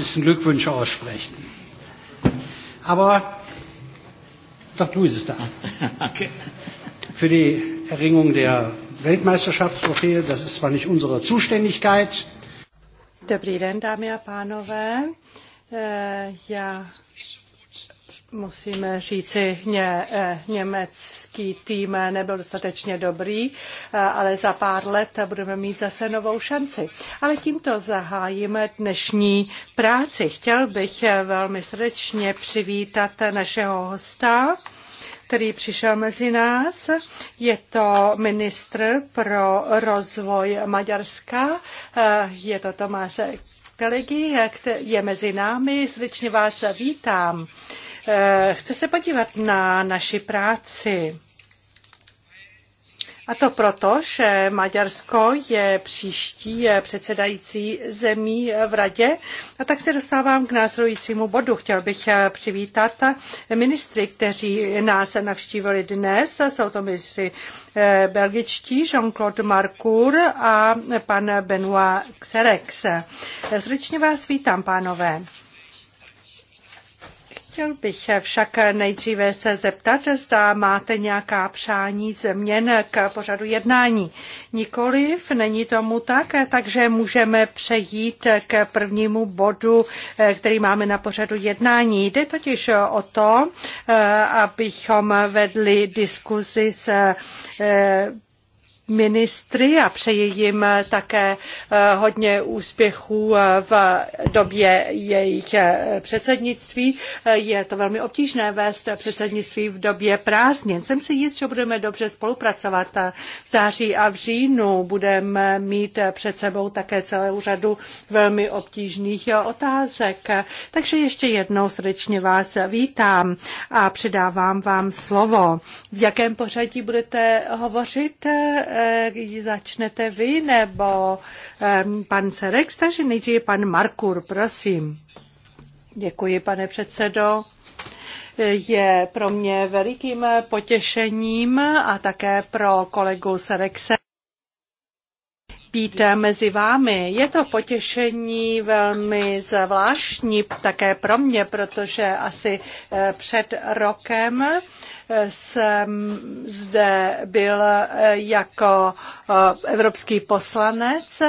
herzlichen Glückwünsche aussprechen. Aber doch du ist es da. Okay. Für die Erringung der Weltmeisterschaftstrophäe, das ist zwar nicht unsere Zuständigkeit. Dobrý den, dámy a pánové. Eh, já Musíme říci, ně, eh, německý tým nebyl dostatečně dobrý, eh, ale za pár let budeme mít zase novou šanci. Ale tímto zahájíme dnešní práci. Chtěl bych eh, velmi srdečně přivítat našeho hosta, který přišel mezi nás. Je to ministr pro rozvoj Maďarska, je to Tomáš Kalegy, je mezi námi. Srdečně vás vítám. Eh, chce se podívat na naši práci. A to proto, že Maďarsko je příští eh, předsedající zemí v radě. A tak se dostávám k následujícímu bodu. Chtěl bych eh, přivítat ministry, kteří nás navštívili dnes. Jsou to ministři belgičtí Jean-Claude Marcour a pan Benoit Xerex. Srdečně vás vítám, pánové. Chtěl bych však nejdříve se zeptat, zda máte nějaká přání změn k pořadu jednání. Nikoliv, není tomu tak, takže můžeme přejít k prvnímu bodu, který máme na pořadu jednání. Jde totiž o to, abychom vedli diskuzi s eh, ministry a přeji jim také eh, hodně úspěchů eh, v době jejich eh, předsednictví. Je to velmi obtížné vést předsednictví v době prázdnin. Jsem si jist, že budeme dobře spolupracovat. V září a v říjnu budeme mít před sebou také celou řadu velmi obtížných otázek. Takže ještě jednou srdečně vás vítám a předávám vám slovo. V jakém pořadí budete hovořit? Eh, ji začnete vy nebo pan Cerex, takže nejdříve pan Markur, prosím. Děkuji, pane předsedo je pro mě velikým potěšením a také pro kolegu Serexe, Píte mezi vámi. Je to potěšení velmi zvláštní také pro mě, protože asi eh, před rokem eh, jsem zde byl eh, jako evropský poslanec.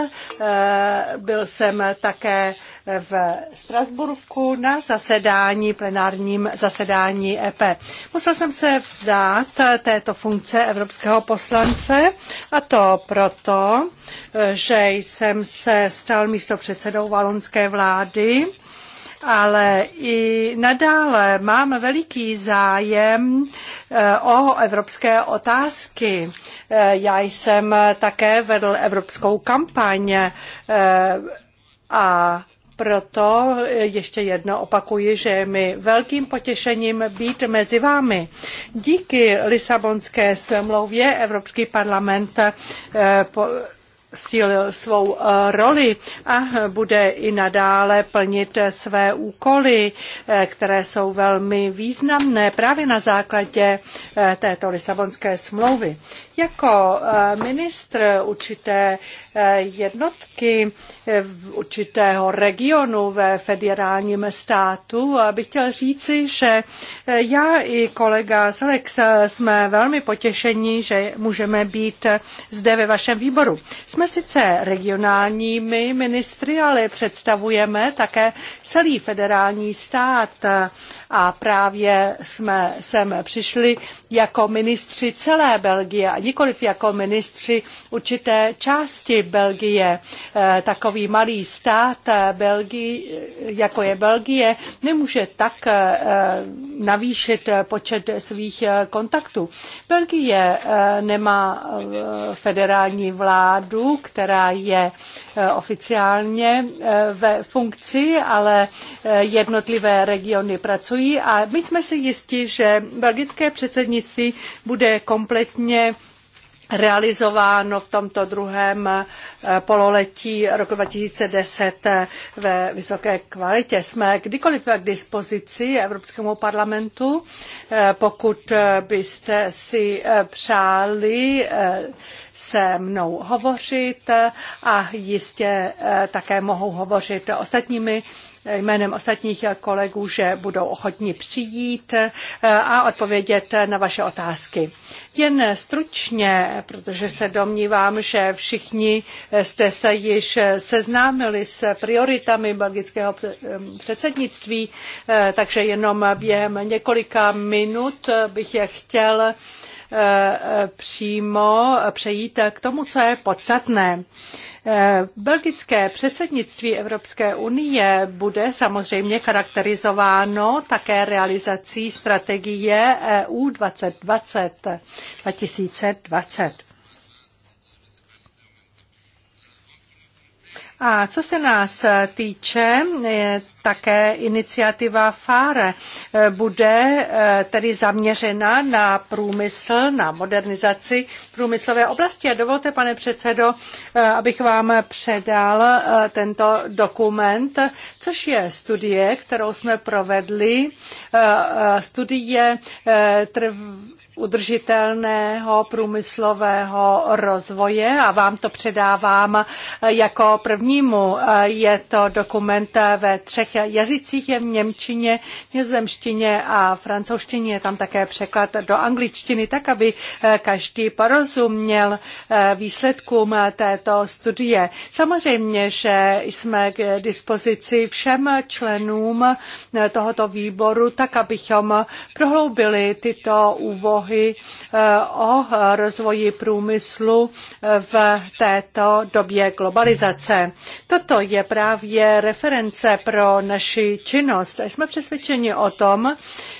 Byl jsem také v Strasburku na zasedání, plenárním zasedání EP. Musel jsem se vzdát této funkce evropského poslance a to proto, že jsem se stal místo předsedou valonské vlády ale i nadále mám veliký zájem eh, o evropské otázky. Eh, já jsem také vedl evropskou kampaň eh, a proto ještě jedno opakuji, že je mi velkým potěšením být mezi vámi. Díky Lisabonské smlouvě Evropský parlament eh, sílil svou eh, roli a bude i nadále plnit své úkoly, eh, které jsou velmi významné právě na základě této Lisabonské smlouvy. Jako eh, ministr určité eh, jednotky eh, v určitého regionu ve federálním státu bych chtěl říci, že já i kolega Selex jsme velmi potěšeni, že můžeme být zde ve vašem výboru. Jsme sice regionálními ministry, ale představujeme také celý federální stát a právě jsme sem přišli jako ministři celé Belgie a nikoliv jako ministři určité části Belgie. Eh, takový malý stát eh, Belgii, jako je Belgie, nemůže tak eh, navýšit počet svých kontaktů. Belgie nemá federální vládu, která je oficiálně ve funkci, ale jednotlivé regiony pracují a my jsme si jisti, že belgické předsednictví bude kompletně realizováno v tomto druhém eh, pololetí roku 2010 eh, ve vysoké kvalitě. Jsme kdykoliv k dispozici Evropskému parlamentu, eh, pokud byste si přáli se mnou hovořit a jistě také mohou hovořit ostatními jménem ostatních kolegů, že budou ochotni přijít eh, a odpovědět na vaše otázky. Jen stručně, protože se domnívám, že všichni jste se již seznámili s prioritami belgického eh, předsednictví, eh, takže jenom během několika minut bych je chtěl přímo přejít k tomu, co je podstatné. Eh, belgické předsednictví Evropské unie bude samozřejmě charakterizováno také realizací strategie EU 2020. 2020. A co se nás týče, také iniciativa FARE bude eh, tedy zaměřena na průmysl, na modernizaci průmyslové oblasti. A dovolte, pane předsedo, eh, abych vám předal eh, tento dokument, což je studie, kterou jsme provedli, studie trv udržitelného průmyslového rozvoje a vám to předávám jako prvnímu. Je to dokument ve třech jazycích, je v Němčině, Nězemštině a francouzštině. Je tam také překlad do angličtiny, tak aby každý porozuměl výsledkům této studie. Samozřejmě, že jsme k dispozici všem členům tohoto výboru, tak abychom prohloubili tyto úvohy úlohy eh, o rozvoji průmyslu eh, v této době globalizace. Toto je právě reference pro naši činnost. Jsme přesvědčeni o tom,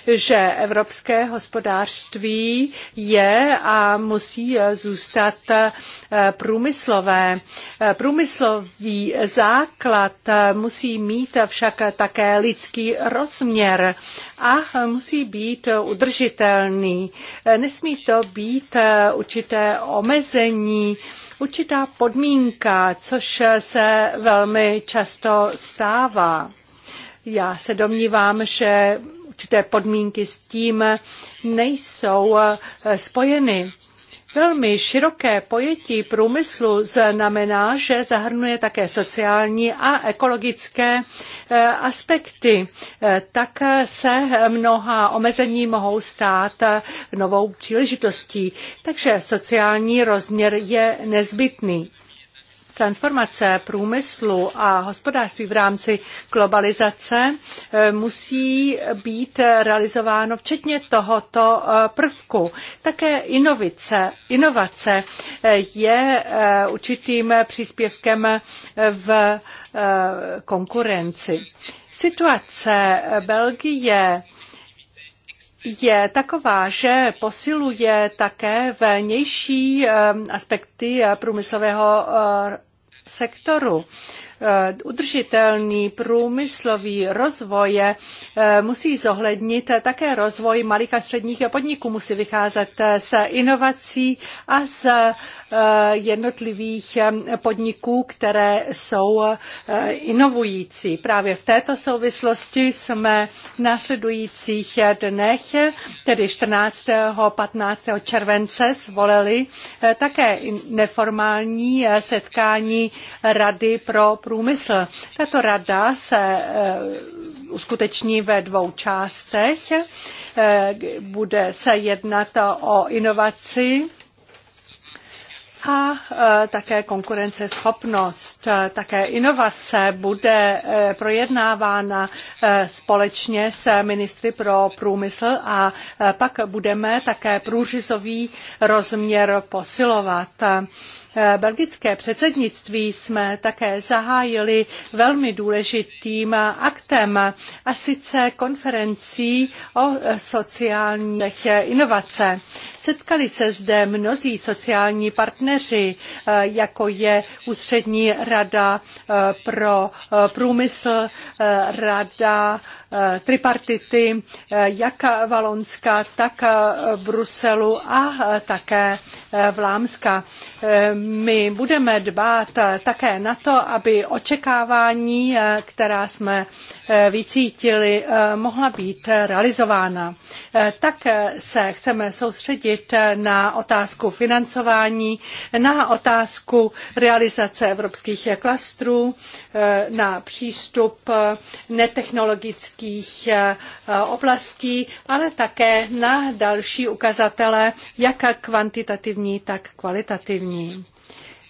že evropské hospodářství je a musí zůstat eh, průmyslové. Průmyslový základ musí mít však také lidský rozměr a musí být udržitelný. Eh, nesmí to být eh, určité omezení, určitá podmínka, což se velmi často stává. Já se domnívám, že určité podmínky s tím nejsou eh, spojeny. Velmi široké pojetí průmyslu znamená, že zahrnuje také sociální a ekologické eh, aspekty. Eh, tak se mnoha omezení mohou stát eh, novou příležitostí, takže sociální rozměr je nezbytný transformace průmyslu a hospodářství v rámci globalizace eh, musí být realizováno včetně tohoto eh, prvku. Také inovice, inovace eh, je určitým příspěvkem v konkurenci. Situace Belgie je taková, že posiluje také vnější aspekty průmyslového sektoru. Eh, udržitelný průmyslový rozvoj eh, musí zohlednit také rozvoj malých a středních podniků, musí vycházet eh, z inovací a z jednotlivých podniků, které jsou inovující. Právě v této souvislosti jsme v následujících dnech, tedy 14. a 15. července, zvolili také neformální setkání Rady pro průmysl. Tato rada se eh, uskuteční ve dvou částech. Eh, bude se jednat o inovaci a eh, také konkurenceschopnost, také inovace bude projednávána společně s ministry pro průmysl a pak budeme také průřizový rozměr posilovat. Eh, belgické předsednictví jsme také zahájili velmi důležitým eh, aktem a sice konferencí o eh, sociálních inovace. Setkali se zde mnozí sociální partneři, jako je Ústřední rada pro průmysl, rada tripartity, jak Valonska, tak Bruselu a také Vlámska my budeme dbát eh, také na to, aby očekávání, eh, která jsme eh, vycítili, mohla být realizována. Tak se chceme soustředit na otázku financování, na otázku realizace evropských klastrů, na přístup netechnologických oblastí, ale také na další ukazatele, jak kvantitativní, tak kvalitativní.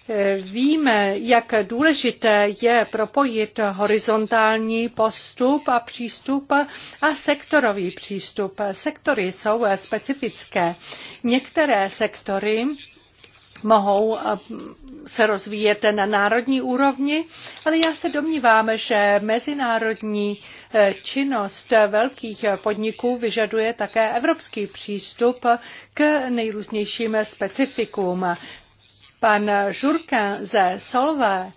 Eh, víme, jak důležité je propojit horizontální postup a přístup a sektorový přístup. Sektory jsou eh, specifické. Některé sektory mohou eh, se rozvíjet na národní úrovni, ale já se domnívám, že mezinárodní činnost velkých podniků vyžaduje také evropský přístup k nejrůznějším specifikům pan Žurken ze Solve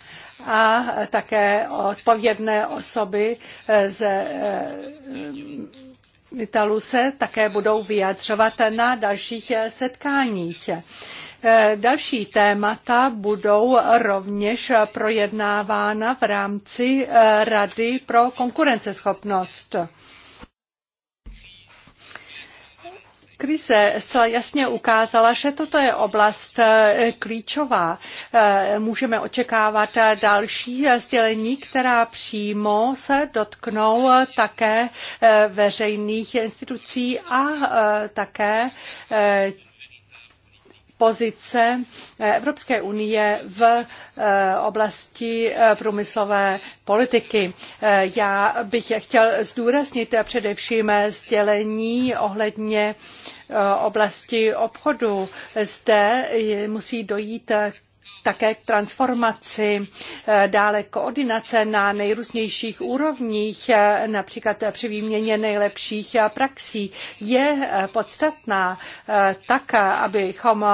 a také odpovědné osoby z eh, Italu se také budou vyjadřovat na dalších setkáních. Eh, další témata budou rovněž projednávána v rámci eh, Rady pro konkurenceschopnost. Krize zcela jasně ukázala, že toto je oblast eh, klíčová. Eh, můžeme očekávat eh, další sdělení, která přímo se dotknou také veřejných institucí a také pozice Evropské unie v eh, oblasti eh, průmyslové politiky. Eh, já bych chtěl zdůraznit především sdělení ohledně oblasti obchodu. Zde musí dojít také k transformaci, eh, dále koordinace na nejrůznějších úrovních, eh, například při výměně nejlepších eh, praxí, je podstatná tak, abychom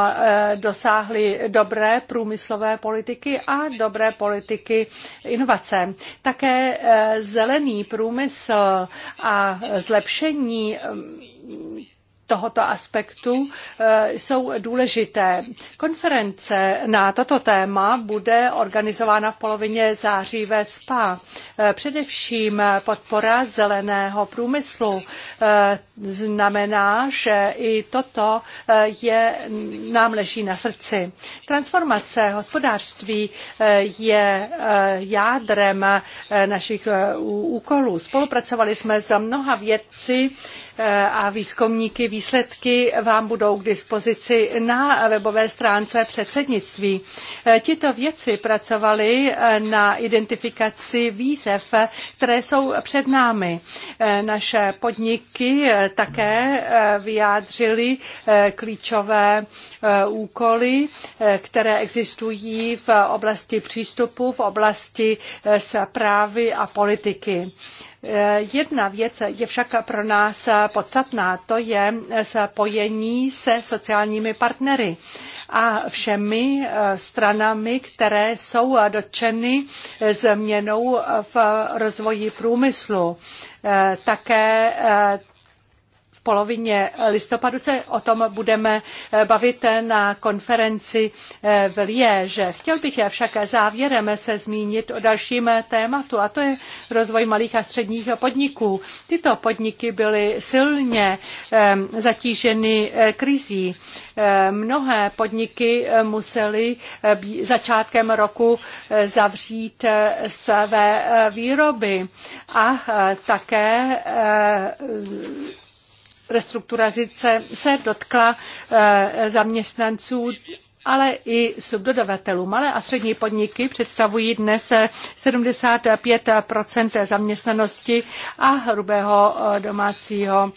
dosáhli dobré průmyslové politiky a dobré politiky inovace. Také zelený průmysl a zlepšení mm, tohoto aspektu eh, jsou důležité. Konference na toto téma bude organizována v polovině září ve SPA. Eh, především podpora zeleného průmyslu eh, znamená, že i toto je, nám leží na srdci. Transformace hospodářství je jádrem našich úkolů. Spolupracovali jsme za mnoha vědci, Eh, a výzkumníky. Výsledky vám budou k dispozici na webové stránce předsednictví. Eh, tito věci pracovali eh, na identifikaci výzev, které jsou před námi. Naše podniky také vyjádřili klíčové úkoly, které existují v oblasti přístupu, v oblasti zprávy a politiky. Eh, jedna věc je však pro nás podstatná, to je spojení se sociálními partnery a všemi eh, stranami, které jsou dotčeny změnou v rozvoji průmyslu. Eh, také polovině listopadu se o tom budeme bavit na konferenci eh, v Liéže. Chtěl bych je však závěrem se zmínit o dalším tématu a to je rozvoj malých a středních podniků. Tyto podniky byly silně eh, zatíženy eh, krizí. Mnohé podniky musely začátkem roku zavřít své výroby a také restrukturalizace se dotkla eh, zaměstnanců ale i subdodavatelů. Malé a střední podniky představují dnes 75 zaměstnanosti a hrubého eh, domácího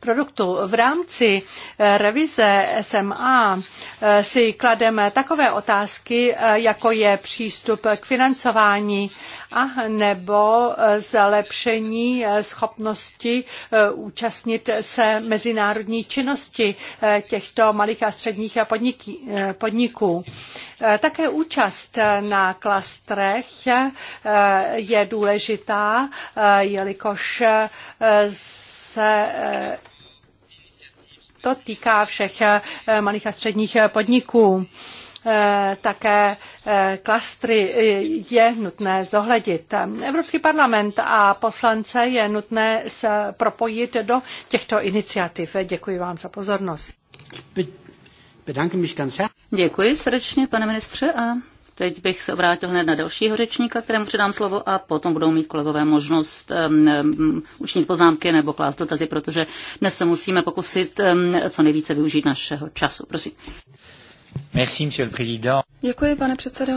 produktu. V rámci eh, revize SMA eh, si klademe takové otázky, eh, jako je přístup k financování a nebo zlepšení schopnosti účastnit se mezinárodní činnosti těchto malých a středních podniků. Také účast na klastrech je důležitá, jelikož se eh, to týká všech eh, malých a středních podniků. Eh, také klastry je nutné zohledit. Evropský parlament a poslance je nutné se propojit do těchto iniciativ. Děkuji vám za pozornost. Děkuji srdečně, pane ministře, a teď bych se obrátil hned na dalšího řečníka, kterému předám slovo a potom budou mít kolegové možnost um, učinit poznámky nebo klást dotazy, protože dnes se musíme pokusit um, co nejvíce využít našeho času. Prosím. Merci, monsieur le président. Děkuji, pane předsedo.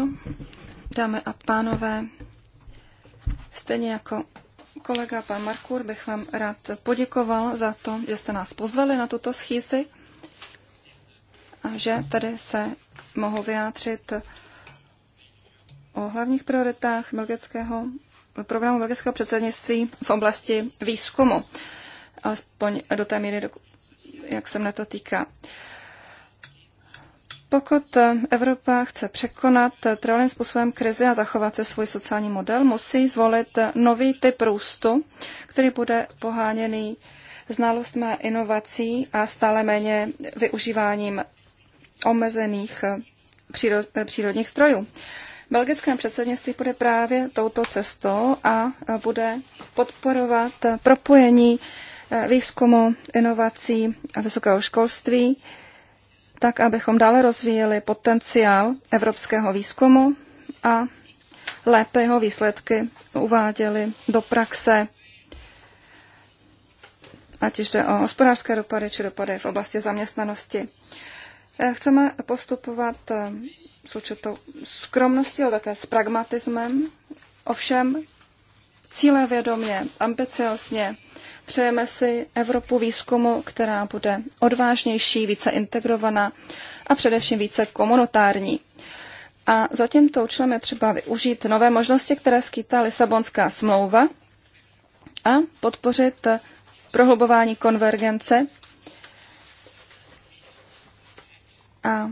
Dámy a pánové, stejně jako kolega pan Markur, bych vám rád poděkoval za to, že jste nás pozvali na tuto schýzi a že tady se mohu vyjádřit o hlavních prioritách belgického, programu belgického předsednictví v oblasti výzkumu, alespoň do té míry, jak se mne to týká. Pokud Evropa chce překonat trvalým způsobem krizi a zachovat se svůj sociální model, musí zvolit nový typ růstu, který bude poháněný znalostmi a inovací a stále méně využíváním omezených přírodních strojů belgickém předsednictví bude právě touto cestou a bude podporovat propojení e, výzkumu, inovací a vysokého školství, tak abychom dále rozvíjeli potenciál evropského výzkumu a lépe jeho výsledky uváděli do praxe, ať už jde o hospodářské dopady či dopady v oblasti zaměstnanosti. E, chceme postupovat e, s určitou skromností, ale také s pragmatismem. Ovšem cíle vědomě, ambiciozně přejeme si Evropu výzkumu, která bude odvážnější, více integrovaná a především více komunitární. A za tímto účelem je třeba využít nové možnosti, které skýtá Lisabonská smlouva a podpořit prohlubování konvergence a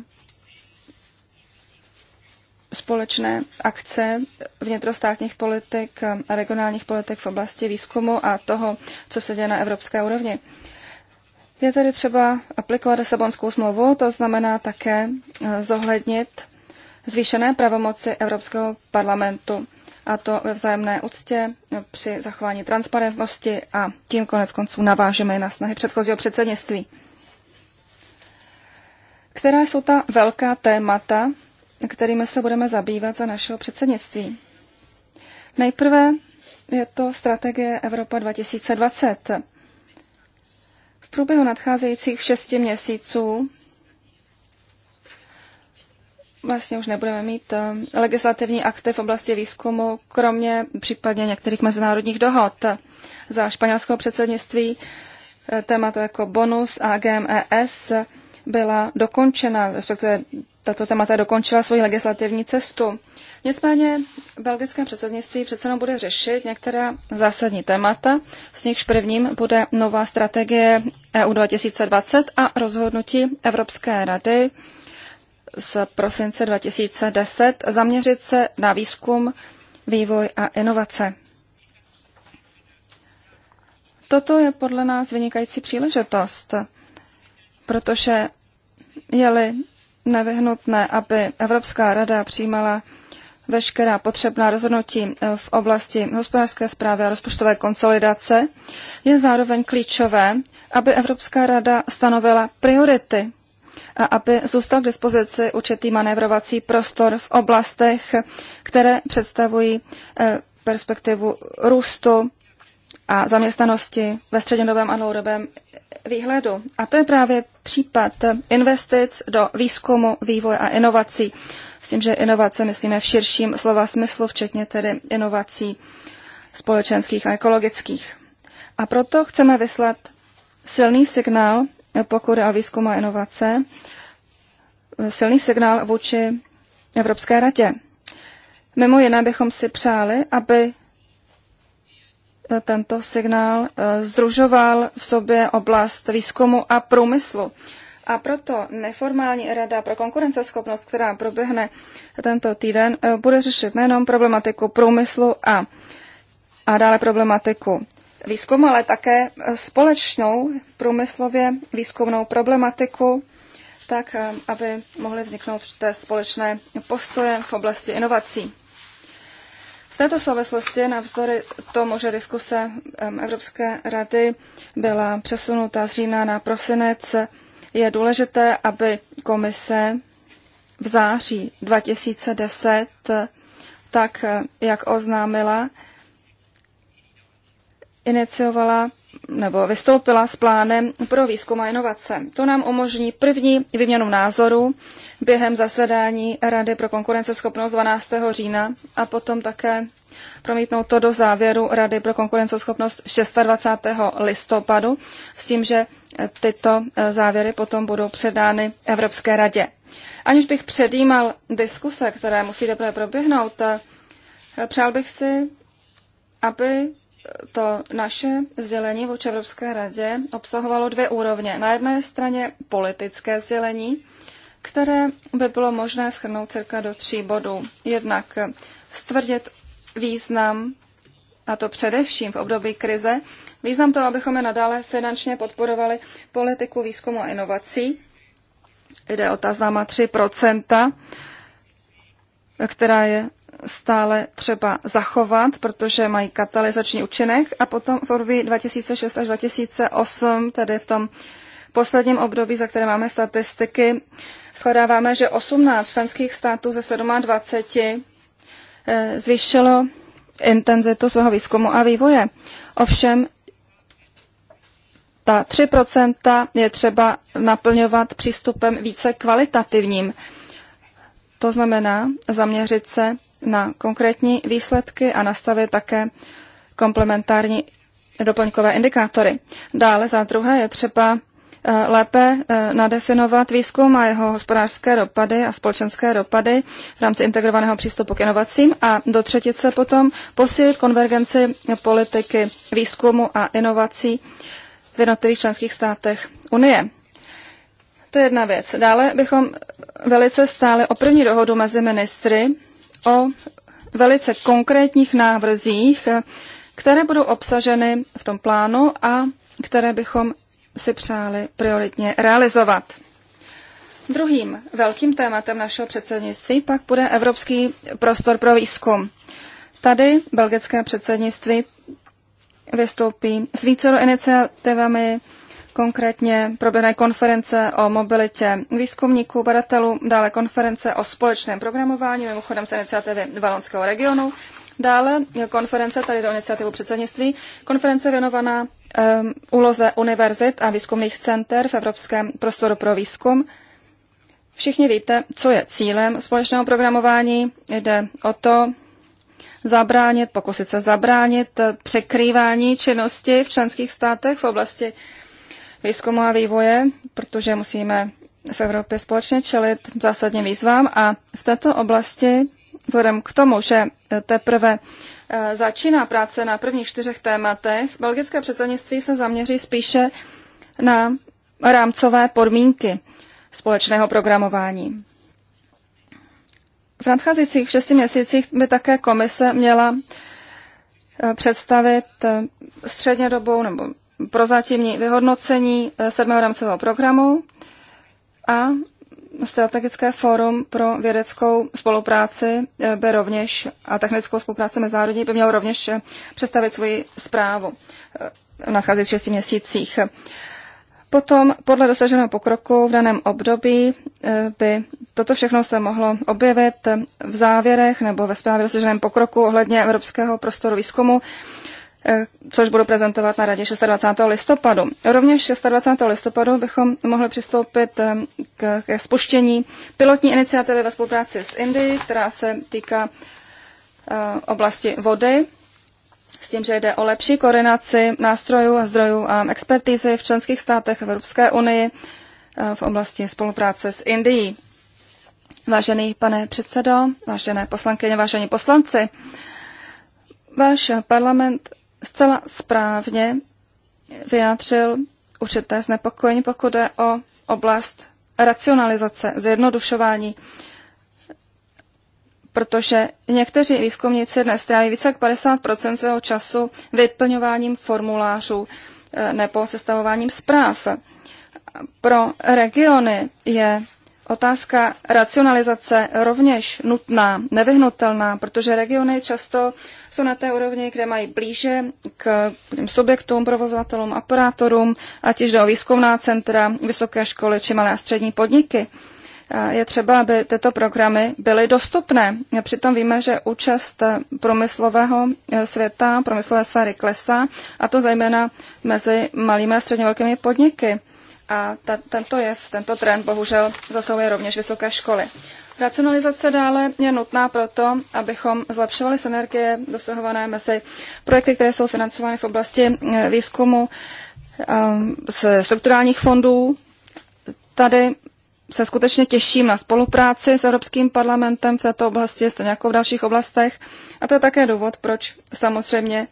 společné akce vnitrostátních politik a regionálních politik v oblasti výzkumu a toho, co se děje na evropské úrovni. Je tedy třeba aplikovat Lisabonskou smlouvu, to znamená také eh, zohlednit zvýšené pravomoci Evropského parlamentu a to ve vzájemné úctě eh, při zachování transparentnosti a tím konec konců navážeme na snahy předchozího předsednictví. Která jsou ta velká témata, kterými se budeme zabývat za našeho předsednictví. Nejprve je to strategie Evropa 2020. V průběhu nadcházejících šesti měsíců vlastně už nebudeme mít eh, legislativní akty v oblasti výzkumu, kromě případně některých mezinárodních dohod. Za španělského předsednictví eh, témata jako bonus a GMES byla dokončena, respektive tato témata dokončila svoji legislativní cestu. Nicméně belgické předsednictví přece jenom bude řešit některá zásadní témata, z nichž prvním bude nová strategie EU 2020 a rozhodnutí Evropské rady z prosince 2010 zaměřit se na výzkum, vývoj a inovace. Toto je podle nás vynikající příležitost, protože je-li nevyhnutné, aby Evropská rada přijímala veškerá potřebná rozhodnutí eh, v oblasti hospodářské zprávy a rozpočtové konsolidace, je zároveň klíčové, aby Evropská rada stanovila priority a aby zůstal k dispozici určitý manévrovací prostor v oblastech, které představují eh, perspektivu růstu a zaměstnanosti ve střednědobém a dlouhodobém výhledu. A to je právě případ investic do výzkumu, vývoje a inovací. S tím, že inovace myslíme v širším slova smyslu, včetně tedy inovací společenských a ekologických. A proto chceme vyslat silný signál, pokud je o výzkum a inovace, silný signál vůči Evropské radě. Mimo jiné bychom si přáli, aby tento signál eh, združoval v sobě oblast výzkumu a průmyslu. A proto neformální rada pro konkurenceschopnost, která proběhne tento týden, eh, bude řešit nejenom problematiku průmyslu a, a dále problematiku výzkumu, ale také eh, společnou průmyslově výzkumnou problematiku, tak aby mohly vzniknout té společné postoje v oblasti inovací. V této souvislosti navzdory tomu, že diskuse Evropské rady byla přesunuta z října na prosinec, je důležité, aby komise v září 2010, tak jak oznámila, iniciovala nebo vystoupila s plánem pro výzkum a inovace. To nám umožní první výměnu názorů během zasedání Rady pro konkurenceschopnost 12. října a potom také promítnout to do závěru Rady pro konkurenceschopnost 26. listopadu s tím, že tyto e, závěry potom budou předány Evropské radě. Aniž bych předjímal diskuse, které musí teprve proběhnout, e, přál bych si, aby to naše sdělení vůči Evropské radě obsahovalo dvě úrovně. Na jedné straně politické sdělení, které by bylo možné schrnout cirka do tří bodů. Jednak stvrdit význam, a to především v období krize, význam toho, abychom je nadále finančně podporovali politiku výzkumu a inovací. Jde o ta známa 3 která je stále třeba zachovat, protože mají katalyzační účinek a potom v období 2006 až 2008, tedy v tom posledním období, za které máme statistiky, shledáváme, že 18 členských států ze 27 eh, zvýšilo intenzitu svého výzkumu a vývoje. Ovšem ta 3% je třeba naplňovat přístupem více kvalitativním. To znamená zaměřit se na konkrétní výsledky a nastavit také komplementární doplňkové indikátory. Dále za druhé je třeba Eh, lépe eh, nadefinovat výzkum a jeho hospodářské dopady a společenské dopady v rámci integrovaného přístupu k inovacím a do třetice potom posílit konvergenci politiky výzkumu a inovací v jednotlivých členských státech Unie. To je jedna věc. Dále bychom velice stáli o první dohodu mezi ministry o velice konkrétních návrzích, eh, které budou obsaženy v tom plánu a které bychom si přáli prioritně realizovat. Druhým velkým tématem našeho předsednictví pak bude Evropský prostor pro výzkum. Tady belgické předsednictví vystoupí s více iniciativami, konkrétně proběhne konference o mobilitě výzkumníků, badatelů, dále konference o společném programování, mimochodem z iniciativy Valonského regionu, dále konference, tady do iniciativu předsednictví, konference věnovaná úloze um, univerzit a výzkumných center v Evropském prostoru pro výzkum. Všichni víte, co je cílem společného programování. Jde o to zabránit, pokusit se zabránit překrývání činnosti v členských státech v oblasti výzkumu a vývoje, protože musíme v Evropě společně čelit zásadním výzvám a v této oblasti vzhledem k tomu, že teprve eh, začíná práce na prvních čtyřech tématech, belgické předsednictví se zaměří spíše na rámcové podmínky společného programování. V nadcházejících šesti měsících by také komise měla eh, představit eh, středně dobou nebo prozatímní vyhodnocení sedmého rámcového programu a strategické fórum pro vědeckou spolupráci eh, by rovněž a technickou spolupráci mezinárodní by mělo rovněž eh, představit svoji zprávu eh, v nadcházejících 6 měsících. Potom podle dosaženého pokroku v daném období by toto všechno se mohlo objevit v závěrech nebo ve zprávě dosaženém pokroku ohledně evropského prostoru výzkumu Eh, což budu prezentovat na radě 26. listopadu. Rovněž 26. listopadu bychom mohli přistoupit eh, k, spuštění pilotní iniciativy ve spolupráci s Indií, která se týká eh, oblasti vody, s tím, že jde o lepší koordinaci nástrojů a zdrojů a expertízy v členských státech Evropské unii v oblasti spolupráce s Indií. Vážený pane předsedo, vážené poslankyně, vážení poslanci, váš parlament zcela správně vyjádřil určité znepokojení, pokud je o oblast racionalizace, zjednodušování, protože někteří výzkumníci dnes tráví více jak 50 svého času vyplňováním formulářů eh, nebo sestavováním zpráv. Pro regiony je otázka racionalizace rovněž nutná, nevyhnutelná, protože regiony často jsou na té úrovni, kde mají blíže k subjektům, provozovatelům, operátorům, ať již do výzkumná centra, vysoké školy či malé a střední podniky. Je třeba, aby tyto programy byly dostupné. Přitom víme, že účast průmyslového světa, průmyslové sféry klesá, a to zejména mezi malými a středně velkými podniky a ta, tento jev, tento trend bohužel zasahuje rovněž vysoké školy. Racionalizace dále je nutná proto, abychom zlepšovali synergie dosahované mezi projekty, které jsou financovány v oblasti eh, výzkumu ehm, z strukturálních fondů. Tady se skutečně těším na spolupráci s Evropským parlamentem v této oblasti, stejně jako v dalších oblastech. A to je také důvod, proč samozřejmě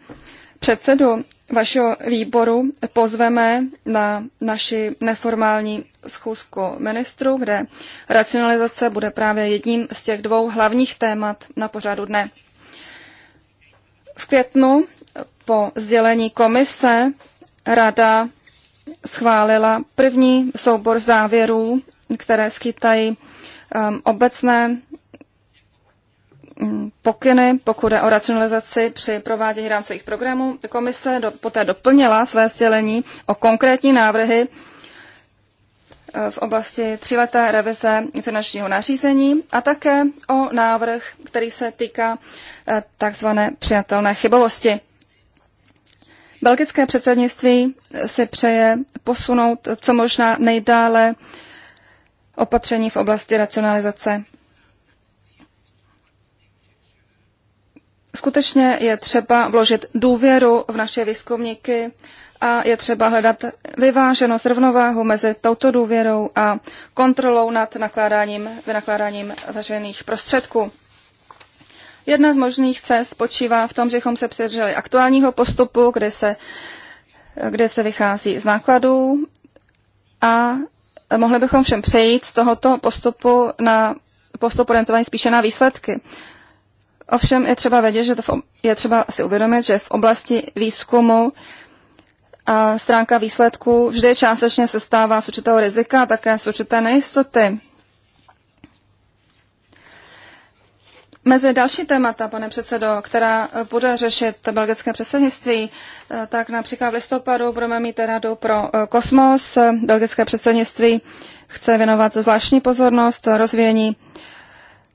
předsedu vašeho výboru pozveme na naši neformální schůzku ministru, kde racionalizace bude právě jedním z těch dvou hlavních témat na pořadu dne. V květnu po sdělení komise rada schválila první soubor závěrů, které skýtají um, obecné Mm, pokyny, pokud je o racionalizaci při provádění rámcových programů. Komise do, poté doplnila své sdělení o konkrétní návrhy e, v oblasti tříleté revize finančního nařízení a také o návrh, který se týká e, takzvané přijatelné chybovosti. Belgické předsednictví si přeje posunout co možná nejdále opatření v oblasti racionalizace Skutečně je třeba vložit důvěru v naše výzkumníky a je třeba hledat vyváženost rovnováhu mezi touto důvěrou a kontrolou nad nakládáním, vynakládáním veřejných prostředků. Jedna z možných cest spočívá v tom, že bychom se přidrželi aktuálního postupu, kde se, kde se vychází z nákladů a mohli bychom všem přejít z tohoto postupu na postup orientovaný spíše na výsledky. Ovšem je třeba vědět, že to v, je třeba si uvědomit, že v oblasti výzkumu a stránka výsledků vždy částečně se stává z určitého rizika a také z určité nejistoty. Mezi další témata, pane předsedo, která eh, bude řešit belgické předsednictví, eh, tak například v listopadu budeme mít radu pro eh, kosmos. Belgické předsednictví chce věnovat zvláštní pozornost rozvíjení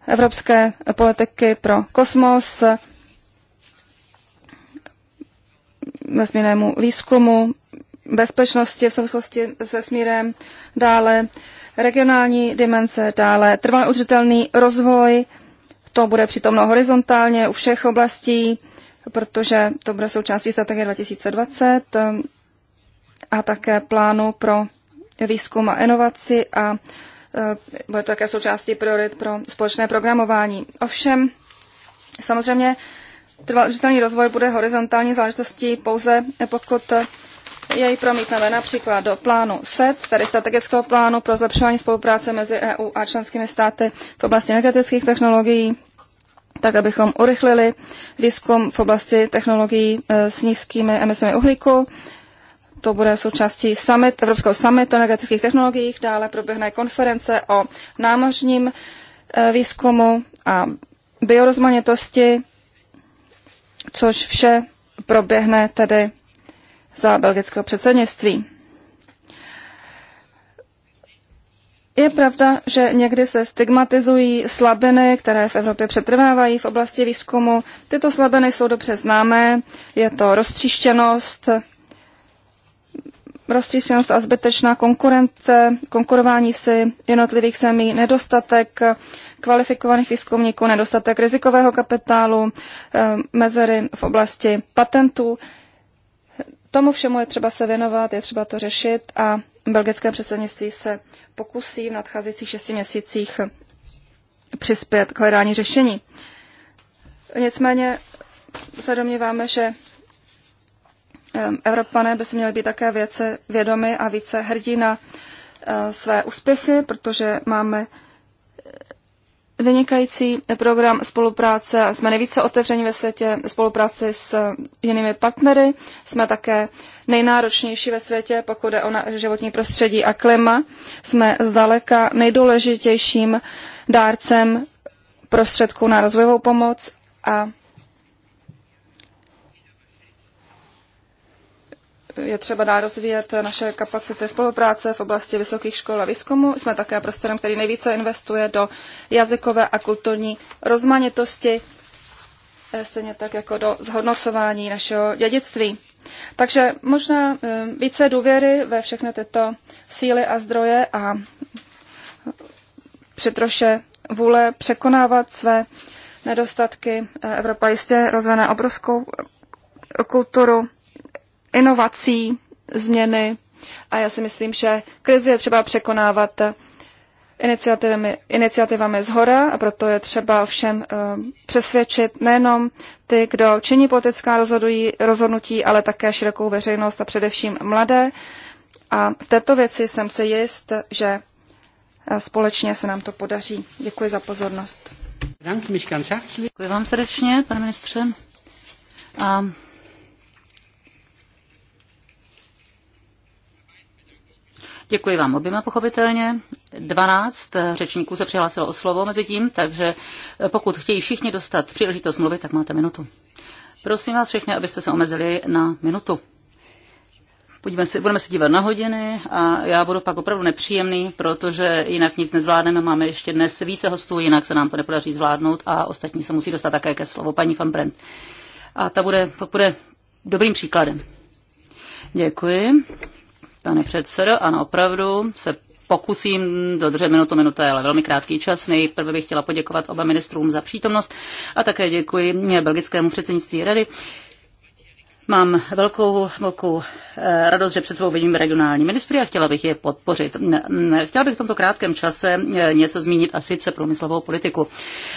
evropské politiky pro kosmos, vesmírnému výzkumu, bezpečnosti v souvislosti s vesmírem, dále regionální dimenze, dále trvalý udržitelný rozvoj, to bude přitomno horizontálně u všech oblastí, protože to bude součástí strategie 2020 eh, a také plánu pro výzkum a inovaci a Eh, bude to také součástí priorit pro společné programování. Ovšem, samozřejmě trvalý rozvoj bude horizontální záležitostí pouze eh, pokud eh, jej promítneme například do plánu SET, tedy strategického plánu pro zlepšování spolupráce mezi EU a členskými státy v oblasti energetických technologií, tak abychom urychlili výzkum v oblasti technologií s nízkými emisemi uhlíku, to bude součástí summit, Evropského summitu energetických technologiích. Dále proběhne konference o námořním eh, výzkumu a biorozmanitosti, což vše proběhne tedy za belgického předsednictví. Je pravda, že někdy se stigmatizují slabiny, které v Evropě přetrvávají v oblasti výzkumu. Tyto slabiny jsou dobře známé. Je to roztříštěnost, roztříštěnost a zbytečná konkurence, konkurování si jednotlivých zemí, nedostatek kvalifikovaných výzkumníků, nedostatek rizikového kapitálu, eh, mezery v oblasti patentů. Tomu všemu je třeba se věnovat, je třeba to řešit a belgické předsednictví se pokusí v nadcházejících šesti měsících přispět k hledání řešení. Nicméně se domníváme, že Ehm, Evropané by se měli být také věce vědomi a více hrdí na eh, své úspěchy, protože máme eh, vynikající program spolupráce. Jsme nejvíce otevření ve světě spolupráci s eh, jinými partnery. Jsme také nejnáročnější ve světě, pokud je o životní prostředí a klima. Jsme zdaleka nejdůležitějším dárcem prostředků na rozvojovou pomoc a je třeba dá rozvíjet naše kapacity spolupráce v oblasti vysokých škol a výzkumu. Jsme také prostorem, který nejvíce investuje do jazykové a kulturní rozmanitosti, eh, stejně tak jako do zhodnocování našeho dědictví. Takže možná eh, více důvěry ve všechny tyto síly a zdroje a přetroše vůle překonávat své nedostatky. Eh, Evropa jistě rozvené obrovskou kulturu inovací, změny. A já si myslím, že krizi je třeba překonávat iniciativami, iniciativami zhora a proto je třeba všem eh, přesvědčit nejenom ty, kdo činí politická rozhodují, rozhodnutí, ale také širokou veřejnost a především mladé. A v této věci jsem se jist, že eh, společně se nám to podaří. Děkuji za pozornost. Děkuji vám srdečně, pane ministře. A Děkuji vám oběma pochopitelně. 12 eh, řečníků se přihlásilo o slovo mezi tím, takže eh, pokud chtějí všichni dostat příležitost mluvit, tak máte minutu. Prosím vás všechny, abyste se omezili na minutu. Pojďme si, budeme se dívat na hodiny a já budu pak opravdu nepříjemný, protože jinak nic nezvládneme. Máme ještě dnes více hostů, jinak se nám to nepodaří zvládnout a ostatní se musí dostat také ke slovu. Paní van Brent. A ta bude, bude dobrým příkladem. Děkuji. Pane předsedo, ano, opravdu se pokusím dodržet minutu, minuta ale velmi krátký čas. Nejprve bych chtěla poděkovat oba ministrům za přítomnost a také děkuji belgickému předsednictví rady. Mám velkou, velkou eh, radost, že před sebou vidím regionální ministry a chtěla bych je podpořit. Chtěla bych v tomto krátkém čase eh, něco zmínit a sice průmyslovou politiku.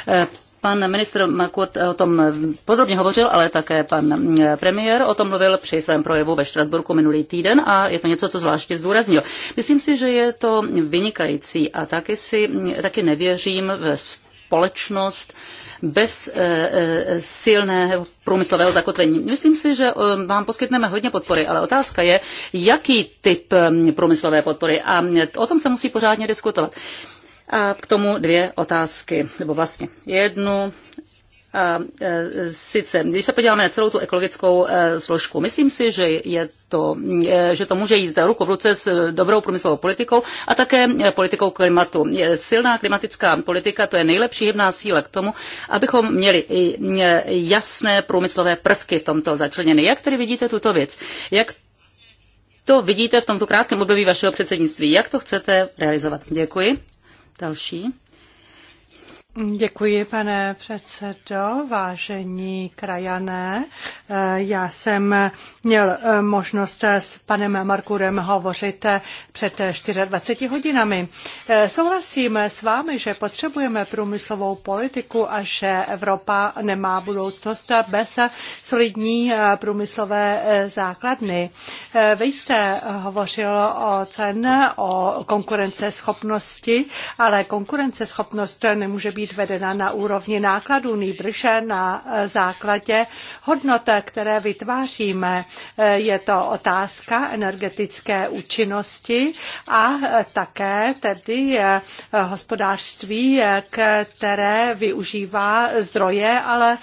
Eh, Pan ministr Makurt o tom podrobně hovořil, ale také pan eh, premiér o tom mluvil při svém projevu ve Štrasburku minulý týden a je to něco, co zvláště zdůraznil. Myslím si, že je to vynikající a taky, si, taky nevěřím ve společnost bez eh, eh, silného průmyslového zakotvení. Myslím si, že vám poskytneme hodně podpory, ale otázka je, jaký typ průmyslové podpory a o tom se musí pořádně diskutovat. A k tomu dvě otázky, nebo vlastně jednu. A e, sice, když se podíváme na celou tu ekologickou e, složku, myslím si, že, je to, e, že to může jít ruku v ruce s dobrou průmyslovou politikou a také politikou klimatu. Silná klimatická politika, to je nejlepší hybná síla k tomu, abychom měli i jasné průmyslové prvky v tomto začleněny. Jak tedy vidíte tuto věc? Jak to vidíte v tomto krátkém období vašeho předsednictví? Jak to chcete realizovat? Děkuji. Další. Děkuji, pane předsedo, vážení krajané. Eh, já jsem měl eh, možnost eh, s panem Markurem hovořit před 24 hodinami. Souhlasím s vámi, že potřebujeme průmyslovou politiku a že Evropa nemá budoucnost bez solidní průmyslové základny. Vy jste hovořil o cen, o konkurenceschopnosti, ale konkurenceschopnost nemůže být být vedena na úrovni nákladů, nýbrž na základě hodnot, které vytváříme. Je to otázka energetické účinnosti a také tedy hospodářství, které využívá zdroje, ale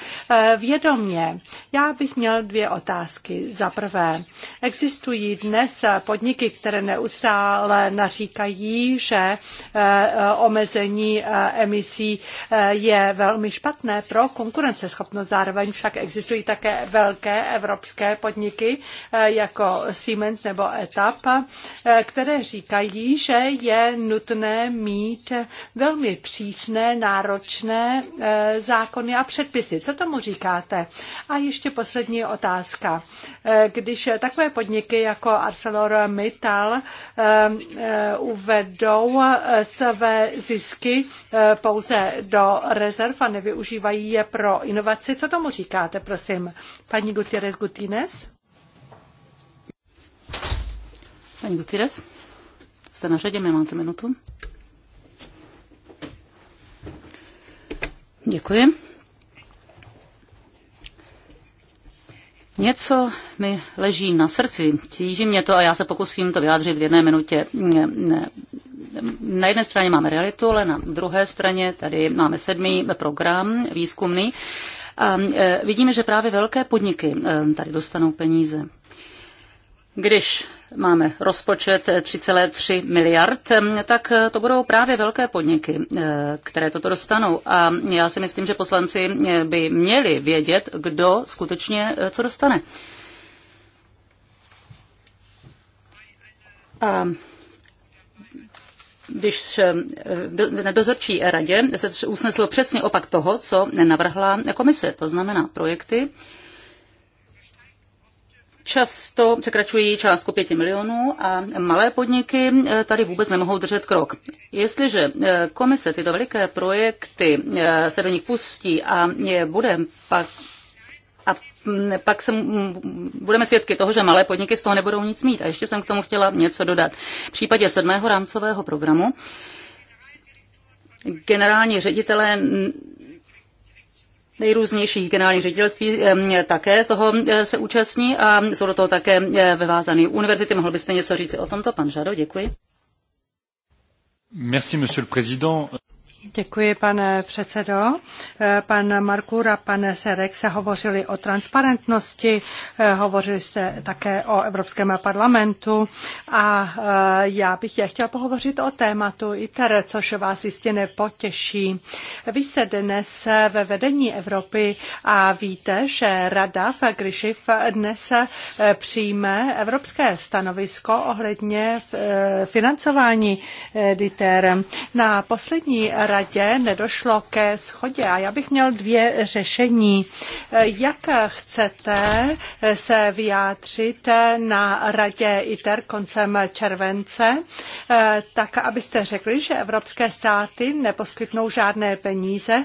vědomě. Já bych měl dvě otázky. Za prvé, existují dnes podniky, které neustále naříkají, že omezení emisí je velmi špatné pro konkurenceschopnost. Zároveň však existují také velké evropské podniky eh, jako Siemens nebo Etap, eh, které říkají, že je nutné mít velmi přísné, náročné eh, zákony a předpisy. Co tomu říkáte? A ještě poslední otázka. Když takové podniky jako ArcelorMittal uvedou své zisky pouze do rezerv a nevyužívají je pro inovaci. Co tomu říkáte, prosím, paní Gutierrez Gutines? Paní Gutierrez, jste na řadě, máte minutu. Děkuji. Něco mi leží na srdci, tíží mě to a já se pokusím to vyjádřit v jedné minutě na jedné straně máme realitu, ale na druhé straně tady máme sedmý program výzkumný. A e, vidíme, že právě velké podniky e, tady dostanou peníze. Když máme rozpočet 3,3 miliard, e, tak to budou právě velké podniky, které toto dostanou. A já si myslím, že poslanci by měli vědět, kdo skutečně co dostane. A když eh, na dozorčí radě se usneslo přesně opak toho, co navrhla komise, to znamená projekty, často překračují částku 5 milionů a malé podniky eh, tady vůbec nemohou držet krok. Jestliže eh, komise tyto veliké projekty se do nich pustí a je bude pak pak se budeme svědky toho, že malé podniky z toho nebudou nic mít. A ještě jsem k tomu chtěla něco dodat. V případě sedmého rámcového programu generální ředitelé nejrůznějších generálních ředitelství také toho e, se účastní a jsou do toho také e, vyvázané univerzity. Mohl byste něco říct o tomto? Pan Žado, děkuji. Merci, monsieur le président. Děkuji, pane předsedo. Eh, pan Markura, pan Serek se hovořili o transparentnosti, eh, hovořili se také o Evropském parlamentu a eh, já bych je chtěla pohovořit o tématu ITER, což vás jistě nepotěší. Vy jste dnes ve vedení Evropy a víte, že Rada v Grishiv dnes přijme evropské stanovisko ohledně financování ITER. Na poslední radě nedošlo ke schodě a já bych měl dvě řešení. Jak chcete se vyjádřit na radě ITER koncem července, tak abyste řekli, že evropské státy neposkytnou žádné peníze,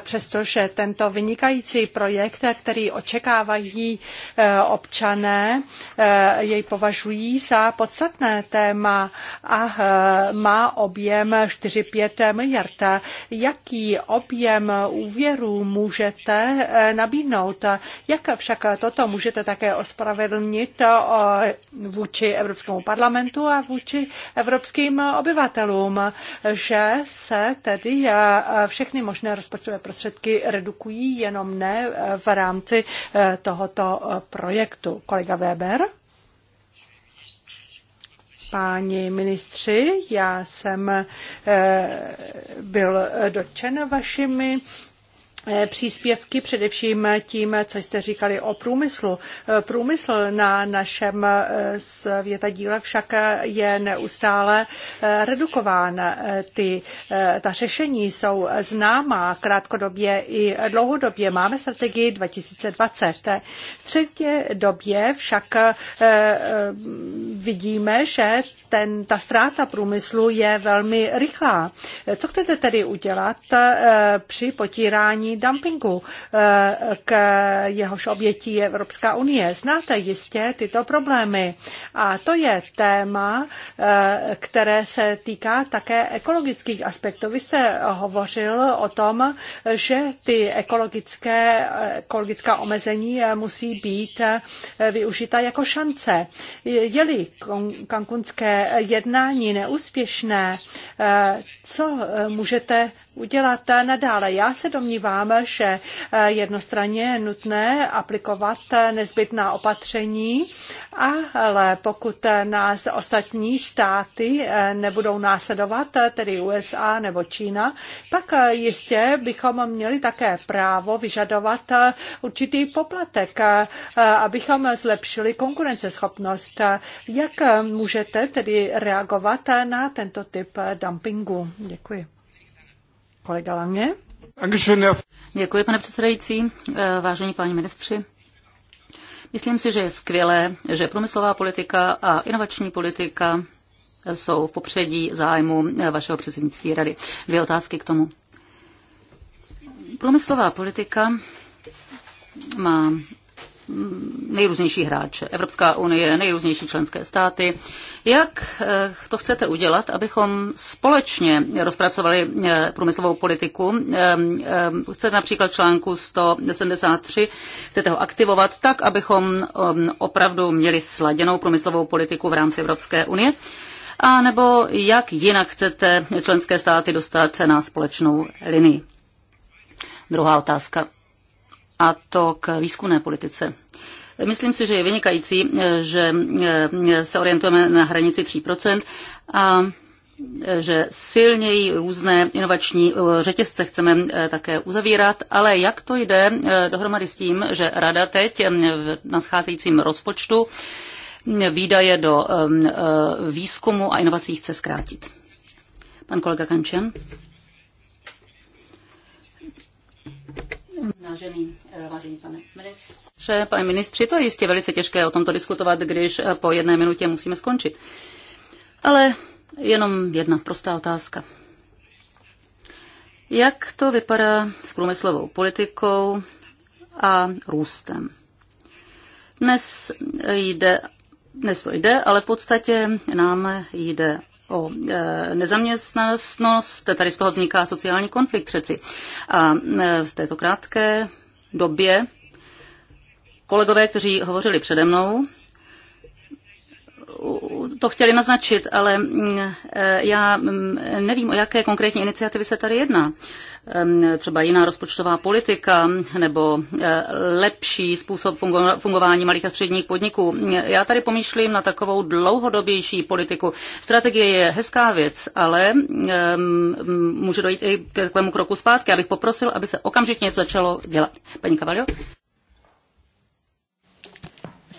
přestože tento vynikající projekt, který očekávají eh, občané, eh, jej považují za podstatné téma a eh, má objem 4-5 miliard jaký objem úvěru můžete eh, nabídnout. Jak však toto můžete také ospravedlnit eh, vůči Evropskému parlamentu a vůči evropským obyvatelům, že se tedy eh, všechny možné rozpočtové prostředky redukují, jenom ne v rámci tohoto projektu. Kolega Weber? páni ministři, já jsem eh, byl dotčen vašimi Eh, příspěvky, především tím, co jste říkali o průmyslu. Eh, průmysl na našem eh, světadíle však je neustále redukován. Ty, ta řešení jsou známá krátkodobě i dlouhodobě. Máme strategii 2020. Třetě době však vidíme, že ten, ta ztráta průmyslu je velmi rychlá. Co chcete tedy udělat při potírání dumpingu, eh, k jehož obětí je Evropská unie. Znáte jistě tyto problémy. A to je téma, eh, které se týká také ekologických aspektů. Vy jste hovořil o tom, že ty ekologické, eh, ekologická omezení musí být využita jako šance. Je-li kankunské jednání neúspěšné, co eh, můžete udělat nadále. Já se domnívám, že eh, jednostranně je nutné aplikovat nezbytná opatření, ale pokud nás ostatní státy eh, nebudou následovat, tedy USA nebo Čína, pak jistě bychom měli také právo vyžadovat určitý poplatek, abychom zlepšili konkurenceschopnost. Jak můžete tedy reagovat na tento typ dumpingu? Děkuji. Kolega Lange. Děkuji, pane předsedající, eh, vážení páni ministři. Myslím si, že je skvělé, že průmyslová politika a inovační politika jsou v popředí zájmu eh, vašeho předsednictví rady. Dvě otázky k tomu. Průmyslová politika má nejrůznější hráče, Evropská unie, nejrůznější členské státy. Jak eh, to chcete udělat, abychom společně rozpracovali eh, průmyslovou politiku? Eh, chcete například článku 173, chcete ho aktivovat tak, abychom opravdu měli sladěnou průmyslovou politiku v rámci Evropské unie? A nebo jak jinak chcete členské státy dostat na společnou linii? Druhá otázka a to k výzkumné politice. Myslím si, že je vynikající, eh, že eh, se orientujeme na hranici 3% a eh, že silněji různé inovační řetězce chceme také uzavírat, ale jak to jde dohromady s tím, že Rada teď v nascházejícím rozpočtu výdaje do výzkumu a inovací chce zkrátit. Pan kolega Kančen. Vážený, eh, vážený pane ministře, pane ministři, to je jistě velice těžké o tomto diskutovat, když eh, po jedné minutě musíme skončit. Ale jenom jedna prostá otázka. Jak to vypadá s průmyslovou politikou a růstem? Dnes jde dnes to jde, ale v podstatě nám jde o e, nezaměstnanost, tady z toho vzniká sociální konflikt přeci. A e, v této krátké době kolegové, kteří hovořili přede mnou, to chtěli naznačit, ale mm, eh, já mm, nevím, o jaké konkrétní iniciativy se tady jedná. Ehm, třeba jiná rozpočtová politika nebo eh, lepší způsob fungování malých a středních podniků. Já tady pomýšlím na takovou dlouhodobější politiku. Strategie je hezká věc, ale ehm, může dojít i k takovému kroku zpátky. Abych poprosil, aby se okamžitě něco začalo dělat. Paní Kavaljo?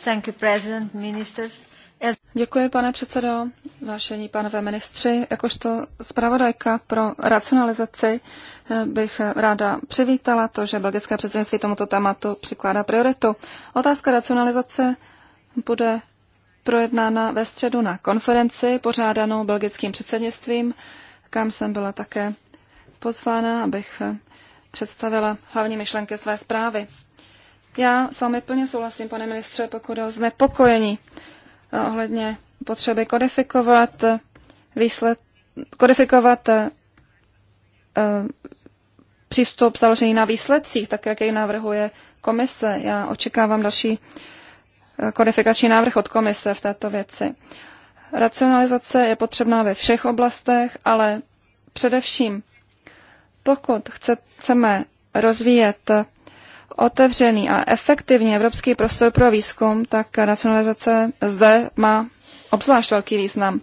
Thank you, President, ministers. Děkuji, pane předsedo, vášení pánové ministři. Jakožto zpravodajka pro racionalizaci eh, bych ráda přivítala to, že belgické předsednictví tomuto tématu přikládá prioritu. Otázka racionalizace bude projednána ve středu na konferenci pořádanou belgickým předsednictvím, kam jsem byla také pozvána, abych eh, představila hlavní myšlenky své zprávy. Já s vámi plně souhlasím, pane ministře, pokud o znepokojení Eh, ohledně potřeby kodifikovat eh, výsled, kodifikovat eh, přístup založený na výsledcích, tak jak jej navrhuje komise. Já očekávám další kodifikační návrh od komise v této věci. Racionalizace je potřebná ve všech oblastech, ale především pokud chceme rozvíjet otevřený a efektivní evropský prostor pro výzkum, tak racionalizace zde má obzvlášť velký význam.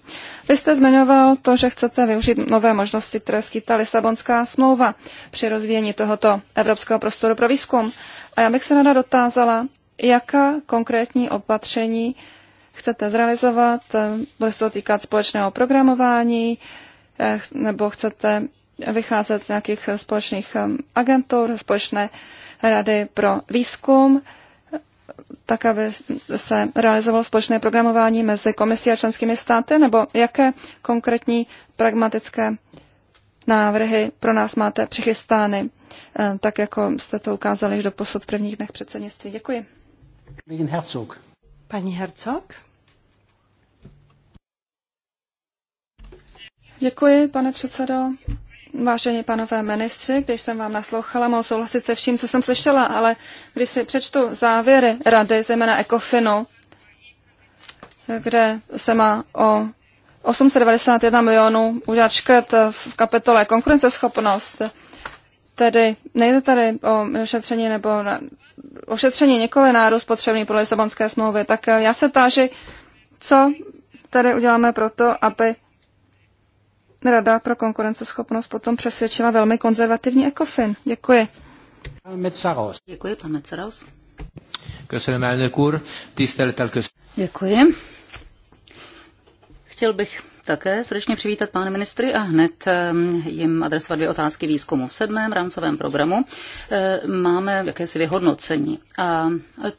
Vy jste zmiňoval to, že chcete využít nové možnosti, které skýta Lisabonská smlouva při rozvíjení tohoto evropského prostoru pro výzkum. A já bych se ráda dotázala, jaká konkrétní opatření chcete zrealizovat, bude se to týkat společného programování, eh, nebo chcete vycházet z nějakých společných eh, agentur, společné Rady pro výzkum, tak aby se realizovalo společné programování mezi komisí a členskými státy, nebo jaké konkrétní pragmatické návrhy pro nás máte přichystány, eh, tak jako jste to ukázali již do posud v prvních dnech předsednictví. Děkuji. Herzog. Paní Herzog. Děkuji, pane předsedo. Vážení panové ministři, když jsem vám naslouchala, mohu souhlasit se vším, co jsem slyšela, ale když si přečtu závěry rady, zejména ECOFINu, kde se má o 891 milionů udělat škrt v kapitole konkurenceschopnost, tedy nejde tady o ošetření nebo na, ošetření nikoli nárůst potřebný pro Lisabonské smlouvy, tak já se táži, co tady uděláme proto, aby Rada pro konkurenceschopnost potom přesvědčila velmi konzervativní ECOFIN. Děkuji. Metzaros. Děkuji, pane Metzaros. Köszönöm, elnök úr. Tisztelettel köszönöm. Děkuji. Chtěl bych také srdečně přivítat pány ministry a hned ehm, jim adresovat dvě otázky výzkumu. V sedmém rámcovém programu ehm, máme jakési vyhodnocení a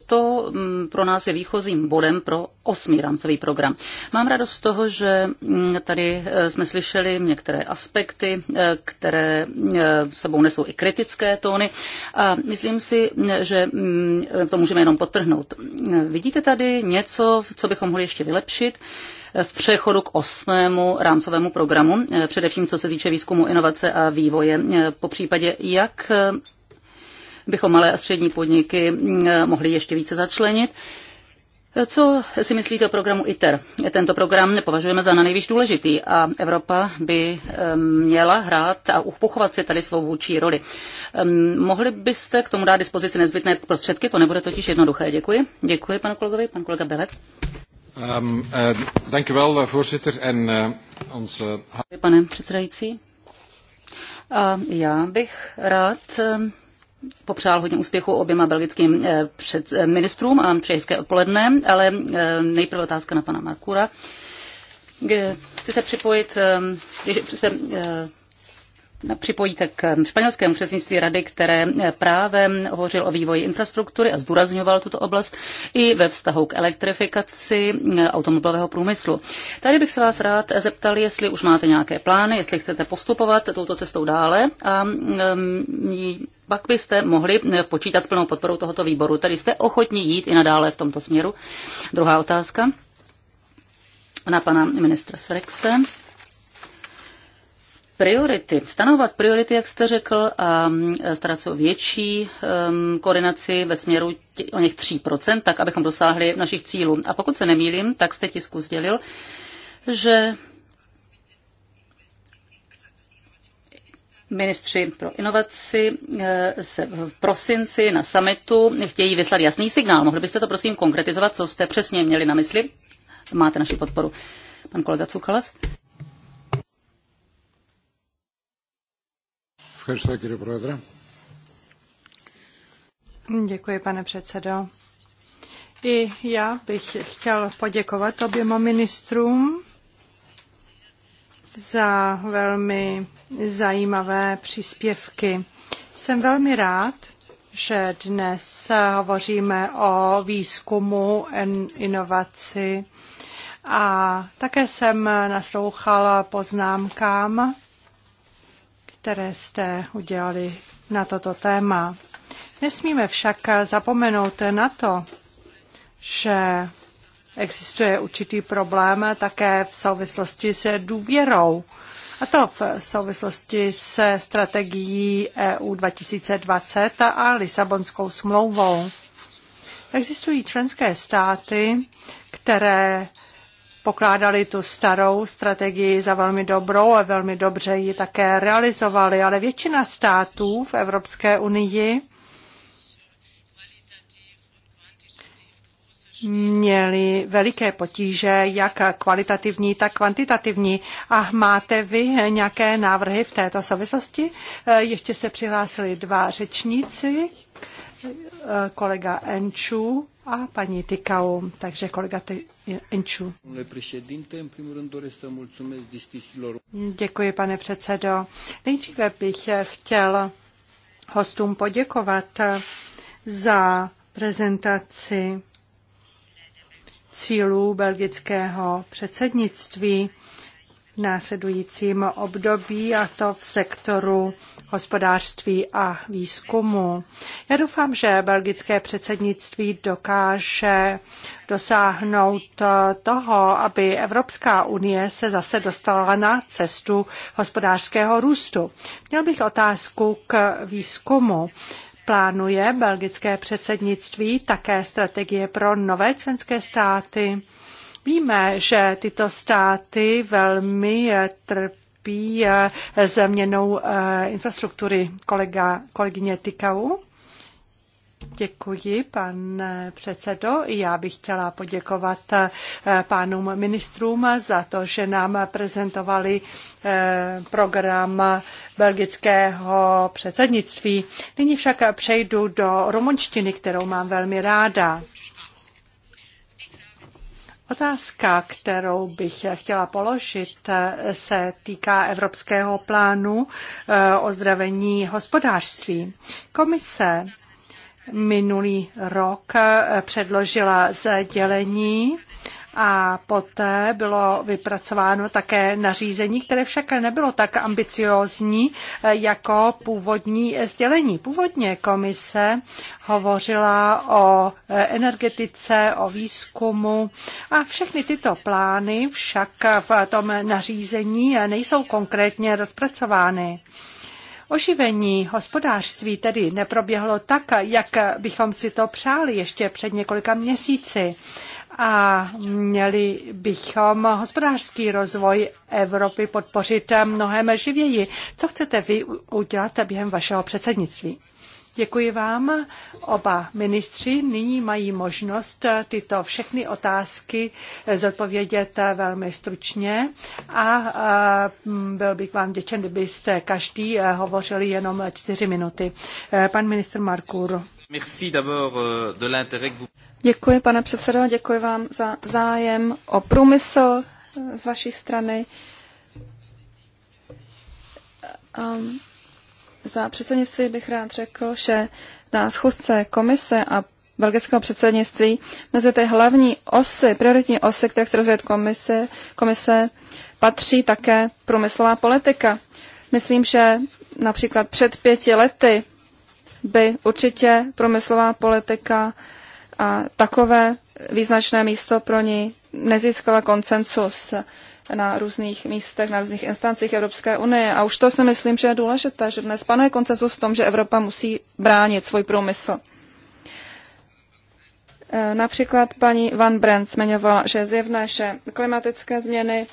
to mm, pro nás je výchozím bodem pro osmý rámcový program. Mám radost z toho, že mm, tady eh, jsme slyšeli některé aspekty, eh, které v eh, sebou nesou i kritické tóny a myslím si, že mm, to můžeme jenom potrhnout. Vidíte tady něco, co bychom mohli ještě vylepšit? v přechodu k osmému rámcovému programu, eh, především co se týče výzkumu, inovace a vývoje. Eh, po případě, jak eh, bychom malé a střední podniky mm, mohli ještě více začlenit. Co si myslíte o programu ITER? Tento program považujeme za na nejvíc důležitý a Evropa by měla hrát a upuchovat si tady svou vůči roli. Mohli byste k tomu dát dispozici nezbytné prostředky? To nebude totiž jednoduché. Děkuji. Děkuji panu kolegovi, pan kolega Belet. Um, uh, voorzitter. uh, ons, uh... Pane předsedající, a já bych rád ehm, popřál hodně úspěchu oběma belgickým eh, před, ministrům a přeji hezké odpoledne, ale nejprve otázka na pana Markura. Chci se připojit, ehm, když se připojíte k španělskému předsednictví rady, které právě hovořil o vývoji infrastruktury a zdůrazňoval tuto oblast i ve vztahu k elektrifikaci automobilového průmyslu. Tady bych se vás rád zeptal, jestli už máte nějaké plány, jestli chcete postupovat touto cestou dále a um, pak byste mohli počítat s plnou podporou tohoto výboru. Tady jste ochotní jít i nadále v tomto směru. Druhá otázka na pana ministra Srexe priority, stanovat priority, jak jste řekl, a starat se o větší um, koordinaci ve směru tě, o něch 3%, tak abychom dosáhli našich cílů. A pokud se nemýlím, tak jste tisku sdělil, že Ministři pro inovaci eh, se v prosinci na summitu chtějí vyslat jasný signál. Mohli byste to prosím konkretizovat, co jste přesně měli na mysli? Máte naši podporu. Pan kolega Cukalas. Děkuji, pane předsedo. I já bych chtěl poděkovat oběma ministrům za velmi zajímavé příspěvky. Jsem velmi rád, že dnes hovoříme o výzkumu, inovaci a také jsem naslouchala poznámkám, které jste udělali na toto téma. Nesmíme však zapomenout na to, že existuje určitý problém také v souvislosti s důvěrou. A to v souvislosti se strategií EU 2020 a Lisabonskou smlouvou. Existují členské státy, které pokládali tu starou strategii za velmi dobrou a velmi dobře ji také realizovali, ale většina států v Evropské unii měli veliké potíže, jak kvalitativní, tak kvantitativní. A máte vy nějaké návrhy v této souvislosti? Eh, ještě se přihlásili dva řečníci, eh, kolega Enčů a paní Tikau, takže kolega Enču. Děkuji, pane předsedo. Nejdříve bych chtěl hostům poděkovat za prezentaci cílů belgického předsednictví v následujícím období, a to v sektoru hospodářství a výzkumu. Já doufám, že belgické předsednictví dokáže dosáhnout toho, aby Evropská unie se zase dostala na cestu hospodářského růstu. Měl bych otázku k výzkumu. Plánuje belgické předsednictví také strategie pro nové členské státy? Víme, že tyto státy velmi eh, trpí eh, změnou eh, infrastruktury. Kolega, kolegyně Tykau. Děkuji, pan předsedo. Já bych chtěla poděkovat pánům ministrům za to, že nám prezentovali program belgického předsednictví. Nyní však přejdu do rumunštiny, kterou mám velmi ráda. Otázka, kterou bych chtěla položit, se týká Evropského plánu eh, ozdravení hospodářství. Komise minulý rok eh, předložila sdělení a poté bylo vypracováno také nařízení, které však nebylo tak ambiciózní eh, jako původní sdělení. Původně komise hovořila o eh, energetice, o výzkumu a všechny tyto plány však v tom nařízení nejsou konkrétně rozpracovány. Oživení hospodářství tedy neproběhlo tak, jak bychom si to přáli ještě před několika měsíci a měli bychom hospodářský rozvoj Evropy podpořit mnohem živěji. Co chcete vy udělat během vašeho předsednictví? Děkuji vám. Oba ministři nyní mají možnost tyto všechny otázky zodpovědět velmi stručně a mm, byl bych vám děčen, kdybyste každý eh, hovořil jenom čtyři minuty. Eh, pan ministr Markůr. Euh, děkuji, pane předsedo, děkuji vám za zájem o průmysl eh, z vaší strany. Um, za předsednictví bych rád řekl, že na schůzce komise a belgického předsednictví mezi ty hlavní osy, prioritní osy, které chce rozvíjet komise, komise, patří také průmyslová politika. Myslím, že například před pěti lety by určitě promyslová politika a takové význačné místo pro ní nezískala koncensus na různých místech, na různých instancích Evropské unie. A už to si myslím, že je důležité, že dnes panuje koncensus v tom, že Evropa musí bránit svůj průmysl. E, například paní Van Brent zmiňovala, že je zjevné, že klimatické změny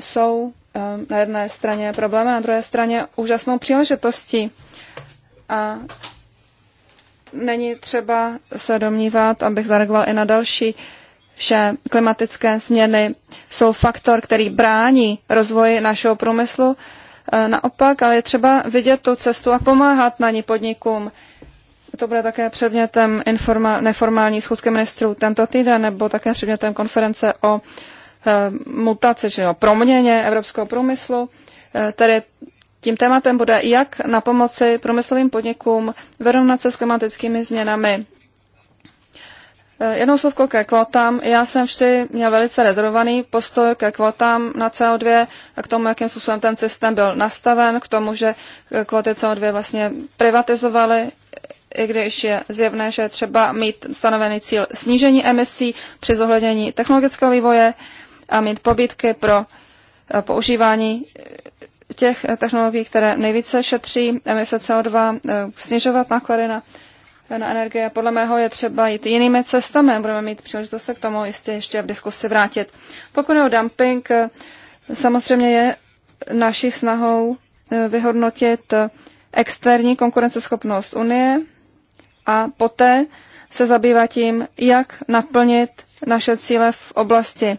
jsou e, na jedné straně problémy, na druhé straně úžasnou příležitostí a není třeba se domnívat, abych zareagoval i na další, že klimatické změny jsou faktor, který brání rozvoji našeho průmyslu. E, naopak, ale je třeba vidět tu cestu a pomáhat na ní podnikům. To bude také předmětem informa- neformální schůzky ministrů tento týden, nebo také předmětem konference o e, mutaci, že o proměně evropského průmyslu. E, tedy tím tématem bude, jak na pomoci průmyslovým podnikům vyrovnat se s klimatickými změnami. Eh, jednou slovko ke kvotám. Já jsem vždy měl velice rezervovaný postoj ke kvotám na CO2 a k tomu, jakým způsobem ten systém byl nastaven, k tomu, že eh, kvoty CO2 vlastně privatizovaly, i když je zjevné, že je třeba mít stanovený cíl snížení emisí při zohlednění technologického vývoje a mít pobídky pro eh, používání těch eh, technologií, které nejvíce šetří emise CO2, eh, snižovat náklady na, na energie. Podle mého je třeba jít jinými cestami. Budeme mít příležitost se k tomu jistě ještě v diskusi vrátit. Pokud je o dumping, eh, samozřejmě je naší snahou vyhodnotit externí konkurenceschopnost Unie a poté se zabývá tím, jak naplnit naše cíle v oblasti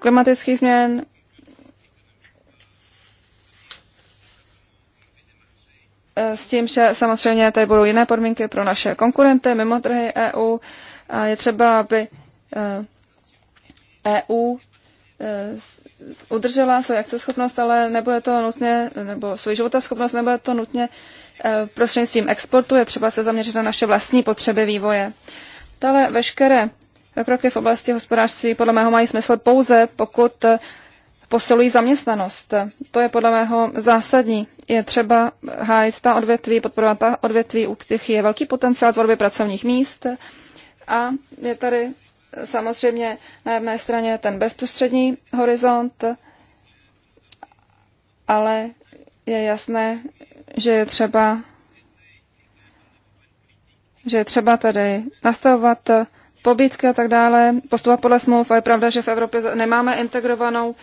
klimatických změn, E, s tím, že samozřejmě tady budou jiné podmínky pro naše konkurenty mimo trhy EU. A je třeba, aby EU e e, udržela svou akceschopnost, ale nebude to nutně, nebo svou životaschopnost, nebude to nutně prostřednictvím exportu, je třeba se zaměřit na naše vlastní potřeby vývoje. Dále veškeré kroky v oblasti hospodářství podle mého mají smysl pouze, pokud posilují zaměstnanost. To je podle mého zásadní. Je třeba hájit ta odvětví, podporovat ta odvětví, u kterých je velký potenciál tvorby pracovních míst. A je tady samozřejmě na jedné straně ten bezprostřední horizont, ale je jasné, že je třeba že je třeba tady nastavovat pobytky a tak dále, postupovat podle smluv. A je pravda, že v Evropě nemáme integrovanou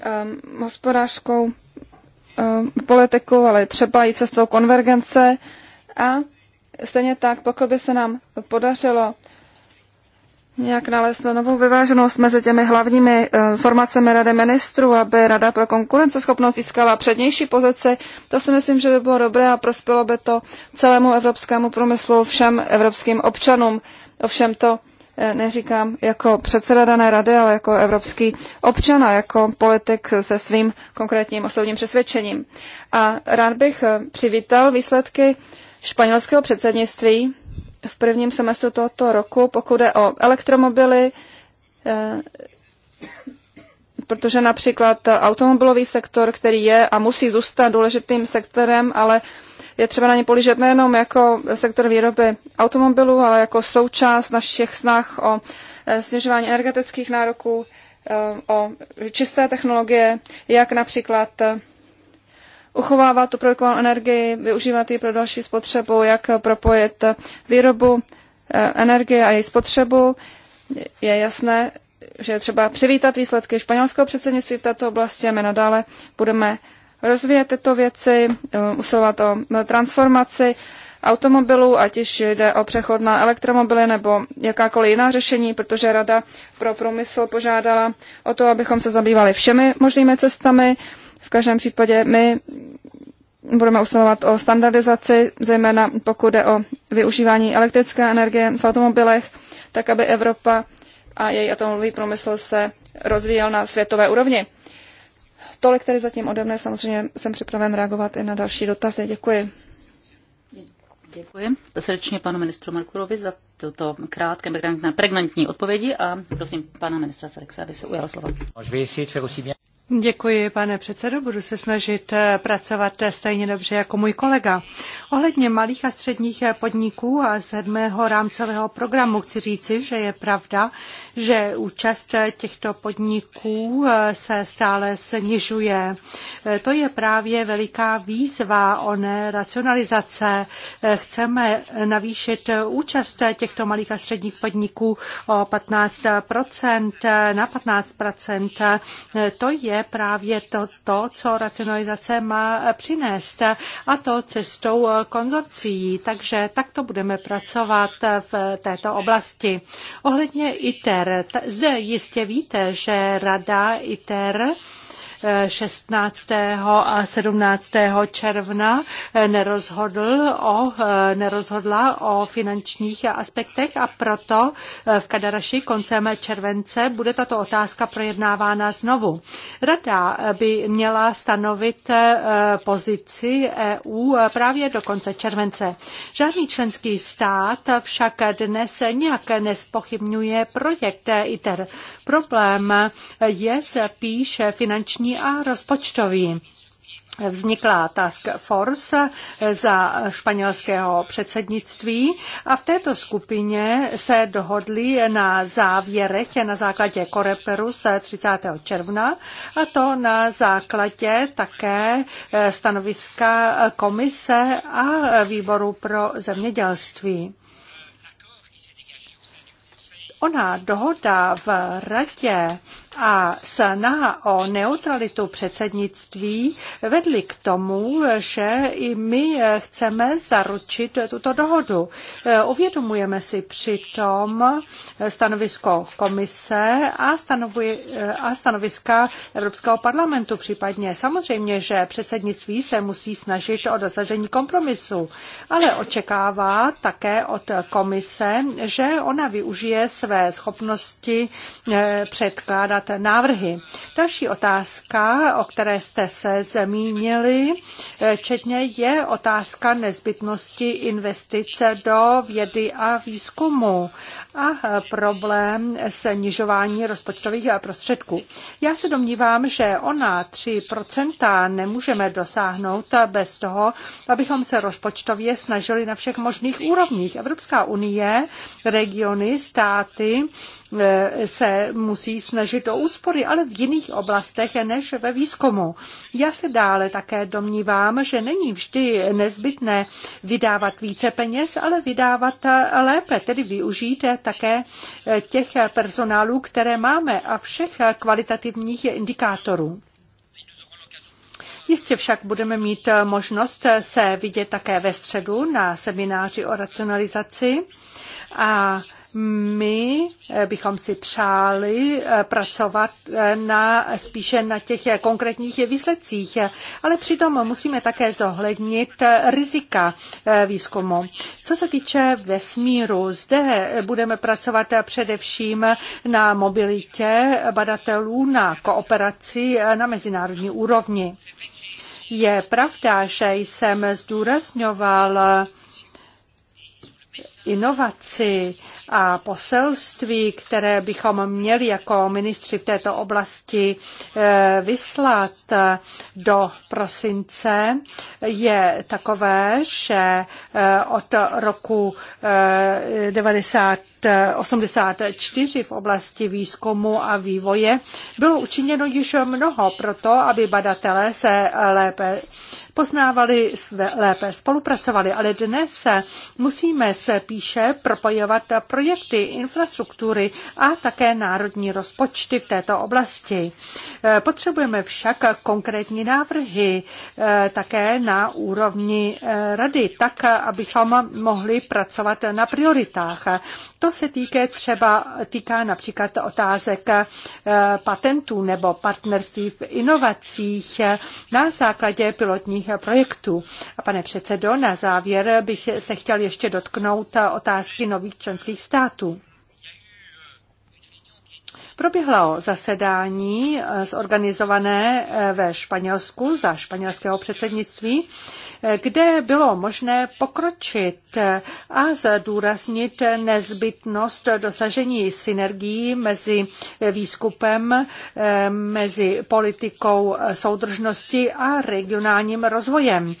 um, hospodářskou um, politiku, ale třeba i cestou konvergence. A stejně tak, pokud by se nám podařilo nějak nalézt novou vyváženost mezi těmi hlavními uh, formacemi Rady ministrů, aby Rada pro konkurenceschopnost získala přednější pozici. To si myslím, že by bylo dobré a prospělo by to celému evropskému průmyslu, všem evropským občanům. Ovšem to Eh, neříkám jako předseda dané rady, ale jako evropský občan a jako politik se svým konkrétním osobním přesvědčením. A rád bych eh, přivítal výsledky španělského předsednictví v prvním semestru tohoto roku, pokud je o elektromobily, eh, protože například automobilový sektor, který je a musí zůstat důležitým sektorem, ale je třeba na ně polížet nejenom jako sektor výroby automobilů, ale jako součást našich snah o eh, snižování energetických nároků, eh, o čisté technologie, jak například eh, uchovávat tu produkovanou energii, využívat ji pro další spotřebu, jak propojit výrobu energie a její spotřebu. Je jasné, že je třeba přivítat výsledky španělského předsednictví v této oblasti a my nadále budeme rozvíjet tyto věci, eh, usilovat o transformaci automobilů, ať již jde o přechod na elektromobily nebo jakákoliv jiná řešení, protože Rada pro průmysl požádala o to, abychom se zabývali všemi možnými cestami. V každém případě my budeme usilovat o standardizaci, zejména pokud jde o využívání elektrické energie v automobilech, tak aby Evropa a její atomový průmysl se rozvíjel na světové úrovni. Tolik tedy zatím ode mne, samozřejmě jsem připraven reagovat i na další dotazy. Děkuji. Děkuji srdečně panu ministru Markurovi za tuto krátké pregnantní odpovědi a prosím pana ministra Sarekse, aby se ujal slova. Děkuji, pane předsedo. Budu se snažit eh, pracovat eh, stejně dobře jako můj kolega. Ohledně malých a středních eh, podniků a sedmého rámcového programu chci říci, že je pravda, že účast těchto podniků se stále snižuje. To je právě veliká výzva o racionalizace. Chceme navýšit účast těchto malých a středních podniků o 15 na 15 To je je právě to, to, co racionalizace má přinést a to cestou konzorcií. Takže takto budeme pracovat v této oblasti. Ohledně ITER, zde jistě víte, že Rada ITER 16. a 17. června eh, nerozhodl o, eh, nerozhodla o finančních aspektech a proto eh, v Kadaraši koncem července bude tato otázka projednávána znovu. Rada by měla stanovit pozici EU právě do konce července. Žádný členský stát však dnes nějak nespochybňuje projekt e ITER. Problém je spíš finanční a rozpočtový. Vznikla Task Force za španělského předsednictví a v této skupině se dohodli na závěrech na základě Koreperu z 30. června a to na základě také stanoviska komise a výboru pro zemědělství. Ona dohoda v radě a snaha o neutralitu předsednictví vedly k tomu, že i my chceme zaručit tuto dohodu. Uvědomujeme si přitom stanovisko komise a, stanovuj, a stanoviska Evropského parlamentu případně. Samozřejmě, že předsednictví se musí snažit o dosažení kompromisu, ale očekává také od komise, že ona využije své schopnosti eh, předkládat podávat návrhy. Další otázka, o které jste se zmínili, eh, četně je otázka nezbytnosti investice do vědy a výzkumu a eh, problém snižování rozpočtových prostředků. Já se domnívám, že ona 3% nemůžeme dosáhnout bez toho, abychom se rozpočtově snažili na všech možných úrovních. Evropská unie, regiony, státy E, se musí snažit o úspory, ale v jiných oblastech než ve výzkumu. Já se dále také domnívám, že není vždy nezbytné vydávat více peněz, ale vydávat lépe, tedy využít také těch personálů, které máme a všech kvalitativních indikátorů. Jistě však budeme mít možnost se vidět také ve středu na semináři o racionalizaci a my eh, bychom si přáli eh, pracovat eh, na, spíše na těch konkrétních výsledcích, ale přitom musíme také zohlednit rizika výzkumu. Co se týče vesmíru, zde budeme pracovat především na mobilitě badatelů, na kooperaci na mezinárodní úrovni. Je pravda, že jsem zdůrazňoval inovaci a poselství, které bychom měli jako ministři v této oblasti eh, vyslat eh, do prosince, je takové, že eh, od roku 1984 v oblasti výzkumu a vývoje bylo učiněno již mnoho proto, aby badatelé se lépe poznávali, lépe spolupracovali, ale dnes musíme se píše propojovat projekty, infrastruktury a také národní rozpočty v této oblasti. E, potřebujeme však konkrétní návrhy e, také na úrovni e, rady, tak, abychom mohli pracovat na prioritách. To se týká třeba týká například otázek patentů nebo partnerství v inovacích na základě pilotních pilotních projektů. A pane předsedo, na závěr bych se chtěl ještě dotknout otázky nových členských států. Proběhlo zasedání eh, zorganizované eh, ve Španělsku za španělského předsednictví, eh, kde bylo možné pokročit a zdůraznit nezbytnost dosažení synergií mezi výzkupem, mezi politikou soudržnosti a regionálním rozvojem.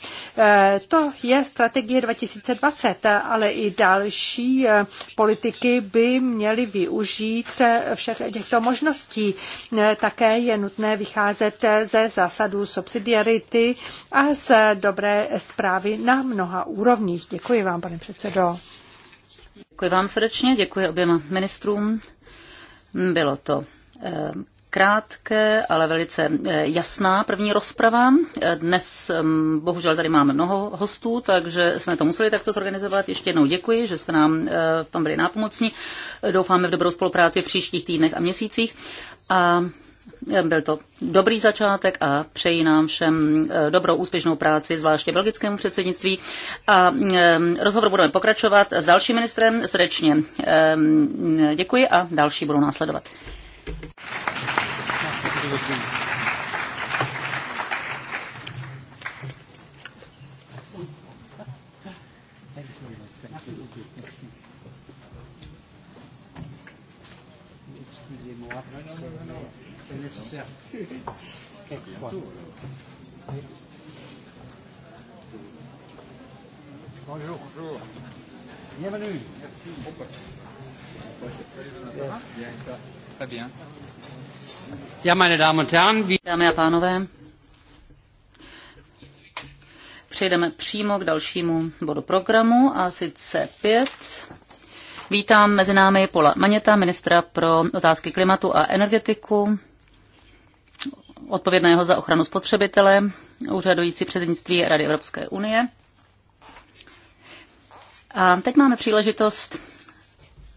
To je strategie 2020, ale i další politiky by měly využít všech těch těchto možností. Eh, také je nutné vycházet eh, ze zásadů subsidiarity a z dobré zprávy na mnoha úrovních. Děkuji vám, pane předsedo. Děkuji vám srdečně, děkuji oběma ministrům. Bylo to eh, krátké, ale velice eh, jasná první rozprava. Eh, dnes ehm, bohužel tady máme mnoho hostů, takže jsme to museli takto zorganizovat. Ještě jednou děkuji, že jste nám eh, v tom byli nápomocní. Doufáme v dobrou spolupráci v příštích týdnech a měsících. A byl to dobrý začátek a přeji nám všem dobrou úspěšnou práci, zvláště belgickému předsednictví. A ehm, rozhovor budeme pokračovat s dalším ministrem. Srdečně ehm, děkuji a další budou následovat. Prosím. beaucoup. Bonjour. Bonjour. Bienvenue. Merci. Très bien. Ja, meine Damen und Herren, wie... Dámy a pánové, přejdeme přímo k dalšímu bodu programu, a sice pět Vítám mezi námi Pola Maněta, ministra pro otázky klimatu a energetiku, odpovědného za ochranu spotřebitele, úřadující předsednictví Rady Evropské unie. A teď máme příležitost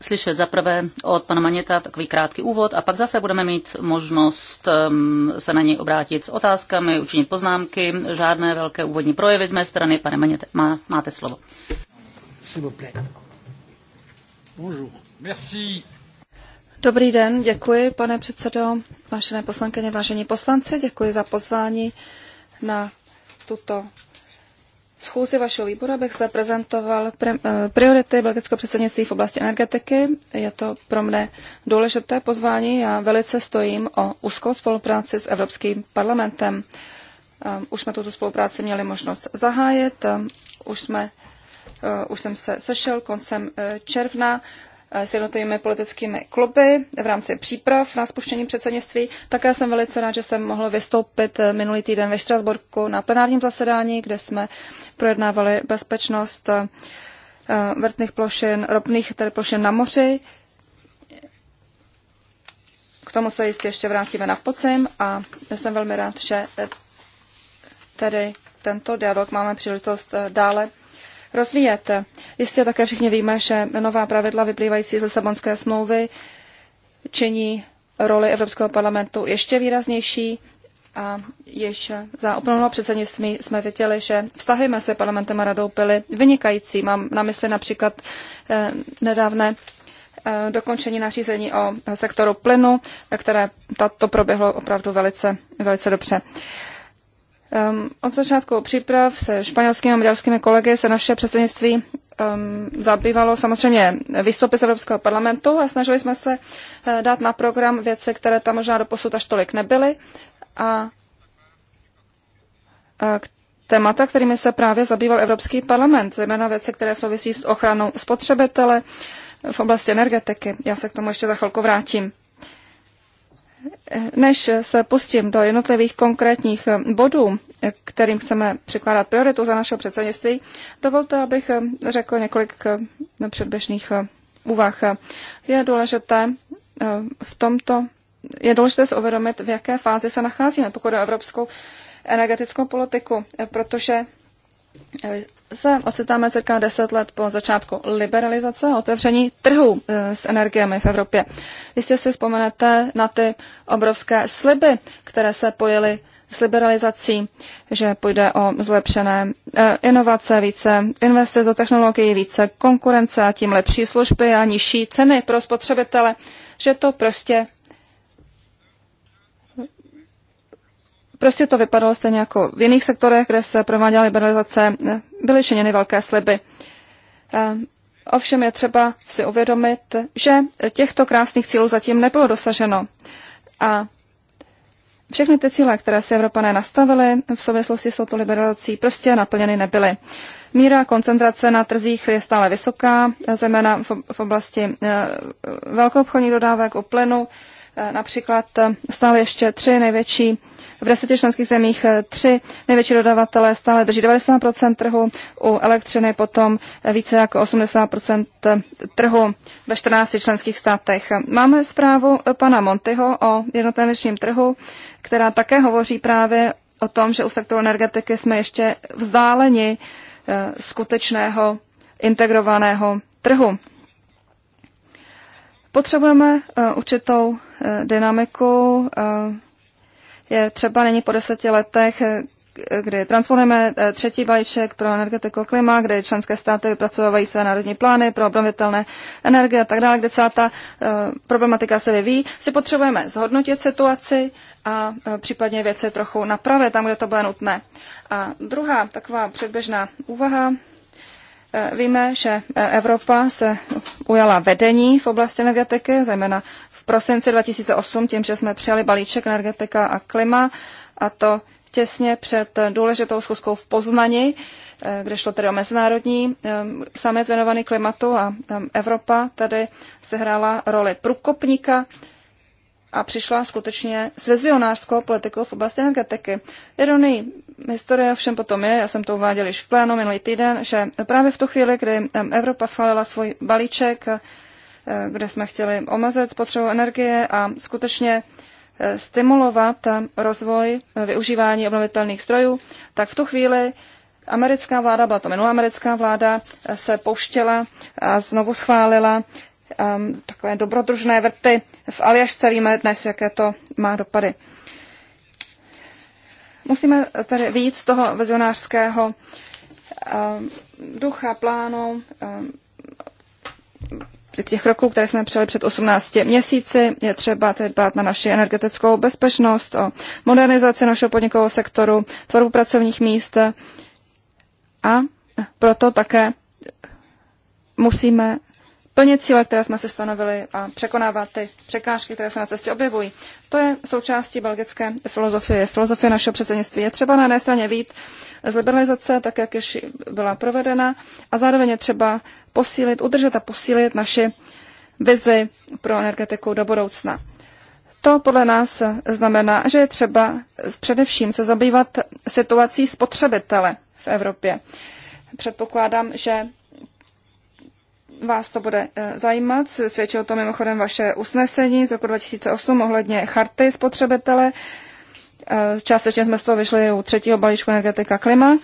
slyšet zaprvé od pana Maněta takový krátký úvod a pak zase budeme mít možnost um, se na něj obrátit s otázkami, učinit poznámky, žádné velké úvodní projevy z mé strany. Pane Maněte, má, máte slovo. Dobrý den, děkuji, pane předsedo, vážené poslankyně, vážení poslanci, děkuji za pozvání na tuto schůzi vašeho výboru, abych zde prezentoval eh, priority belgického předsednictví v oblasti energetiky. Je to pro mne důležité pozvání. Já velice stojím o úzkou spolupráci s Evropským parlamentem. Eh, už jsme tuto spolupráci měli možnost zahájit. Eh, už jsme už jsem se sešel koncem června Eh, s jednotlivými politickými kluby v rámci příprav na spuštění předsednictví. Také jsem velice rád, že jsem mohl vystoupit eh, minulý týden ve Štrasburku na plenárním zasedání, kde jsme projednávali bezpečnost eh, vrtných plošin, ropných tedy plošin na moři. K tomu se jistě ještě vrátíme na podzim a jsem velmi rád, že tedy tento dialog máme příležitost dále rozvíjet. Jistě také všichni víme, že nová pravidla vyplývající z Lisabonské smlouvy činí roli Evropského parlamentu ještě výraznější a již za uplynulého předsednictví jsme viděli, že vztahy mezi parlamentem a radou byly vynikající. Mám na mysli například eh, nedávné eh, dokončení nařízení o sektoru plynu, které to proběhlo opravdu velice, velice dobře. Um, od začátku příprav se španělskými a maďarskými kolegy se naše předsednictví um, zabývalo samozřejmě výstupy z Evropského parlamentu a snažili jsme se uh, dát na program věci, které tam možná doposud až tolik nebyly a uh, témata, kterými se právě zabýval Evropský parlament, zejména věci, které souvisí s ochranou spotřebitele v oblasti energetiky. Já se k tomu ještě za chvilku vrátím. Než se pustím do jednotlivých konkrétních bodů, kterým chceme překládat prioritu za našeho předsednictví, dovolte, abych řekl několik předběžných úvah. Je důležité eh, v tomto, je důležité se uvědomit, v jaké fázi se nacházíme, pokud o evropskou energetickou politiku, eh, protože Eh, se ocitáme cirka 10 let po začátku liberalizace a otevření trhu eh, s energiemi v Evropě. Jistě si vzpomenete na ty obrovské sliby, které se pojily s liberalizací, že půjde o zlepšené eh, inovace, více investice do technologií, více konkurence a tím lepší služby a nižší ceny pro spotřebitele, že to prostě Prostě to vypadalo stejně jako v jiných sektorech, kde se prováděla liberalizace, eh, byly činěny velké sliby. Eh, ovšem je třeba si uvědomit, že těchto krásných cílů zatím nebylo dosaženo. A všechny ty cíle, které si Evropané nastavili v souvislosti s touto liberalizací, prostě naplněny nebyly. Míra koncentrace na trzích je stále vysoká, zejména v oblasti eh, velkoobchodních dodávek u plynu, například stále ještě tři největší v deseti členských zemích eh, tři největší dodavatelé stále drží 90% trhu, u elektřiny potom více jak 80% eh, trhu ve 14 členských státech. Máme zprávu pana Montyho o jednotném vnitřním trhu, která také hovoří právě o tom, že u sektoru energetiky jsme ještě vzdáleni eh, skutečného integrovaného trhu. Potřebujeme eh, určitou eh, dynamiku. Eh, je třeba není po deseti letech, kdy transponujeme třetí balíček pro energetiku a klima, kde členské státy vypracovávají své národní plány pro obnovitelné energie a tak dále, kde celá ta problematika se vyvíjí, si potřebujeme zhodnotit situaci a případně věci trochu napravit tam, kde to bude nutné. A druhá taková předběžná úvaha Eh, víme, že eh, Evropa se ujala vedení v oblasti energetiky, zejména v prosinci 2008, tím, že jsme přijali balíček energetika a klima, a to těsně před důležitou schůzkou v Poznani, eh, kde šlo tedy o mezinárodní summit věnovaný klimatu a Evropa tady sehrála roli průkopníka a přišla skutečně s vizionářskou politikou v oblasti energetiky. Ironii Historie všem potom je, já jsem to uváděl již v plénu minulý týden, že právě v tu chvíli, kdy Evropa schválila svůj balíček, eh, kde jsme chtěli omezit spotřebu energie a skutečně eh, stimulovat eh, rozvoj využívání obnovitelných strojů, tak v tu chvíli americká vláda, byla to minulá americká vláda, se pouštěla a znovu schválila takové dobrodružné vrty v Aljašce. Víme dnes, jaké to má dopady. Musíme tedy vyjít z toho vizionářského eh, ducha, plánu, eh, těch roků, které jsme přijali před 18 měsíci, je třeba tedy dbát na naši energetickou bezpečnost, o modernizaci našeho podnikového sektoru, tvorbu pracovních míst a proto také musíme plnit cíle, které jsme si stanovili a překonávat ty překážky, které se na cestě objevují. To je součástí belgické filozofie. Filozofie našeho předsednictví je třeba na jedné straně vít z liberalizace, tak jak již byla provedena, a zároveň je třeba posílit, udržet a posílit naši vizi pro energetiku do budoucna. To podle nás znamená, že je třeba především se zabývat situací spotřebitele v Evropě. Předpokládám, že vás to bude eh, zajímat. Svědčilo o tom mimochodem vaše usnesení z roku 2008 ohledně charty spotřebitele. Eh, částečně jsme z toho vyšli u třetího balíčku energetika klima.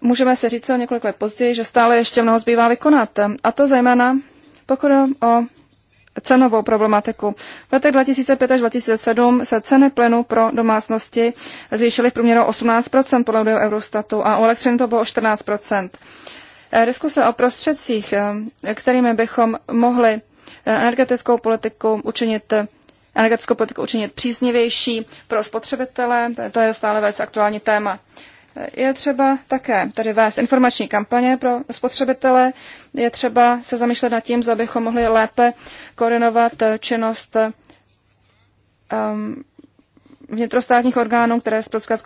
Můžeme se říct o několik let později, že stále ještě mnoho zbývá vykonat. A to zejména pokud o cenovou problematiku. V letech 2005 až 2007 se ceny plynu pro domácnosti zvýšily v průměru 18 podle údajů Eurostatu a u elektřiny to bylo 14 Eh, diskuse o prostředcích, eh, kterými bychom mohli eh, energetickou politiku učinit energetickou politiku učinit příznivější pro spotřebitele, to je stále velice aktuální téma. Je třeba také tady vést informační kampaně pro spotřebitele, je třeba se zamýšlet nad tím, abychom mohli lépe koordinovat činnost um, vnitrostátních orgánů, které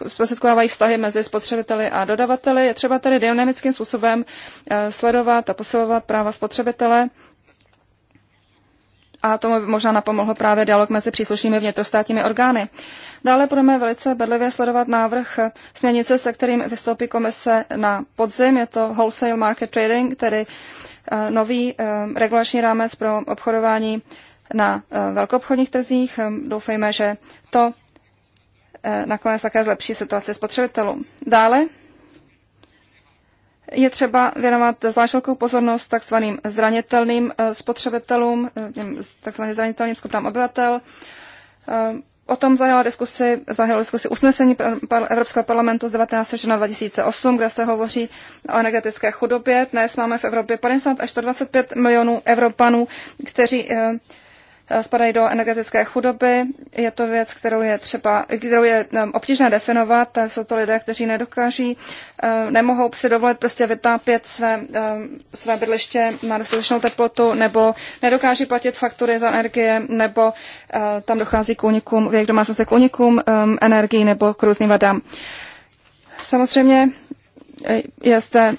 zprostředkovávají vztahy mezi spotřebiteli a dodavateli. Je třeba tedy dynamickým způsobem eh, sledovat a posilovat práva spotřebitele. A tomu by možná napomohl právě dialog mezi příslušnými vnitrostátními orgány. Dále budeme velice bedlivě sledovat návrh eh, směrnice, se kterým vystoupí komise na podzim. Je to Wholesale Market Trading, tedy eh, nový regulační rámec pro obchodování na velkoobchodních trzích. Ehm, doufejme, že to Eh, nakonec také zlepší situaci spotřebitelů. Dále je třeba věnovat zvlášť velkou pozornost takzvaným zranitelným eh, spotřebitelům, eh, takzvaným zranitelným skupinám obyvatel. O tom zahájila diskusi, zahajala diskusi usnesení Evropského parlamentu z 19. června 2008, kde se hovoří o energetické chudobě. Dnes máme v Evropě 50 až 125 milionů Evropanů, kteří Eh, spadají do energetické chudoby. Je to věc, kterou je třeba, kterou je eh, obtížné definovat. Eh, jsou to lidé, kteří nedokáží, nemohou si dovolit prostě vytápět své, své bydliště na dostatečnou teplotu, nebo nedokáží platit faktury za energie, nebo tam dochází k únikům, v jejich domácnosti k únikům energii nebo k různým vadám. Samozřejmě je zde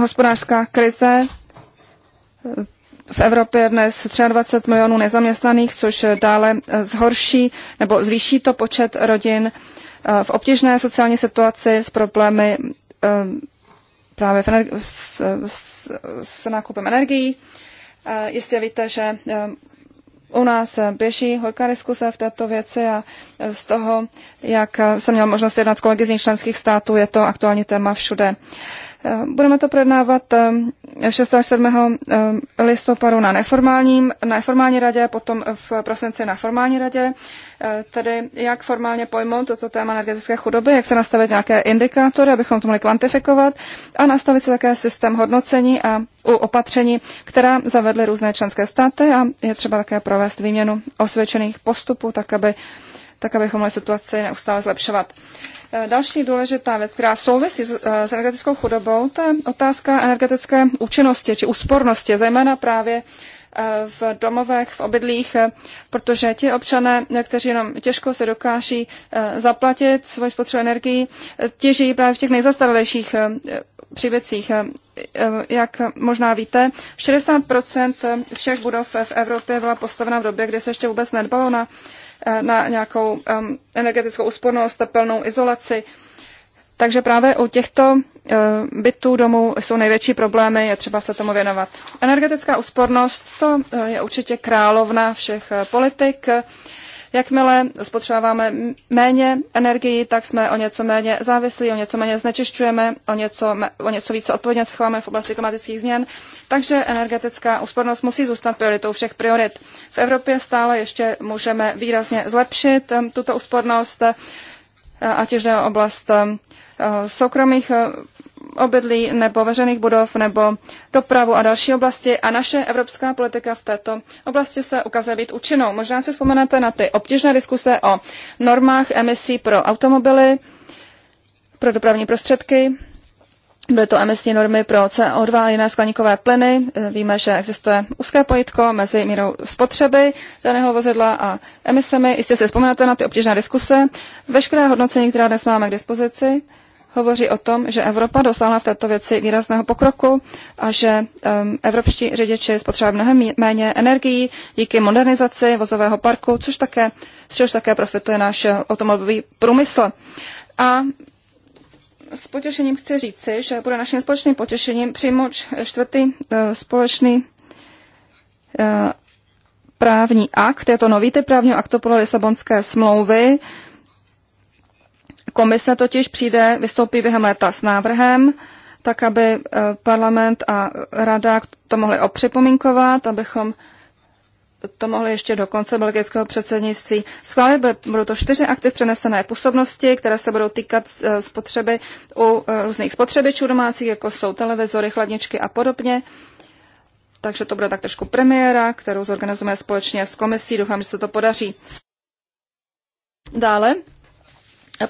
hospodářská krize, v Evropě je dnes 23 milionů nezaměstnaných, což dále eh, zhorší nebo zvýší to počet rodin eh, v obtížné sociální situaci s problémy eh, právě v energi- s, s, s nákupem energií. Jistě víte, že u nás běží horká diskuse v této věci a z toho, jak jsem měl možnost jednat s kolegy z členských států, je to aktuální téma všude. Eh, budeme to projednávat 6. Eh, až 7. Eh, listopadu na, neformálním, na neformální radě, potom v prosinci na formální radě, tedy jak formálně pojmout toto téma energetické chudoby, jak se nastavit nějaké indikátory, abychom to mohli kvantifikovat a nastavit si také systém hodnocení a u opatření, která zavedly různé členské státy a je třeba také provést výměnu osvědčených postupů, tak aby tak abychom mohli situaci neustále zlepšovat. E, další důležitá věc, která souvisí e, s energetickou chudobou, to je otázka energetické účinnosti či úspornosti, zejména právě e, v domovech, v obydlích, protože ti občané, kteří jenom těžko se dokáží zaplatit svoji spotřebu energii, těží právě v těch nejzastaralejších přívěcích. Jak možná víte, 60 všech budov v Evropě byla postavena v době, kdy se ještě vůbec nedbalo na Eh, na nějakou energetickou úspornost, tepelnou izolaci. Takže právě u těchto eh, bytů domů jsou největší problémy, je třeba se tomu věnovat. Energetická úspornost to eh, je určitě královna všech politik. Jakmile spotřebáváme méně energii, tak jsme o něco méně závislí, o něco méně znečišťujeme, o něco, o něco více odpovědně se chováme v oblasti klimatických změn, takže energetická úspornost musí zůstat prioritou všech priorit. V Evropě stále ještě můžeme výrazně zlepšit eh, tuto úspornost, eh, ať už je oblast eh, soukromých obydlí nebo veřejných budov nebo dopravu a další oblasti a naše evropská politika v této oblasti se ukazuje být účinnou. Možná si vzpomenete na ty obtížné diskuse o normách emisí pro automobily, pro dopravní prostředky, byly to emisní normy pro CO2 a jiné skleníkové plyny. Víme, že existuje úzké pojitko mezi mírou spotřeby daného vozidla a emisemi. Jistě si vzpomenete na ty obtížné diskuse. Veškeré hodnocení, která dnes máme k dispozici, hovoří o tom, že Evropa dosáhla v této věci výrazného pokroku a že um, evropští řidiči spotřebují mnohem méně energií díky modernizaci vozového parku, což také, z čehož také profituje náš automobilový průmysl. A s potěšením chci říci, že bude naším společným potěšením přijmout čtvrtý eh, společný eh, právní akt. Je to nový typ právního aktu podle Lisabonské smlouvy, Komise totiž přijde, vystoupí během léta s návrhem, tak aby eh, parlament a rada to mohli opřipomínkovat, abychom to mohli ještě do konce belgického předsednictví schválit. Budou to čtyři akty v přenesené působnosti, které se budou týkat eh, spotřeby u eh, různých spotřebičů domácích, jako jsou televizory, chladničky a podobně. Takže to bude tak trošku premiéra, kterou zorganizujeme společně s komisí. Doufám, že se to podaří. Dále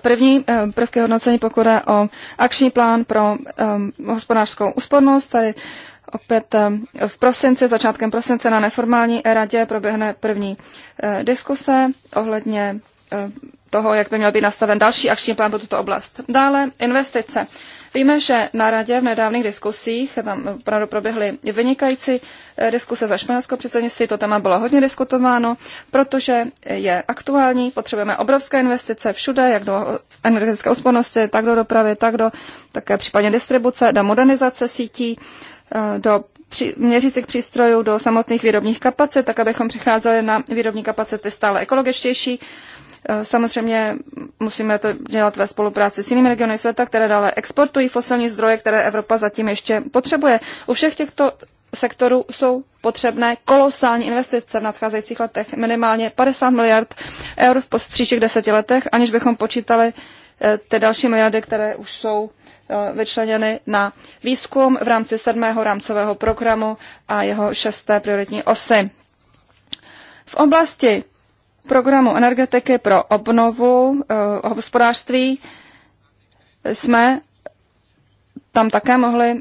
První eh, prvky hodnocení, pokud je o akční plán pro um, hospodářskou úspornost, tady opět um, v prosinci, začátkem prosince na neformální radě proběhne první uh, diskuse ohledně uh, toho, jak by měl být nastaven další akční plán pro tuto oblast. Dále investice. Víme, že na radě v nedávných diskusích, tam opravdu proběhly vynikající eh, diskuse za španělského předsednictví, to téma bylo hodně diskutováno, protože je aktuální, potřebujeme obrovské investice všude, jak do energetické úspornosti, tak do dopravy, tak do také případně distribuce, do modernizace sítí, eh, do při, měřících přístrojů do samotných výrobních kapacit, tak abychom přicházeli na výrobní kapacity stále ekologičtější. E, samozřejmě musíme to dělat ve spolupráci s jinými regiony světa, které dále exportují fosilní zdroje, které Evropa zatím ještě potřebuje. U všech těchto sektorů jsou potřebné kolosální investice v nadcházejících letech, minimálně 50 miliard eur v příštích deseti letech, aniž bychom počítali Eh, ty další miliardy, které už jsou eh, vyčleněny na výzkum v rámci sedmého rámcového programu a jeho šesté prioritní osy. V oblasti programu energetiky pro obnovu uh, hospodářství jsme tam také mohli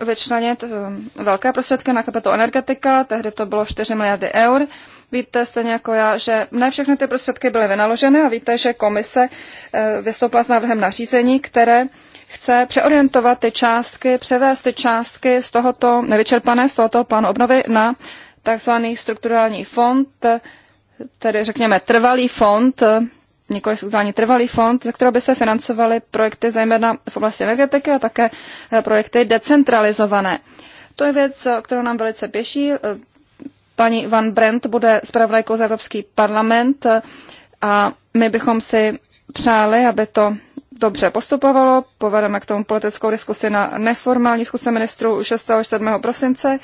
uh, vyčlenit uh, velké prostředky na kapitolu energetika, tehdy to bylo 4 miliardy eur. Uh, Víte stejně jako já, že ne všechny ty prostředky byly vynaloženy a víte, že komise eh, vystoupila s návrhem nařízení, které chce přeorientovat ty částky, převést ty částky z tohoto nevyčerpané, z tohoto plánu obnovy na takzvaný strukturální fond, eh, tedy řekněme trvalý fond, eh, nikoli strukturální trvalý fond, ze kterého by se financovaly projekty zejména v oblasti energetiky a také projekty decentralizované. To je věc, kterou nám velice běží, Paní Van Brent bude zpravodajkou za Evropský parlament a my bychom si přáli, aby to dobře postupovalo. Povedeme k tomu politickou diskusi na neformální zkuse ministrů 6. až 7. prosince,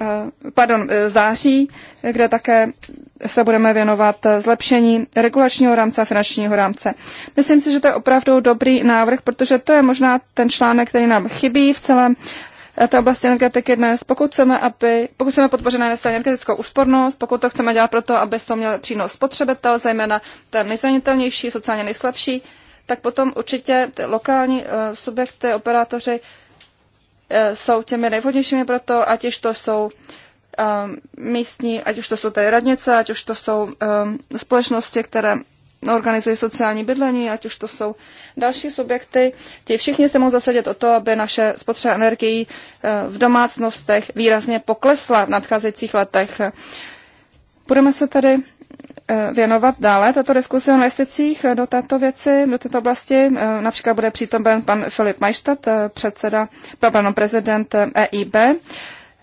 eh, pardon, eh, září, kde také se budeme věnovat zlepšení regulačního rámce a finančního rámce. Myslím si, že to je opravdu dobrý návrh, protože to je možná ten článek, který nám chybí v celém Eh, ta oblast energetiky dnes. Pokud chceme, aby, pokud chceme podpořit na energetickou úspornost, pokud to chceme dělat proto, aby z toho měl přínos spotřebitel, zejména ten nejzranitelnější, sociálně nejslabší, tak potom určitě ty lokální eh, subjekty, operátoři eh, jsou těmi nejvhodnějšími pro to, ať už to jsou místní, ať už to jsou tady radnice, ať už to jsou um, společnosti, které organizují sociální bydlení, ať už to jsou další subjekty. Ti všichni se mohou zasadit o to, aby naše spotřeba energií eh, v domácnostech výrazně poklesla v nadcházejících letech. Budeme se tady eh, věnovat dále tato diskuse o investicích eh, do této věci, do této oblasti. Například bude přítomen pan Filip Majštat, předseda, pardon, prezident EIB. E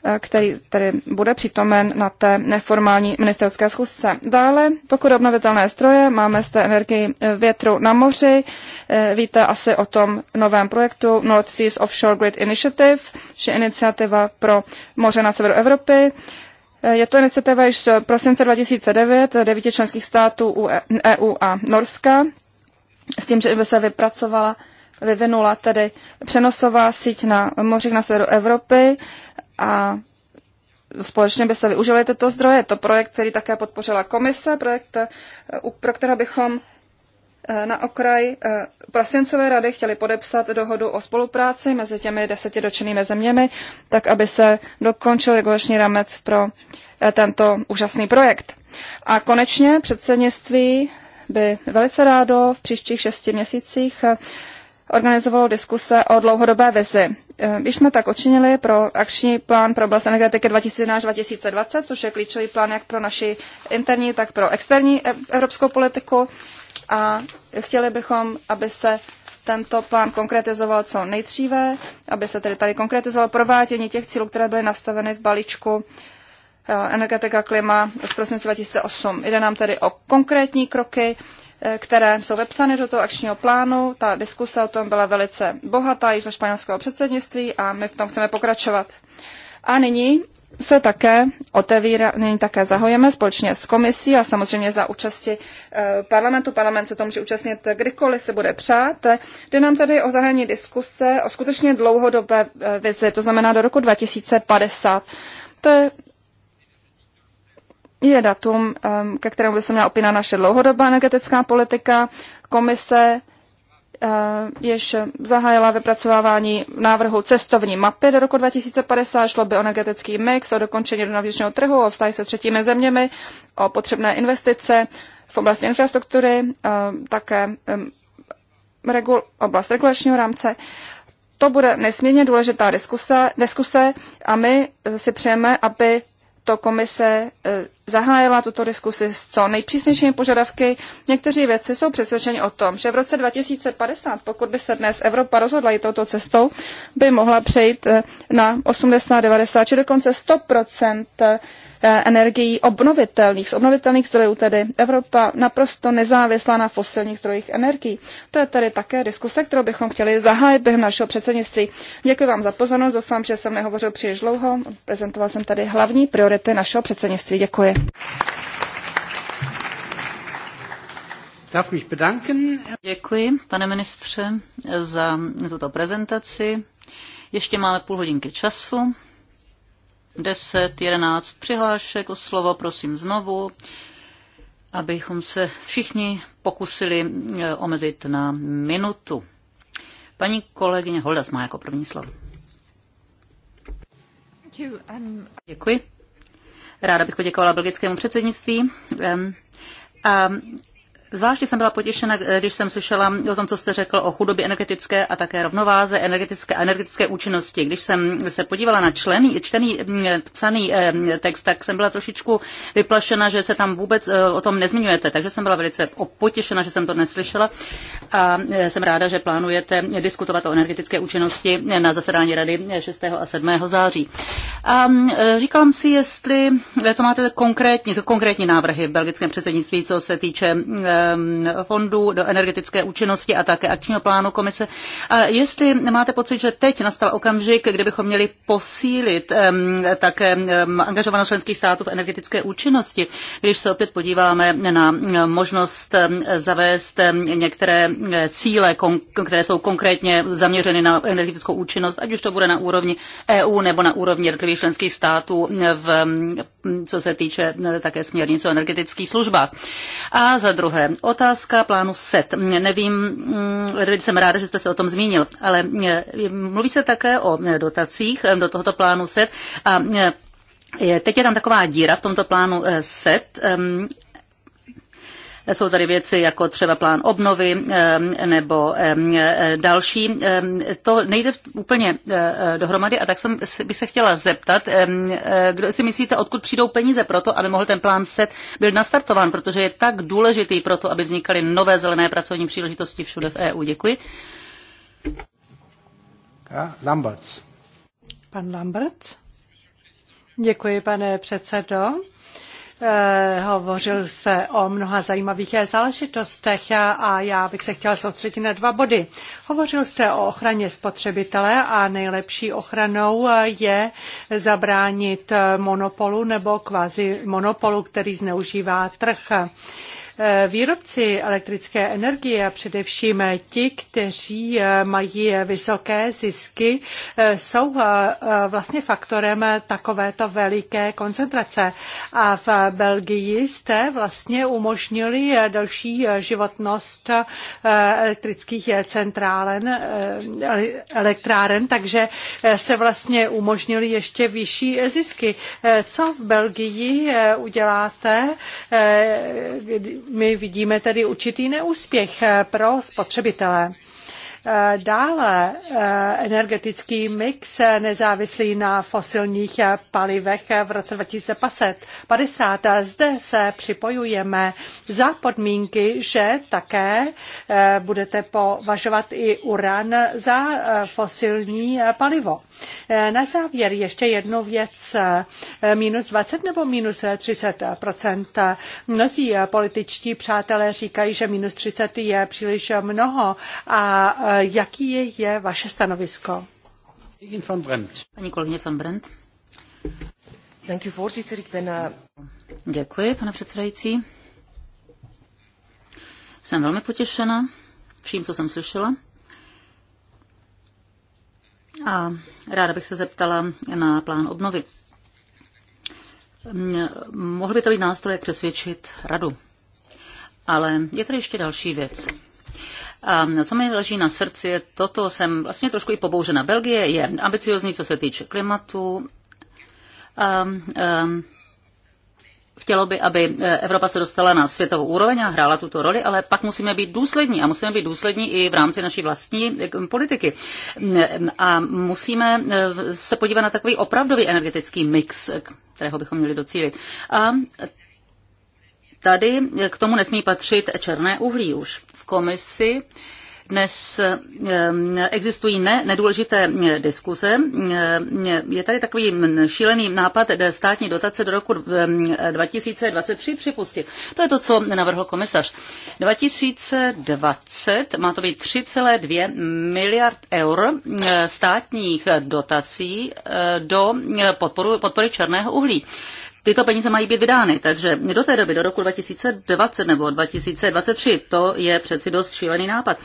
Eh, který tedy bude přítomen na té neformální ministerské schůzce. Dále, pokud obnovitelné stroje, máme té energii eh, větru na moři. Eh, víte asi o tom novém projektu North Seas Offshore Grid Initiative, či iniciativa pro moře na severu Evropy. Je to iniciativa již z prosince 2009 devíti členských států EU e- e a Norska, s tím, že by se vypracovala vyvinula tedy přenosová síť na mořích na severu Evropy a společně by se využili tyto zdroje. Je to projekt, který také podpořila komise, projekt, eh, pro které bychom eh, na okraj eh, prosincové rady chtěli podepsat dohodu o spolupráci mezi těmi deseti dočenými zeměmi, tak aby se dokončil regulační rámec pro tento úžasný projekt. A konečně předsednictví by velice rádo v příštích šesti měsících organizovalo diskuse o dlouhodobé vizi. Když ehm, jsme tak učinili pro akční plán pro oblast energetiky 2011-2020, což je klíčový plán jak pro naši interní, tak pro externí evropskou politiku. A chtěli bychom, aby se tento plán konkretizoval co nejdříve, aby se tedy tady konkretizovalo provádění těch cílů, které byly nastaveny v balíčku eh, energetika klima z prosince 2008. Jde nám tedy o konkrétní kroky, Eh, které jsou vepsány do toho akčního plánu. Ta diskuse o tom byla velice bohatá již za španělského předsednictví a my v tom chceme pokračovat. A nyní se také otevírá, nyní také zahojeme společně s komisí a samozřejmě za účasti eh, parlamentu. Parlament se to může účastnit eh, kdykoliv se bude přát. Jde nám tady o zahájení diskuse o skutečně dlouhodobé vizi, to znamená do roku 2050. To je je datum, ke kterému by se měla opinat naše dlouhodobá energetická politika. Komise eh, jež zahájila vypracovávání návrhu cestovní mapy do roku 2050, šlo by o energetický mix, o dokončení do trhu, o vztahy se třetími zeměmi, o potřebné investice v oblasti infrastruktury, eh, také regul, oblast regulačního rámce. To bude nesmírně důležitá diskuse, diskuse a my si přejeme, aby to komise eh, zahájila tuto diskusi s co nejpřísnějšími požadavky. Někteří vědci jsou přesvědčeni o tom, že v roce 2050, pokud by se dnes Evropa rozhodla i touto cestou, by mohla přejít eh, na 80, 90 či dokonce 100 eh, energií obnovitelných, z obnovitelných zdrojů, tedy Evropa naprosto nezávislá na fosilních zdrojích energií. To je tedy také diskuse, kterou bychom chtěli zahájit během našeho předsednictví. Děkuji vám za pozornost, doufám, že jsem nehovořil příliš dlouho, prezentoval jsem tady hlavní priority našeho předsednictví. Děkuji. Děkuji, pane ministře, za tuto prezentaci. Ještě máme půl hodinky času. 10, 11 přihlášek o slovo, prosím znovu, abychom se všichni pokusili e, omezit na minutu. Paní kolegyně Holdas má jako první slovo. Um, Děkuji. Ráda bych poděkovala belgickému předsednictví. A Zvláště jsem byla potěšena, když jsem slyšela o tom, co jste řekl o chudobě energetické a také rovnováze energetické a energetické účinnosti. Když jsem se podívala na členy, čtený psaný eh, text, tak jsem byla trošičku vyplašena, že se tam vůbec eh, o tom nezmiňujete. Takže jsem byla velice potěšena, že jsem to neslyšela a eh, jsem ráda, že plánujete diskutovat o energetické účinnosti na zasedání rady 6. a 7. září. A říkám si, jestli, co máte konkrétní, konkrétní návrhy v belgickém předsednictví, co se týče fondů do energetické účinnosti a také akčního plánu komise. A jestli máte pocit, že teď nastal okamžik, bychom měli posílit také angažovanost členských států v energetické účinnosti, když se opět podíváme na možnost zavést některé cíle, které jsou konkrétně zaměřeny na energetickou účinnost, ať už to bude na úrovni EU nebo na úrovni jednotlivých členských států, v, co se týče také směrnice o energetických službách. A za druhé, Otázka plánu SET. Nevím, mm, jsem ráda, že jste se o tom zmínil, ale mm, mluví se také o mm, dotacích do tohoto plánu SET a Teď je tam taková díra v tomto plánu eh, SET jsou tady věci jako třeba plán obnovy nebo eh, další. To nejde úplně eh, dohromady a tak jsem, bych se chtěla zeptat, eh, kdo si myslíte, odkud přijdou peníze pro to, aby mohl ten plán set byl nastartován, protože je tak důležitý pro to, aby vznikaly nové zelené pracovní příležitosti všude v EU. Děkuji. Lamberts. Pan Lambert. Děkuji, pane předsedo. Eh, hovořil se o mnoha zajímavých záležitostech a já bych se chtěla soustředit na dva body. Hovořil jste o ochraně spotřebitele a nejlepší ochranou eh, je zabránit eh, monopolu nebo kvazi monopolu, který zneužívá trh. Eh, výrobci elektrické energie, a především eh, ti, kteří eh, mají vysoké zisky, jsou vlastně faktorem takovéto veliké koncentrace. A v Belgii jste vlastně umožnili další životnost elektrických centrálen, elektráren, takže jste vlastně umožnili ještě vyšší zisky. Co v Belgii uděláte, my vidíme tedy určitý neúspěch eh, pro spotřebitele. Eh, dále eh, energetický mix eh, nezávislý na fosilních palivech v roce 2050. Zde se připojujeme za podmínky, že také budete považovat i uran za fosilní palivo. Na závěr ještě jednu věc. Minus 20 nebo minus 30 Mnozí političtí přátelé říkají, že minus 30 je příliš mnoho a Eh, jaký je vaše stanovisko? Paní kolegyně van Bremt. Eh, Děkuji, pane předsedající. Jsem velmi potěšena vším, co jsem slyšela. A ráda bych se zeptala na plán obnovy. Hm, mohl by to být nástroj, jak přesvědčit radu. Ale je tady ještě další věc. A co mi leží na srdci je toto, jsem vlastně trošku i pobouřena. Belgie je ambiciozní, co se týče klimatu. A, ehm, a, ehm, chtělo by, aby Evropa se dostala na světovou úroveň a hrála tuto roli, ale pak musíme být důslední a musíme být důslední i v rámci naší vlastní eh, politiky. Ehm, a musíme eh, se podívat na takový opravdový energetický mix, kterého bychom měli docílit. A tady k tomu nesmí patřit černé uhlí už komisi. Dnes existují ne, nedůležité diskuze. Je tady takový šílený nápad státní dotace do roku 2023 připustit. To je to, co navrhl komisař. 2020 má to být 3,2 miliard eur státních dotací do podporu, podpory černého uhlí tyto peníze mají být vydány. Takže do té doby, do roku 2020 nebo 2023, to je přeci dost šílený nápad.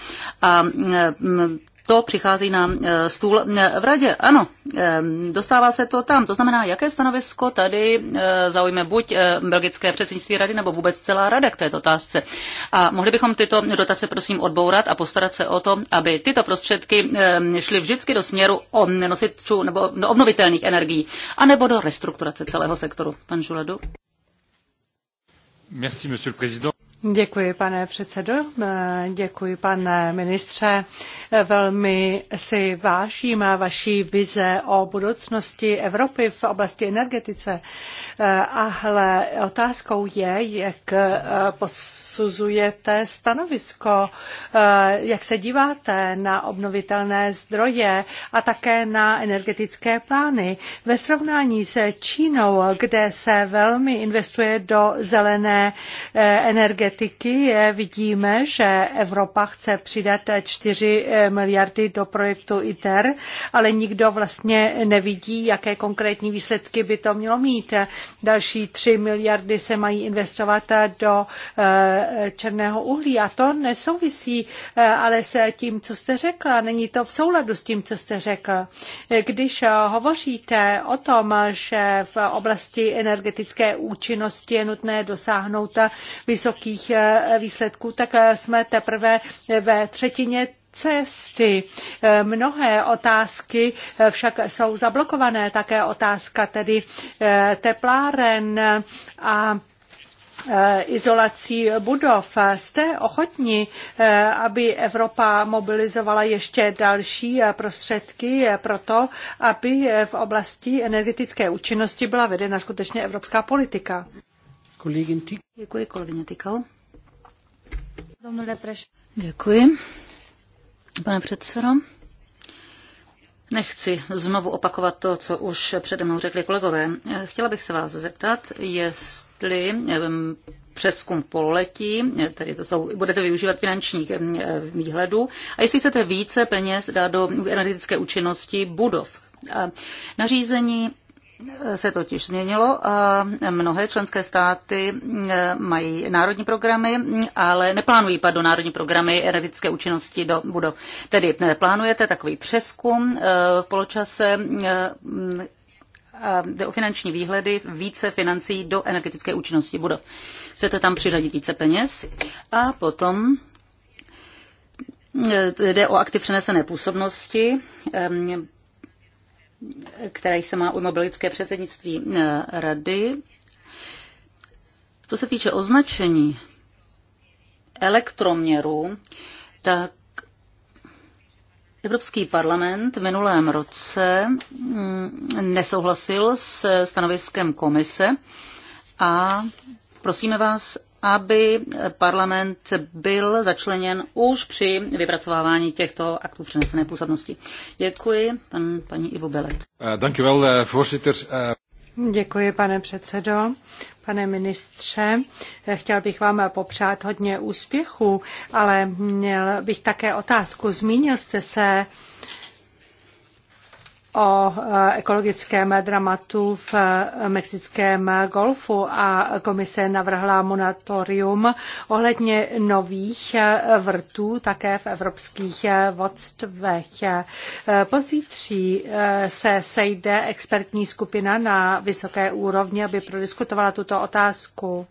A mm, to přichází na eh, stůl eh, v radě. Ano, eh, dostává se to tam. To znamená, jaké stanovisko tady zaujme buď belgické předsednictví rady nebo vůbec celá rada k této otázce. A mohli bychom tyto dotace prosím odbourat a postarat se o to, aby tyto prostředky šly vždycky do směru o nosičů nebo do obnovitelných energií, anebo do restrukturace celého sektoru. Pan Žuledu. Merci, monsieur le président. Děkuji, pane předsedo. Děkuji, pane ministře. Velmi si vážím vaší vize o budoucnosti Evropy v oblasti energetice, eh, ale otázkou je, jak eh, posuzujete stanovisko, eh, jak se díváte na obnovitelné zdroje a také na energetické plány. Ve srovnání s Čínou, kde se velmi investuje do zelené energetiky, vidíme, že Evropa chce přidat 4 miliardy do projektu ITER, ale nikdo vlastně nevidí, jaké konkrétní výsledky by to mělo mít. Další 3 miliardy se mají investovat do eh, černého uhlí a to nesouvisí eh, ale s tím, co jste řekla. Není to v souladu s tím, co jste řekl. Když hovoříte o tom, že v oblasti energetické účinnosti je nutné dosáhnout vysokých eh, výsledků, tak jsme teprve ve třetině cesty. Eh, mnohé otázky eh, však jsou zablokované, také otázka tedy eh, tepláren a izolací budov. Jste ochotni, aby Evropa mobilizovala ještě další prostředky pro to, aby v oblasti energetické účinnosti byla vedena skutečně evropská politika? Děkuji, kolegyně Tykal. Děkuji. Pane předsedo, Nechci znovu opakovat to, co už přede mnou řekli kolegové. Chtěla bych se vás zeptat, jestli přeskum v pololetí, tedy to jsou, budete využívat finančních výhledů, a jestli chcete více peněz dát do energetické účinnosti budov. Nařízení se totiž změnilo mnohé členské státy e, mají národní programy, ale neplánují do národní programy energetické účinnosti do budov. Tedy e, plánujete takový přeskum e, v poločase a jde o finanční výhledy, více financí do energetické účinnosti budov. Chcete tam přiřadit více peněz a potom Jde o aktiv přenesené působnosti které se má ujmout belgické předsednictví eh, rady. Co se týče označení elektroměru, tak Evropský parlament v minulém roce mm, nesouhlasil s stanoviskem komise a prosíme vás, aby parlament byl začleněn už při vypracovávání těchto aktů přenesené působnosti. Děkuji, pan, paní Ivo Belet. Eh, eh, eh, Děkuji, pane předsedo. Pane ministře, chtěl bych vám popřát hodně úspěchů, ale měl bych také otázku. Zmínil jste se o e, ekologickém dramatu v e, mexickém golfu a komise navrhla moratorium ohledně nových e, vrtů také v evropských vodstvech. Pozítří se sejde expertní skupina na vysoké úrovni, aby prodiskutovala tuto otázku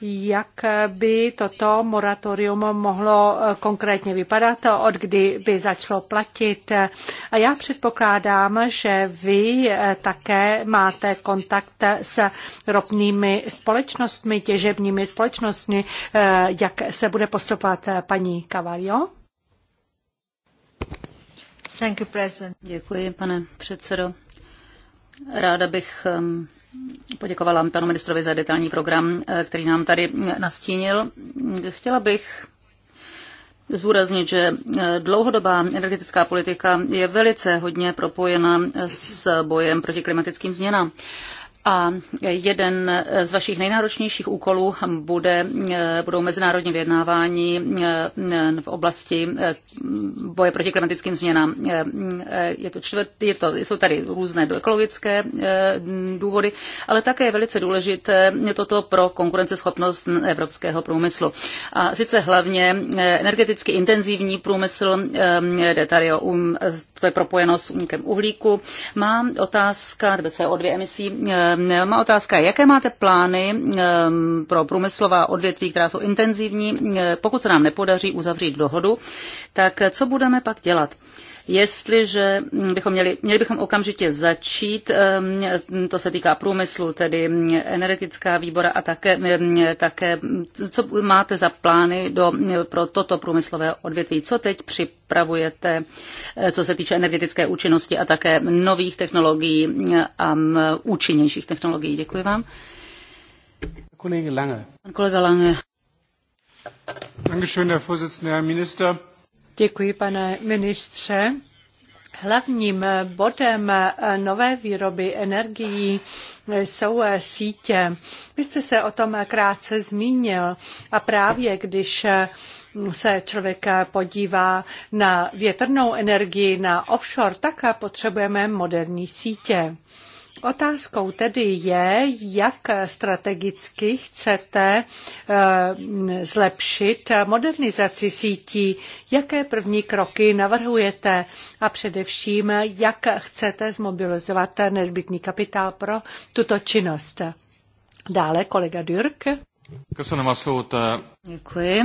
jak by toto moratorium mohlo eh, konkrétně vypadat, od kdy by začalo platit. A já předpokládám, že vy eh, také máte kontakt s ropnými společnostmi, těžebními společnostmi. Eh, jak se bude postupovat paní Cavalio? Thank you, President. Děkuji, pane předsedo. Ráda bych poděkovala panu ministrovi za detailní program, eh, který nám tady eh, nastínil. Chtěla bych zúraznit, že eh, dlouhodobá energetická politika je velice hodně propojena s bojem proti klimatickým změnám. A jeden z vašich nejnáročnějších úkolů bude, budou mezinárodní vyjednávání eh, v oblasti eh, boje proti klimatickým změnám. Eh, je to čtvrt, je to, jsou tady různé ekologické důvody, ale také je velice důležité toto pro konkurenceschopnost evropského průmyslu. A sice hlavně energeticky intenzivní průmysl, jde tady o, um, to je propojeno s únikem uhlíku. Má otázka, CO2 emisí, Ehm, má otázka, jaké máte plány ehm, pro průmyslová odvětví, která jsou intenzivní? Ehm, pokud se nám nepodaří uzavřít dohodu, tak co budeme pak dělat? jestliže bychom měli, měli bychom okamžitě začít, ehm, to se týká průmyslu, tedy energetická výbora a také, ehm, také co máte za plány do, pro toto průmyslové odvětví, co teď připravujete, eh, co se týče energetické účinnosti a také nových technologií ehm, a účinnějších technologií. Děkuji vám. Kolega Lange. Pan kolega Lange. Dankeschön, Herr Vorsitzender, Herr Minister. Děkuji, pane ministře. Hlavním bodem nové výroby energií jsou sítě. Vy jste se o tom krátce zmínil a právě když se člověk podívá na větrnou energii, na offshore, tak potřebujeme moderní sítě. Otázkou tedy je, jak strategicky chcete eh, zlepšit modernizaci sítí, jaké první kroky navrhujete a především, jak chcete zmobilizovat nezbytný kapitál pro tuto činnost. Dále kolega Dürk. Eh. Děkuji.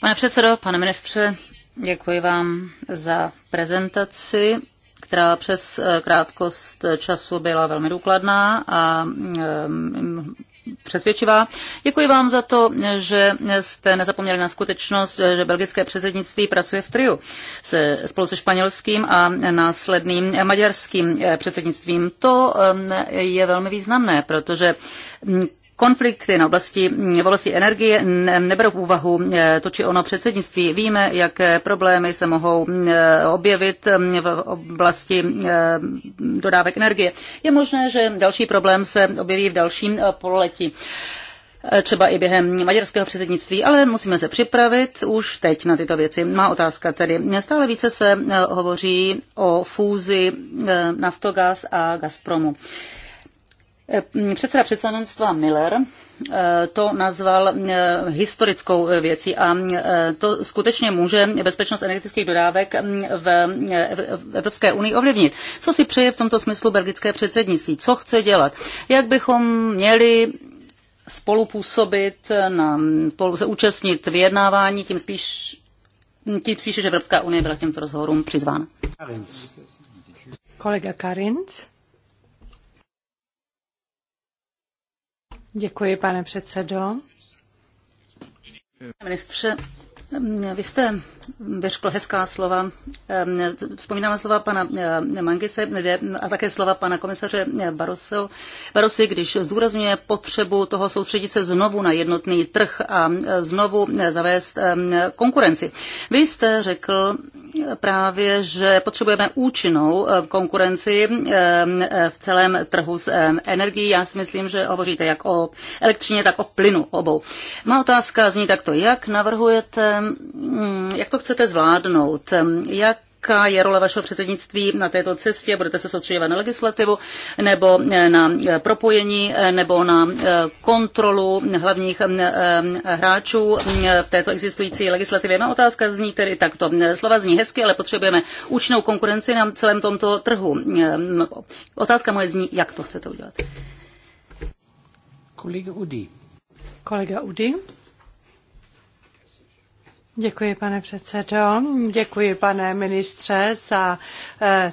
Pane předsedo, pane ministře, děkuji vám za prezentaci která přes eh, krátkost času byla velmi důkladná a eh, přesvědčivá. Děkuji vám za to, že jste nezapomněli na skutečnost, že belgické předsednictví pracuje v triu se, spolu se španělským a následným maďarským eh, předsednictvím. To je velmi významné, protože hm, konflikty na oblasti, mm, v oblasti energie neberou v úvahu eh, to či ono předsednictví. Víme, jaké eh, problémy se mohou mm, eh, objevit mm, v oblasti dodávek energie. Je možné, že další problém se objeví v dalším pololetí třeba i během maďarského předsednictví, ale musíme se připravit už teď na tyto věci. Má otázka tedy. Stále více se hovoří o fúzi Naftogaz a Gazpromu. Eh, předseda představenstva Miller eh, to nazval eh, historickou věcí a to skutečně může bezpečnost energetických dodávek hm, v Evropské unii ovlivnit. Co si přeje v tomto smyslu belgické předsednictví? Co chce dělat? Jak bychom měli spolupůsobit, na, se účastnit vyjednávání, tím spíš tím spíš, že Evropská unie byla k těmto rozhovorům přizvána. Kolega Karinc. Děkuji, pane předsedo. Pane ministře, vy jste vyřkl hezká slova. Ehm, Vzpomínám slova pana ehm, Mangise a také slova pana komisaře Barosel. Barosy, když zdůrazňuje potřebu toho soustředit se znovu na jednotný trh a ehm, znovu zavést konkurenci. Vy jste řekl, právě, že potřebujeme účinnou eh, konkurenci eh, eh, v celém trhu s energií. Já si myslím, že hovoříte jak o elektřině, tak o plynu obou. Má otázka zní takto, jak navrhujete, mm, jak to chcete zvládnout, jak jaká je role vašeho předsednictví na této cestě? Budete se soustředovat na legislativu nebo eh, na eh, propojení eh, nebo na kontrolu hlavních hráčů mm, v této existující legislativě? Má otázka zní tedy takto. Slova zní hezky, ale potřebujeme účinnou konkurenci na celém tomto trhu. Otázka moje zní, jak to chcete udělat? Kolega Udy. Kolega Udy. Děkuji, pane předsedo. Děkuji, pane ministře, za eh,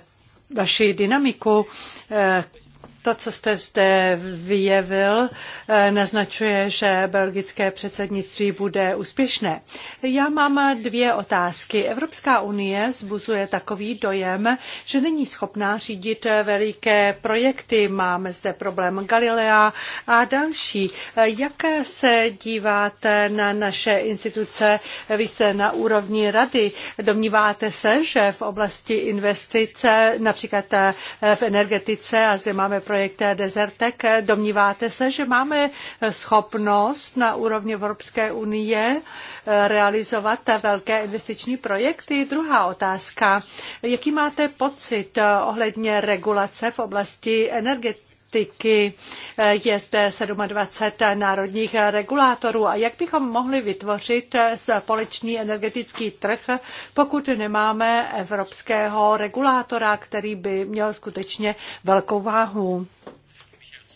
vaši dynamiku, eh, to, co jste zde vyjevil, eh, naznačuje, že belgické předsednictví bude úspěšné. Já mám dvě otázky. Evropská unie zbuzuje takový dojem, že není schopná řídit eh, veliké projekty. Máme zde problém Galilea a další. Eh, jak se díváte na naše instituce? Vy jste na úrovni rady. Domníváte se, že v oblasti investice, například v energetice, a zde máme projekt Desertek. Domníváte se, že máme schopnost na úrovni Evropské unie eh, realizovat velké investiční projekty? Druhá otázka. Jaký máte pocit eh, ohledně regulace v oblasti energetiky? problematiky. Je zde 27 národních regulátorů a jak bychom mohli vytvořit společný energetický trh, pokud nemáme evropského regulátora, který by měl skutečně velkou váhu.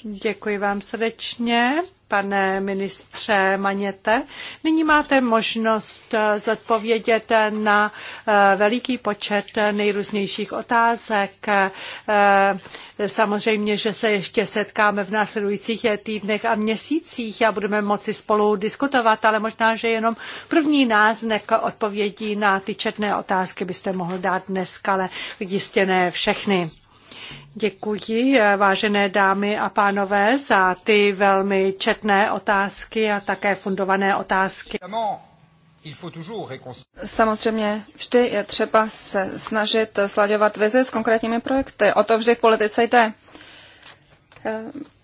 Děkuji vám srdečně pane ministře Maněte. Nyní máte možnost eh, zodpovědět eh, na eh, veliký počet nejrůznějších otázek. Samozřejmě, že se ještě setkáme v následujících týdnech a měsících a budeme moci spolu diskutovat, ale možná, že jenom první náznak odpovědí na ty četné otázky byste mohl dát dnes, ale jistě ne všechny. Děkuji, eh, vážené dámy a pánové, za ty velmi četné otázky a také fundované otázky. Samozřejmě vždy je třeba se snažit sladěvat vize s konkrétními projekty. O to vždy v politice jde. Eh,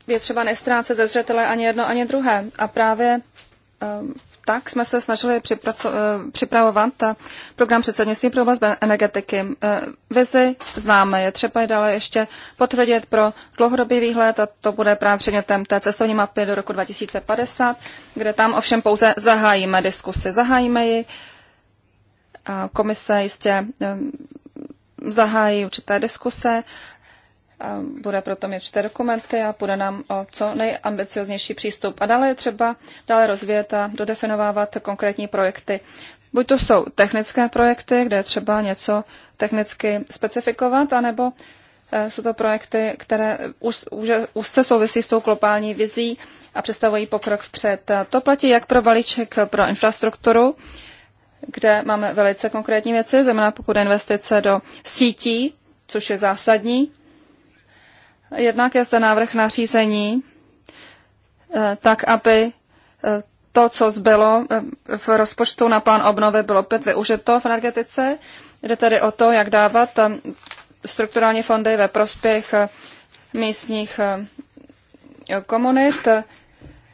je třeba nestrácet ze zřetele ani jedno, ani druhé. A právě ehm, tak jsme se snažili eh, připravovat program předsednictví pro oblast energetiky. Eh, vizi známe, je třeba je dále ještě potvrdit pro dlouhodobý výhled a to bude právě předmětem té cestovní mapy do roku 2050, kde tam ovšem pouze zahájíme diskusy. Zahájíme ji, komise jistě eh, zahájí určité diskuse bude proto mít čtyři dokumenty a bude nám o co nejambicioznější přístup. A dále je třeba dále rozvíjet a dodefinovávat konkrétní projekty. Buď to jsou technické projekty, kde je třeba něco technicky specifikovat, anebo eh, jsou to projekty, které už, úzce souvisí s tou globální vizí a představují pokrok vpřed. To platí jak pro balíček pro infrastrukturu, kde máme velice konkrétní věci, zejména pokud investice do sítí, což je zásadní, Jednak je zde návrh na řízení, eh, tak aby eh, to, co zbylo eh, v rozpočtu na plán obnovy, bylo opět využito v energetice. Jde tedy o to, jak dávat strukturální fondy ve prospěch místních komunit.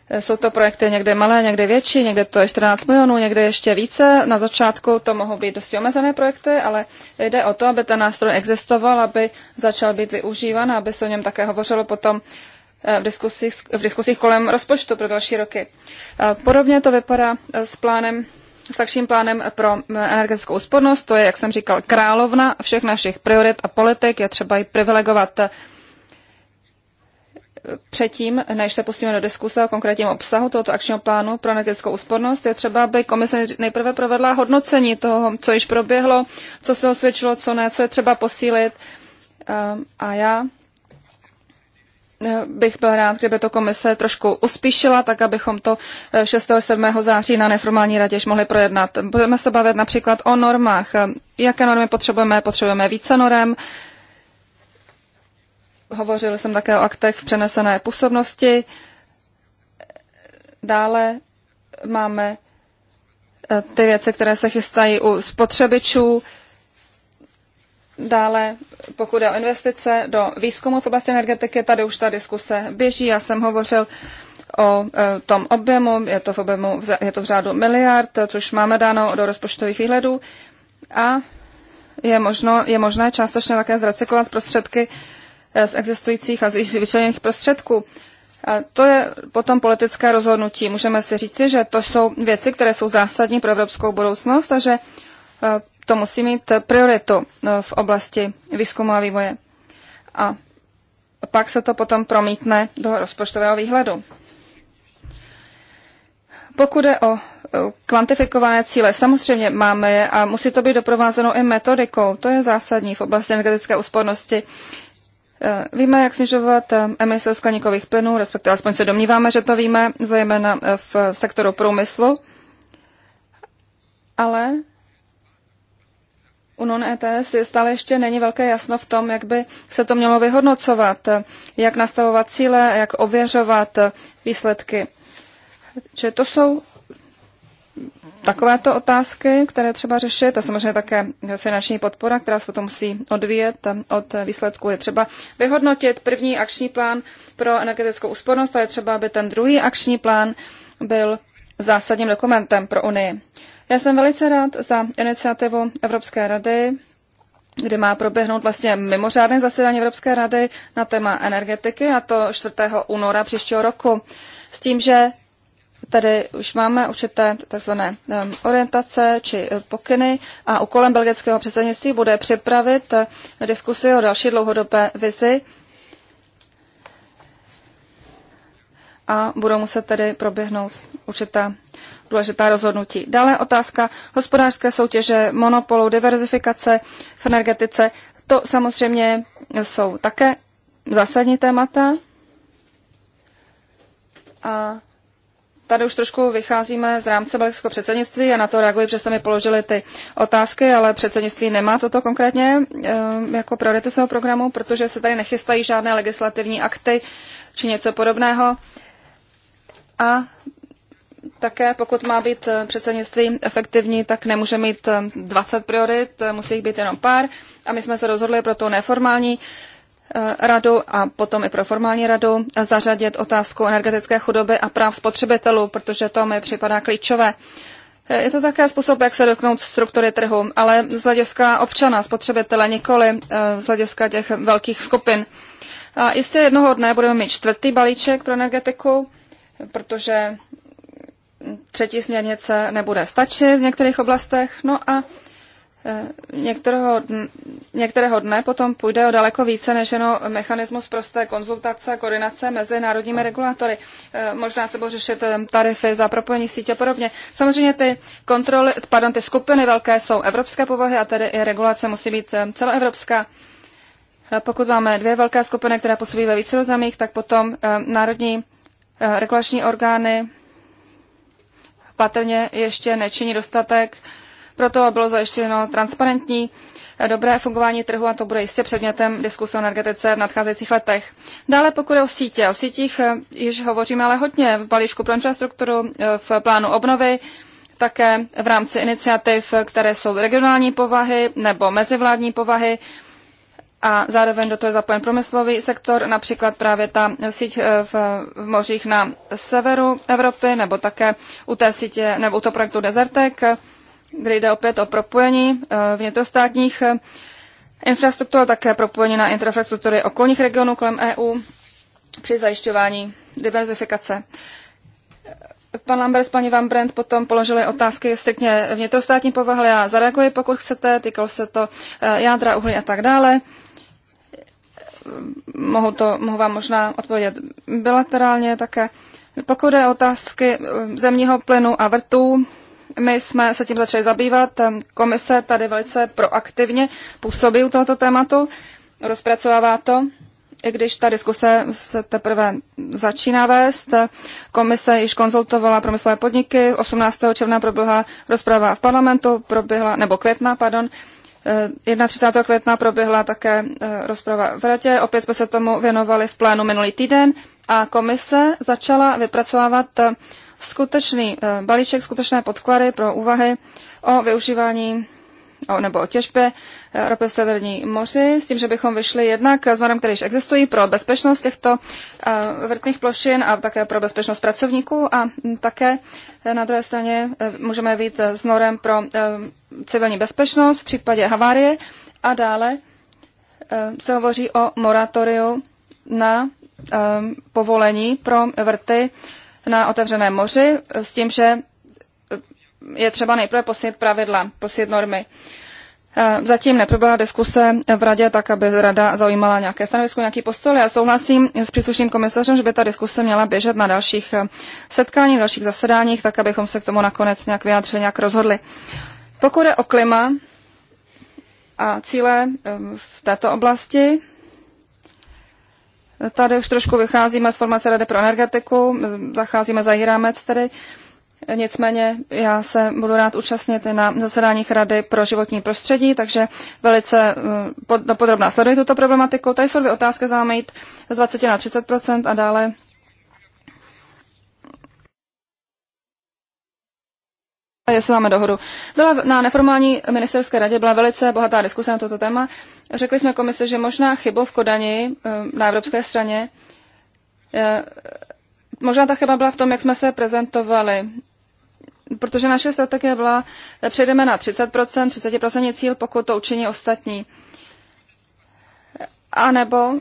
Eh, jsou to projekty někde malé, někde větší, někde to je 14 milionů, někde ještě více. Na začátku to mohou být dosti omezené projekty, ale jde o to, aby ten nástroj existoval, aby začal být využívan, aby se o něm také hovořilo potom eh, v diskusích, v diskusích kolem rozpočtu pro další roky. Eh, podobně to vypadá s plánem s takším plánem pro energetickou úspornost. To je, jak jsem říkal, královna všech našich priorit a politik. Je třeba ji privilegovat předtím, než se pustíme do diskuse o konkrétním obsahu tohoto akčního plánu pro energetickou úspornost, je třeba, aby komise nejprve provedla hodnocení toho, co již proběhlo, co se osvědčilo, co ne, co je třeba posílit. Ehm, a já eh, bych byl rád, kdyby to komise trošku uspíšila, tak abychom to 6. Eh, a 7. září na neformální radě mohli projednat. Budeme se bavit například o normách. Jaké normy potřebujeme? Potřebujeme více norem, Hovořil jsem také o aktech v přenesené působnosti. Dále máme eh, ty věci, které se chystají u spotřebičů. Dále, pokud je o investice do výzkumu v oblasti energetiky, tady už ta diskuse běží. Já jsem hovořil o eh, tom objemu, je to v, objemu, je to v řádu miliard, což máme dáno do rozpočtových výhledů. A je, možno, je možné částečně také zrecyklovat prostředky Eh, z existujících a z již vyčleněných prostředků. A to je potom politické rozhodnutí. Můžeme si říci, že to jsou věci, které jsou zásadní pro evropskou budoucnost a že eh, to musí mít prioritu eh, v oblasti výzkumu a vývoje. A pak se to potom promítne do rozpočtového výhledu. Pokud je o kvantifikované cíle, samozřejmě máme je a musí to být doprovázeno i metodikou. To je zásadní v oblasti energetické úspornosti. Eh, víme, jak snižovat eh, emise skleníkových plynů, respektive aspoň se domníváme, že to víme, zejména eh, v sektoru průmyslu. Ale u non-ETS je stále ještě není velké jasno v tom, jak by se to mělo vyhodnocovat, jak nastavovat cíle, jak ověřovat výsledky. Čiže to jsou takovéto otázky, které třeba řešit a samozřejmě také finanční podpora, která se potom musí odvíjet od výsledku. Je třeba vyhodnotit první akční plán pro energetickou úspornost a je třeba, aby ten druhý akční plán byl zásadním dokumentem pro Unii. Já jsem velice rád za iniciativu Evropské rady, kdy má proběhnout vlastně mimořádné zasedání Evropské rady na téma energetiky a to 4. února příštího roku. S tím, že Tady už máme určité tzv. orientace či eh, pokyny a úkolem belgického předsednictví bude připravit eh, diskusi o další dlouhodobé vizi a budou muset tedy proběhnout určitá důležitá rozhodnutí. Dále otázka hospodářské soutěže, monopolu, diverzifikace v energetice. To samozřejmě jsou také zásadní témata. A tady už trošku vycházíme z rámce belgického předsednictví a na to reaguji, protože jste mi položili ty otázky, ale předsednictví nemá toto konkrétně ehm, jako priority svého programu, protože se tady nechystají žádné legislativní akty či něco podobného. A také, pokud má být eh, předsednictví efektivní, tak nemůže mít 20 ehm, priorit, eh, musí jich být jenom pár. A my jsme se rozhodli pro tu neformální Eh, radu a potom i pro formální radu zařadit otázku energetické chudoby a práv spotřebitelů, protože to mi připadá klíčové. Eh, je to také způsob, jak se dotknout struktury trhu, ale z hlediska občana, spotřebitele, nikoli eh, z hlediska těch velkých skupin. A jistě jednoho dne budeme mít čtvrtý balíček pro energetiku, protože třetí směrnice nebude stačit v některých oblastech. No a Eh, některého, některého dne potom půjde o daleko více než jenom mechanismus prosté konzultace, koordinace mezi národními regulátory. Eh, možná se bude řešit eh, tarify za propojení sítě a podobně. Samozřejmě ty kontroly, pardon, ty skupiny velké jsou evropské povahy a tedy i regulace musí být celoevropská. Pokud máme dvě velké skupiny, které působí ve více zemích, tak potom národní regulační orgány patrně ještě nečiní dostatek proto bylo zajištěno transparentní eh, dobré fungování trhu a to bude jistě předmětem diskuse o energetice v nadcházejících letech. Dále pokud je o sítě. O sítích eh, již hovoříme ale hodně v balíčku pro infrastrukturu, eh, v plánu obnovy, také v rámci iniciativ, které jsou regionální povahy nebo mezivládní povahy a zároveň do toho je zapojen průmyslový sektor, například právě ta síť v, v mořích na severu Evropy nebo také u té sítě nebo u toho projektu Desertek kde jde opět o propojení eh, vnitrostátních eh, infrastruktur, také propojení na infrastruktury okolních regionů kolem EU při zajišťování diverzifikace. Pan Lambert, paní Van Brandt potom položili otázky striktně vnitrostátní povahy. Já zareaguji, pokud chcete. Týkalo se to eh, jádra, uhlí a tak dále. Mohu, to, mohu vám možná odpovědět bilaterálně také. Pokud je otázky zemního plynu a vrtů, my jsme se tím začali zabývat. Komise tady velice proaktivně působí u tohoto tématu, rozpracovává to. I když ta diskuse se teprve začíná vést, komise již konzultovala promyslové podniky. 18. června proběhla rozprava v parlamentu, proběhla, nebo května, pardon, 31. Eh, května proběhla také eh, rozprava v radě. Opět jsme se tomu věnovali v plénu minulý týden a komise začala vypracovávat eh, skutečný eh, balíček, skutečné podklady pro úvahy o využívání o, nebo o těžbě eh, ropy v Severní moři, s tím, že bychom vyšli jednak z norm, které již existují pro bezpečnost těchto eh, vrtných plošin a také pro bezpečnost pracovníků a také na druhé straně můžeme být s norem pro civilní bezpečnost v případě havárie a dále se hovoří o moratoriu na povolení pro vrty na otevřeném moři s tím, že je třeba nejprve posílit pravidla, posílit normy. Eh, zatím neproběhla diskuse v radě tak, aby rada zaujímala nějaké stanovisko, nějaký postoj. Já souhlasím s příslušným komisařem, že by ta diskuse měla běžet na dalších eh, setkáních, dalších zasedáních, tak abychom se k tomu nakonec nějak vyjádřili, nějak rozhodli. Pokud je o klima a cíle eh, v této oblasti, Tady už trošku vycházíme z formace Rady pro energetiku, zacházíme za její tedy. Nicméně já se budu rád účastnit na zasedáních Rady pro životní prostředí, takže velice eh, pod, podrobná sleduji tuto problematiku. Tady jsou dvě otázky, zámejt z 20 na 30 a dále jestli máme dohodu. Byla na neformální ministerské radě byla velice bohatá diskuse na toto téma. Řekli jsme komise, že možná chybu v Kodani eh, na evropské straně, eh, možná ta chyba byla v tom, jak jsme se prezentovali. Protože naše strategie byla, eh, přejdeme na 30%, 30% je cíl, pokud to učiní ostatní. A nebo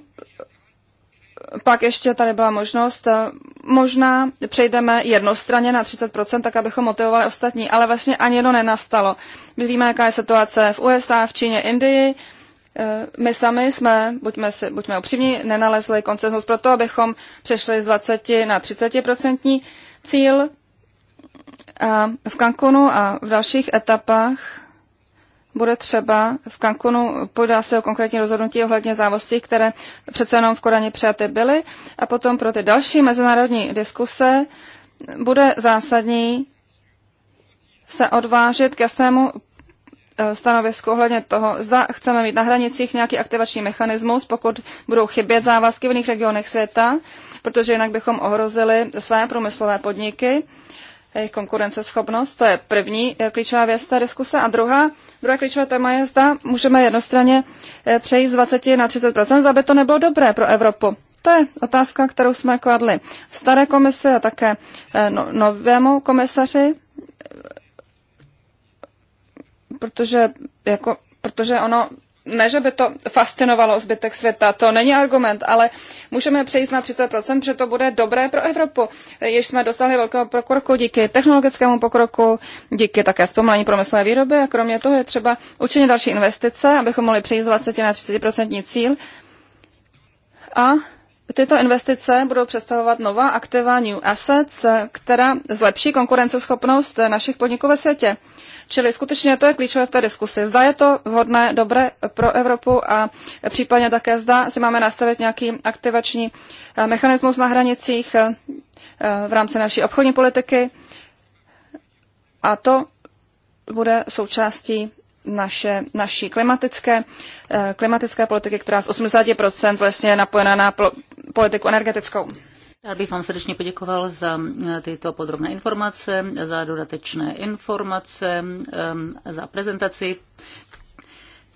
pak ještě tady byla možnost, eh, možná přejdeme jednostranně na 30%, tak abychom motivovali ostatní, ale vlastně ani jedno nenastalo. My víme, jaká je situace v USA, v Číně, Indii. Eh, my sami jsme, buďme, si, buďme upřímní, nenalezli koncenzus pro to, abychom přešli z 20 na 30% cíl. A v Cancunu a v dalších etapách bude třeba v Cancunu podá se o konkrétní rozhodnutí ohledně závazcí, které přece jenom v Koraně přijaty byly a potom pro ty další mezinárodní diskuse bude zásadní se odvážit k jasnému eh, stanovisku ohledně toho, zda chceme mít na hranicích nějaký aktivační mechanismus, pokud budou chybět závazky v jiných regionech světa, protože jinak bychom ohrozili své průmyslové podniky jejich konkurenceschopnost. To je první eh, klíčová věc té diskuse. A druhá, druhá klíčová téma je, zda můžeme jednostranně eh, přejít z 20 na 30 zda by to nebylo dobré pro Evropu. To je otázka, kterou jsme kladli staré komise a také eh, no, novému komisaři, protože, jako, protože ono ne, že by to fascinovalo zbytek světa, to není argument, ale můžeme přejít na 30%, že to bude dobré pro Evropu. Jež jsme dostali velkého pokroku díky technologickému pokroku, díky také zpomalení promyslové výroby a kromě toho je třeba učinit další investice, abychom mohli přejít z 20 na 30% cíl. A Tyto investice budou představovat nová aktiva New Assets, která zlepší konkurenceschopnost našich podniků ve světě. Čili skutečně to je klíčové v té diskusi. Zda je to vhodné, dobré pro Evropu a případně také zda si máme nastavit nějaký aktivační eh, mechanismus na hranicích eh, v rámci naší obchodní politiky. A to bude součástí naše, naší klimatické, eh, klimatické politiky, která z 80% vlastně je napojená na politiku energetickou. Já bych vám srdečně poděkoval za eh, tyto podrobné informace, za dodatečné informace, eh, za prezentaci.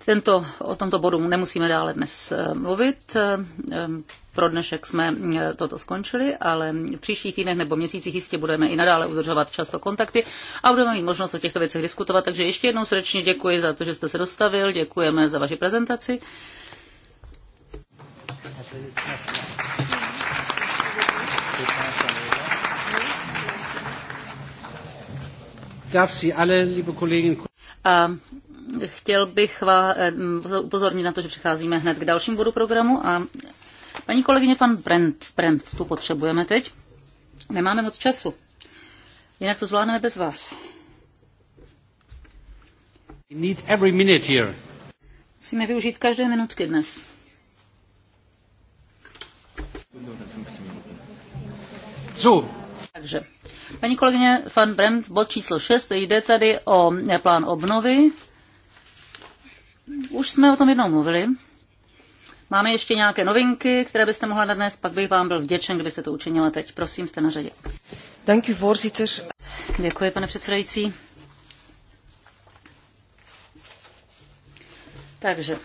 Tento, o tomto bodu nemusíme dále dnes mluvit pro dnešek jsme eh, toto skončili, ale v příštích týdnech nebo měsících jistě budeme i nadále udržovat často kontakty a budeme mít možnost o těchto věcech diskutovat. Takže ještě jednou srdečně děkuji za to, že jste se dostavil, děkujeme za vaši prezentaci. a chtěl bych vás eh, upozornit na to, že přecházíme hned k dalšímu bodu programu a Paní kolegyně pan Brent, Brent, tu potřebujeme teď. Nemáme moc času. Jinak to zvládneme bez vás. Need every minute here. Musíme využít každé minutky dnes. So. Takže, paní kolegyně van Brent, bod číslo 6, jde tady o plán obnovy. Už jsme o tom jednou mluvili. Máme ještě nějaké novinky, které byste mohla dnes, pak bych vám byl vděčen, kdybyste to učinila teď. Prosím, jste na řadě. Thank you, voorzitter. Děkuji, pane předsedající. Takže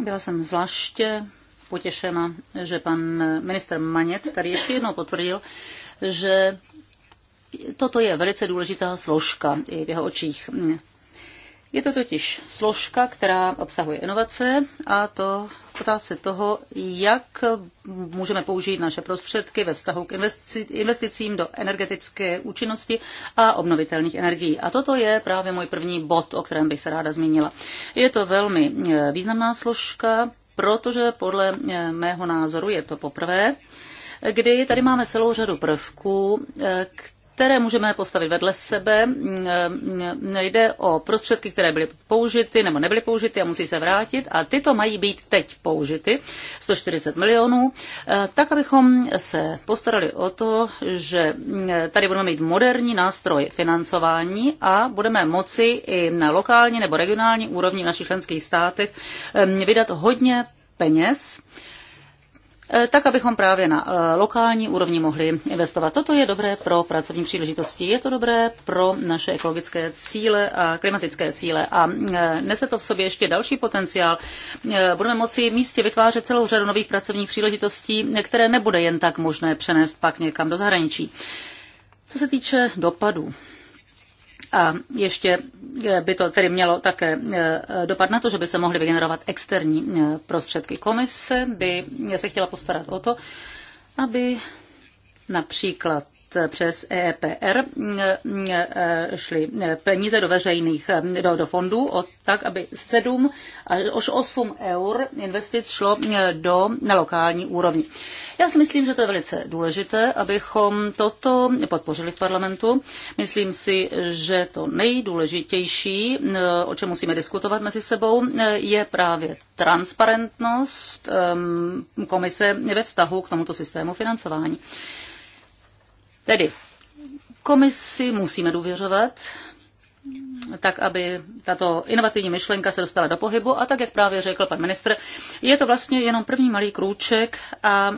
byla jsem zvláště potěšena, že pan minister Manět tady ještě jednou potvrdil, že toto je velice důležitá složka i v jeho očích. Je to totiž složka, která obsahuje inovace a to v otázce toho, jak můžeme použít naše prostředky ve vztahu k investicím do energetické účinnosti a obnovitelných energií. A toto je právě můj první bod, o kterém bych se ráda zmínila. Je to velmi eh, významná složka, protože podle eh, mého názoru je to poprvé, kdy tady máme celou řadu prvků, eh, které můžeme postavit vedle sebe. Jde o prostředky, které byly použity nebo nebyly použity a musí se vrátit a tyto mají být teď použity, 140 milionů, tak abychom se postarali o to, že tady budeme mít moderní nástroj financování a budeme moci i na lokální nebo regionální úrovni v našich členských státech vydat hodně peněz, Eh, tak abychom právě na eh, lokální úrovni mohli investovat. Toto je dobré pro pracovní příležitosti, je to dobré pro naše ekologické cíle a klimatické cíle a eh, nese to v sobě ještě další potenciál. Budeme moci místě vytvářet celou řadu nových pracovních příležitostí, které nebude jen tak možné přenést pak někam do zahraničí. Co se týče dopadů, a ještě eh, by to tedy mělo také eh, dopad na to, že by se mohly vygenerovat externí eh, prostředky. Komise by se chtěla postarat o to, aby například přes EPR mm, mm, eh, šly peníze do veřejných, do, do fondů, o, tak aby 7 až 8 eur investic šlo mm, do, na lokální úrovni. Já si myslím, že to je velice důležité, abychom toto podpořili v parlamentu. Myslím si, že to nejdůležitější, o čem musíme diskutovat mezi sebou, je právě transparentnost komise ve vztahu k tomuto systému financování. Tedy komisi musíme důvěřovat, tak aby tato inovativní myšlenka se dostala do pohybu. A tak, jak právě řekl pan ministr, je to vlastně jenom první malý krůček a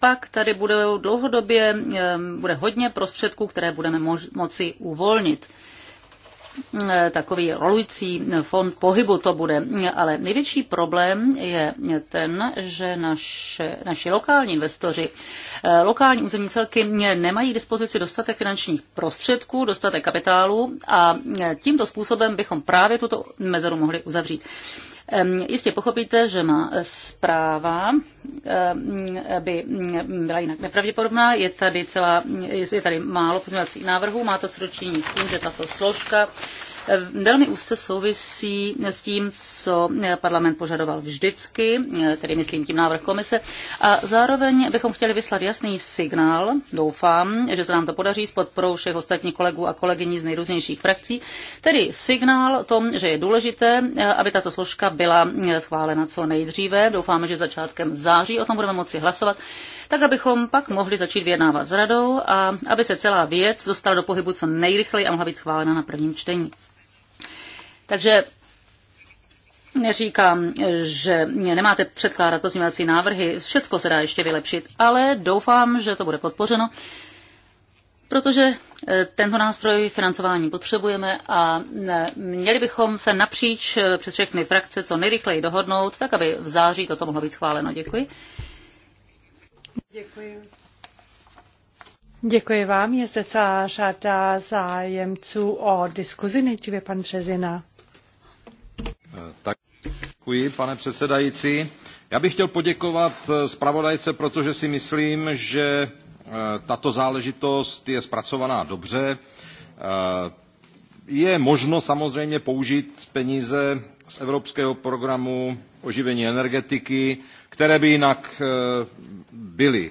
pak tady bude dlouhodobě eh, bude hodně prostředků, které budeme moci uvolnit Eh, takový rolující fond pohybu to bude. Ale největší problém je ten, že naše, naši lokální investoři, eh, lokální územní celky nemají k dispozici dostatek finančních prostředků, dostatek kapitálu a eh, tímto způsobem bychom právě tuto mezeru mohli uzavřít. Jistě pochopíte, že má zpráva by byla jinak nepravděpodobná. Je tady, celá, je tady málo pozměňovacích návrhů, má to co dočinění s tím, že tato složka velmi úzce souvisí s tím, co parlament požadoval vždycky, tedy myslím tím návrh komise. A zároveň bychom chtěli vyslat jasný signál, doufám, že se nám to podaří s podporou všech ostatních kolegů a kolegyní z nejrůznějších frakcí, tedy signál tom, že je důležité, aby tato složka byla schválena co nejdříve. Doufáme, že začátkem září o tom budeme moci hlasovat, tak abychom pak mohli začít vyjednávat s radou a aby se celá věc dostala do pohybu co nejrychleji a mohla být schválena na prvním čtení. Takže Neříkám, že nemáte předkládat pozměňovací návrhy, všecko se dá ještě vylepšit, ale doufám, že to bude podpořeno, protože eh, tento nástroj financování potřebujeme a eh, měli bychom se napříč eh, přes všechny frakce co nejrychleji dohodnout, tak aby v září toto mohlo být schváleno. Děkuji. Děkuji. Děkuji vám. Je zde celá řada zájemců o diskuzi. Nejdříve pan Březina. Tak děkuji, pane předsedající. Já bych chtěl poděkovat eh, zpravodajce, protože si myslím, že eh, tato záležitost je zpracovaná dobře. Eh, je možno samozřejmě použít peníze z Evropského programu oživení energetiky, které by jinak byly,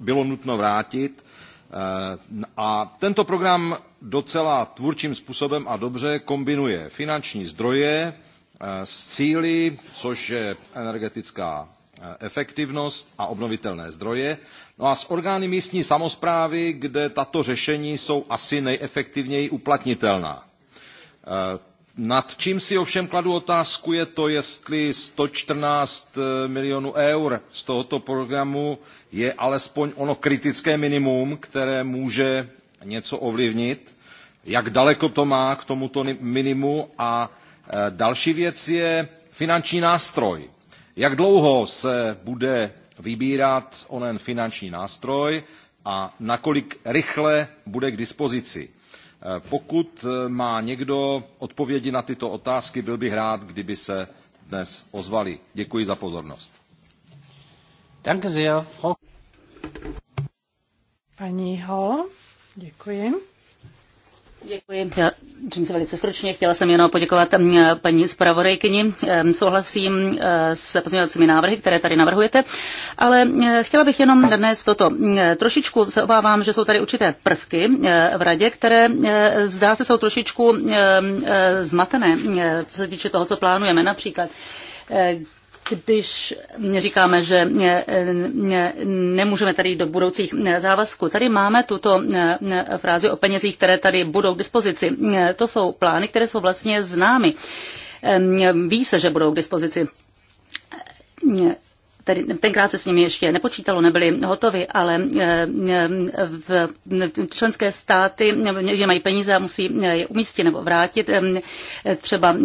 bylo nutno vrátit. Eh, a tento program docela tvůrčím způsobem a dobře kombinuje finanční zdroje eh, s cíly, což je energetická eh, efektivnost a obnovitelné zdroje, no a s orgány místní samosprávy, kde tato řešení jsou asi nejefektivněji uplatnitelná. Nad čím si ovšem kladu otázku je to, jestli 114 eh, milionů eur z tohoto programu je alespoň ono kritické minimum, které může něco ovlivnit, jak daleko to má k tomuto minimu a eh, další věc je finanční nástroj. Jak dlouho se bude vybírat onen finanční nástroj a nakolik rychle bude k dispozici. Eh, pokud eh, má někdo odpovědi na tyto otázky, byl bych rád, kdyby se dnes ozvali. Děkuji za pozornost. Danke sehr, Frau. Paní Hall, děkuji. Děkuji. Já jsem se velice stručně. Chtěla jsem jenom poděkovat mm, paní zpravodajkyni. Souhlasím eh, s pozměňovacími návrhy, které tady navrhujete, ale eh, chtěla bych jenom dnes toto. Mm, trošičku se obávám, že jsou tady určité prvky eh, v radě, které zdá se jsou trošičku zmatené, co se týče toho, co plánujeme. Například když říkáme, že nemůžeme tady do budoucích závazků. Tady máme tuto eh, eh, frázi o penězích, které tady budou k dispozici. Eh, to jsou plány, které jsou vlastně známy. Ví se, že budou k dispozici tedy tenkrát se s nimi ještě nepočítalo, nebyly hotovi, ale eh, v členské státy, že mají peníze a musí je umístit nebo vrátit. Eh, třeba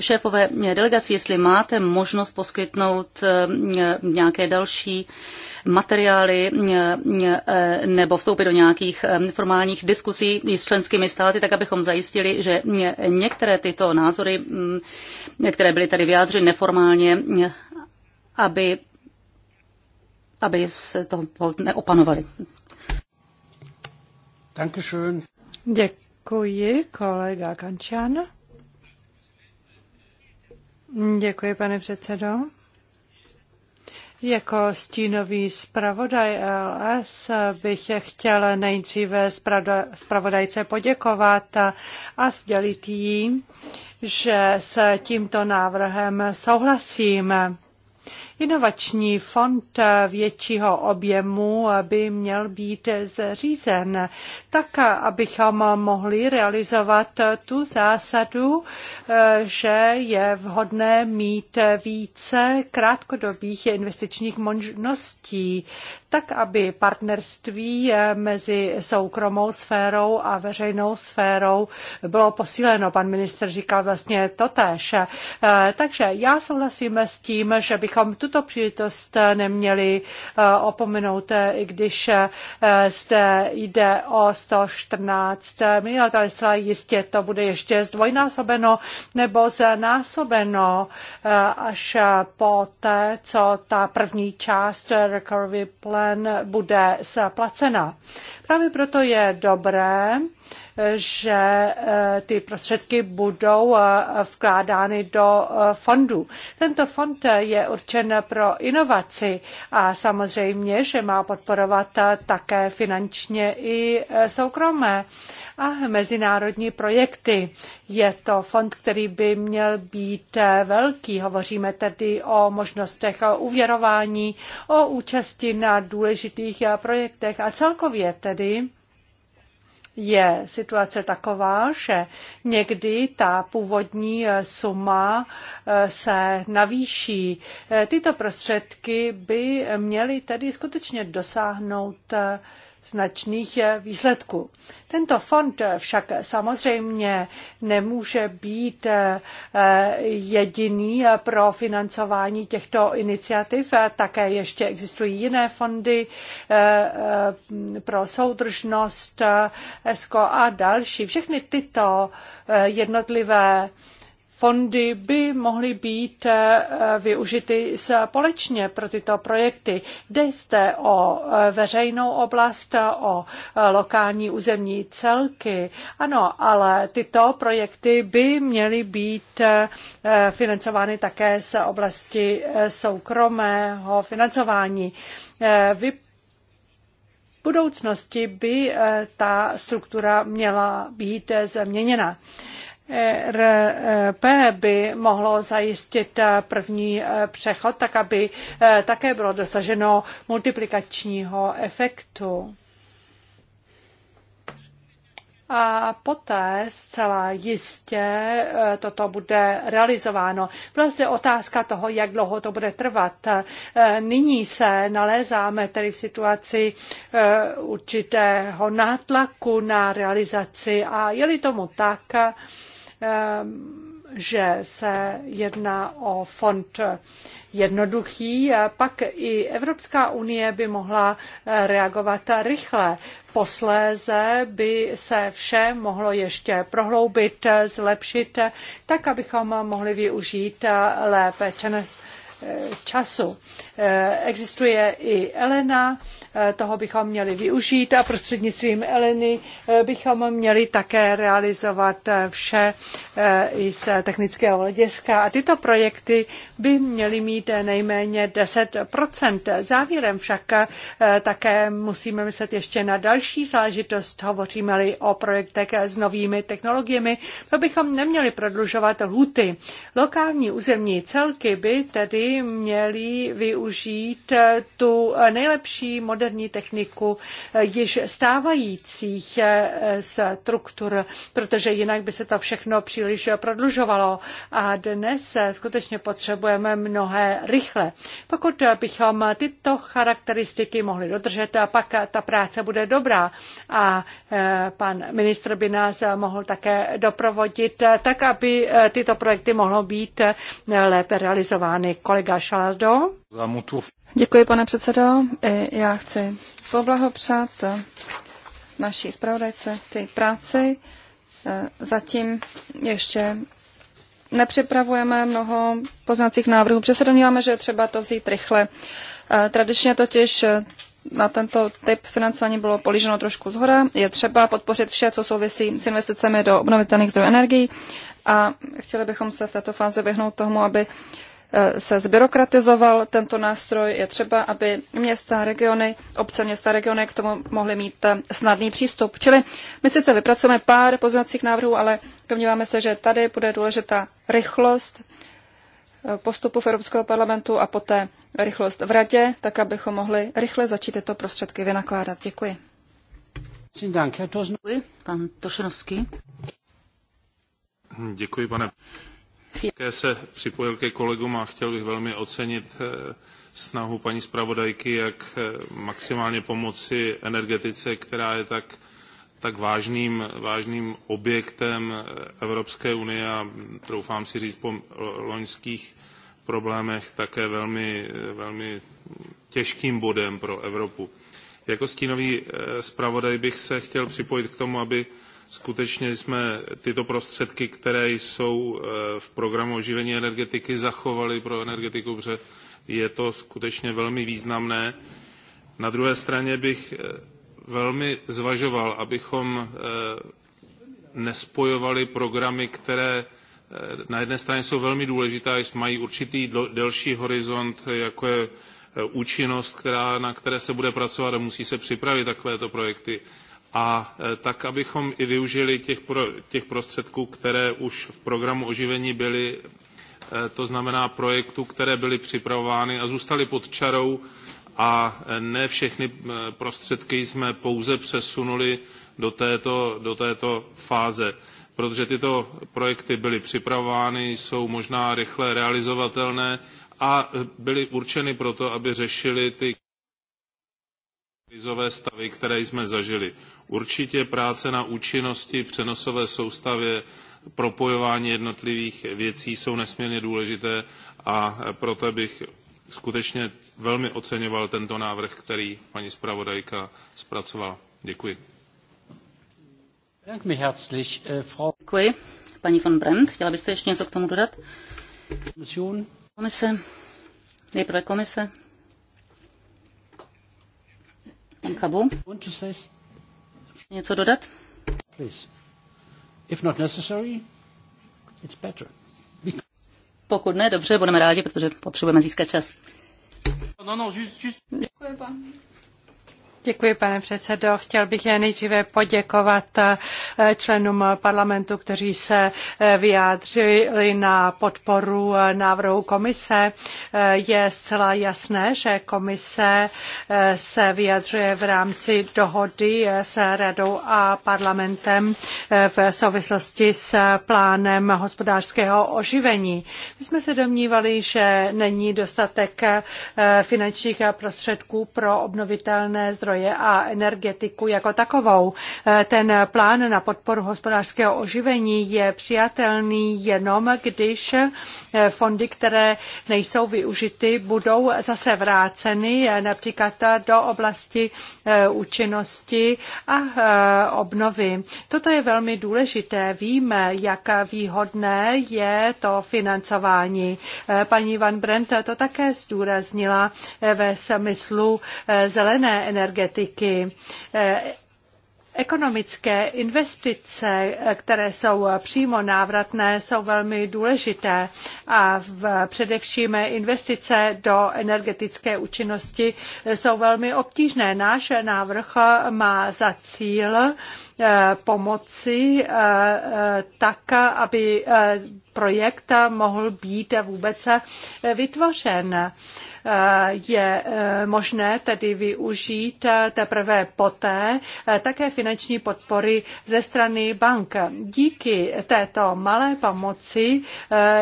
šéfové delegaci, jestli máte možnost poskytnout eh, nějaké další materiály nebo vstoupit do nějakých formálních diskusí s členskými státy, tak abychom zajistili, že některé tyto názory, mm, které byly tady vyjádřeny neformálně, aby aby se to neopanovali. Dankeschön. Děkuji, kolega Kančan. Děkuji, pane předsedo. Jako stínový zpravodaj LS bych chtěl nejdříve zpravodajce poděkovat a sdělit jí, že s tímto návrhem souhlasím. Inovační fond většího objemu by měl být zřízen tak, abychom mohli realizovat tu zásadu, že je vhodné mít více krátkodobých investičních možností tak aby partnerství eh, mezi soukromou sférou a veřejnou sférou bylo posíleno. Pan minister říkal vlastně totéž. Eh, takže já souhlasím s tím, že bychom tuto příležitost eh, neměli opomenout, i když zde jde o 114 milionů, ale zcela jistě to bude ještě zdvojnásobeno nebo znásobeno až po té, co ta první část recovery plan bude splacena. Právě proto je dobré, že eh, ty prostředky budou eh, vkládány do eh, fondu. Tento fond je určen pro inovaci a samozřejmě, že má podporovat také finančně i soukromé a mezinárodní projekty. Je to fond, který by měl být velký. Hovoříme tedy o možnostech uvěrování, o účasti na důležitých projektech a celkově tedy je situace taková, že někdy ta původní eh, suma eh, se navýší. Eh, tyto prostředky by měly tedy skutečně dosáhnout značných eh, výsledků. Tento fond eh, však samozřejmě nemůže být eh, jediný pro financování těchto iniciativ. Také ještě existují jiné fondy pro soudržnost, ESCO a další. Všechny tyto jednotlivé fondy by mohly být eh, využity společně pro tyto projekty. Jde zde o eh, veřejnou oblast, o eh, lokální územní celky. Ano, ale tyto projekty by měly být financovány také z oblasti soukromého financování. Vy budoucnosti by ta struktura měla být změněna. RRP by mohlo zajistit eh, první eh, přechod, tak aby eh, také bylo dosaženo multiplikačního efektu. A poté zcela jistě toto bude realizováno. Byla zde otázka toho, jak dlouho to bude trvat. Nyní se nalézáme tedy v situaci určitého nátlaku na realizaci a je-li tomu tak, Ehm, že se jedná o fond jednoduchý, pak i Evropská unie by mohla eh, reagovat rychle. Posléze by se vše mohlo ještě prohloubit, eh, zlepšit, eh, tak abychom mohli využít lépe Eh, času. Eh, existuje i Elena, eh, toho bychom měli využít a prostřednictvím Eleny bychom měli také realizovat vše i z technického hlediska. A tyto projekty by měly mít nejméně 10 Závěrem však také musíme myslet ještě na další záležitost. Hovoříme-li o projektech s novými technologiemi, to bychom neměli prodlužovat lhuty. Lokální územní celky by tedy měli využít tu nejlepší moderní techniku již stávajících eh, struktur, protože jinak by se to všechno příliš prodlužovalo. A dnes eh, skutečně potřebujeme mnohé rychle. Pokud eh, bychom tyto charakteristiky mohli dodržet, pak ta práce bude dobrá. A pan ministr by nás mohl také doprovodit tak, aby tyto projekty mohlo být lépe realizovány. Kolem Kolega Šaldo. Děkuji, pane předsedo. Já chci poblahopřát naší zpravodajce k její práci. Zatím ještě nepřipravujeme mnoho poznacích návrhů, protože se domníváme, že je třeba to vzít rychle. Tradičně totiž na tento typ financování bylo políženo trošku zhora. Je třeba podpořit vše, co souvisí s investicemi do obnovitelných zdrojů energií a chtěli bychom se v této fázi vyhnout tomu, aby Eh, se zbyrokratizoval tento nástroj. Je třeba, aby města, regiony, obce města, regiony k tomu mohly mít eh, snadný přístup. Čili my sice vypracujeme pár pozměňovacích návrhů, ale domníváme se, že tady bude důležitá rychlost eh, postupu v Evropského parlamentu a poté rychlost v radě, tak abychom mohli rychle začít tyto prostředky vynakládat. Děkuji. Děkuji, pan Tošenovský. Děkuji, pane také se připojil ke kolegům a chtěl bych velmi ocenit eh, snahu paní zpravodajky, jak eh, maximálně pomoci energetice, která je tak, tak vážným, vážným objektem eh, Evropské unie a troufám si říct po loňských problémech také velmi, velmi těžkým bodem pro Evropu. Jako stínový zpravodaj bych se chtěl připojit k tomu, aby skutečně jsme tyto prostředky, které jsou eh, v programu oživení energetiky, zachovali pro energetiku, protože je to skutečně velmi významné. Na druhé straně bych eh, velmi zvažoval, abychom eh, nespojovali programy, které na jedné straně jsou velmi důležité, mají určitý delší horizont, jako je účinnost, která, na které se bude pracovat a musí se připravit takovéto projekty a e, tak, abychom i využili těch, pro, těch prostředků, které už v programu oživení byly, e, to znamená projektů, které byly připravovány a zůstaly pod čarou a e, ne všechny prostředky jsme pouze přesunuli do této, do této fáze, protože tyto projekty byly připravovány, jsou možná rychle realizovatelné a byly určeny proto, aby řešily ty krizové stavy, které jsme zažili. Určitě práce na účinnosti přenosové soustavě propojování jednotlivých věcí jsou nesmírně důležité a proto bych skutečně velmi oceňoval tento návrh, který paní zpravodajka zpracovala. Děkuji. Äh, Děkuji. Paní von Brent, chtěla byste ještě něco k tomu dodat? Komise, nejprve komise. Pan Kabu, něco dodat? If not necessary, it's better. Pokud ne, dobře, budeme rádi, protože potřebujeme získat čas. No, no, just, just... Děkuji, pan. Děkuji, pane předsedo. Chtěl bych je nejdříve poděkovat eh, členům parlamentu, kteří se eh, vyjádřili na podporu eh, návrhu komise. Je zcela jasné, že komise se vyjadřuje v rámci dohody s radou a parlamentem v souvislosti s plánem hospodářského oživení. My jsme se domnívali, že není dostatek finančních prostředků pro obnovitelné zdroje zdroje a energetiku jako takovou. Eh, ten plán na podporu hospodářského oživení je přijatelný jenom, když eh, fondy, které nejsou využity, budou zase vráceny eh, například do oblasti účinnosti a obnovy. Toto je velmi důležité. Víme, jak výhodné je to financování. Paní Van Brent to také zdůraznila ve smyslu zelené energetiky energetiky. Eh, ekonomické investice, eh, které jsou eh, přímo návratné, jsou velmi důležité a v, především investice do energetické účinnosti jsou velmi obtížné. Náš návrh má za cíl pomoci tak, aby projekt mohl být vůbec vytvořen. Eh, je eh, možné tedy využít eh, teprve poté také finanční podpory ze strany bank. Díky této malé pomoci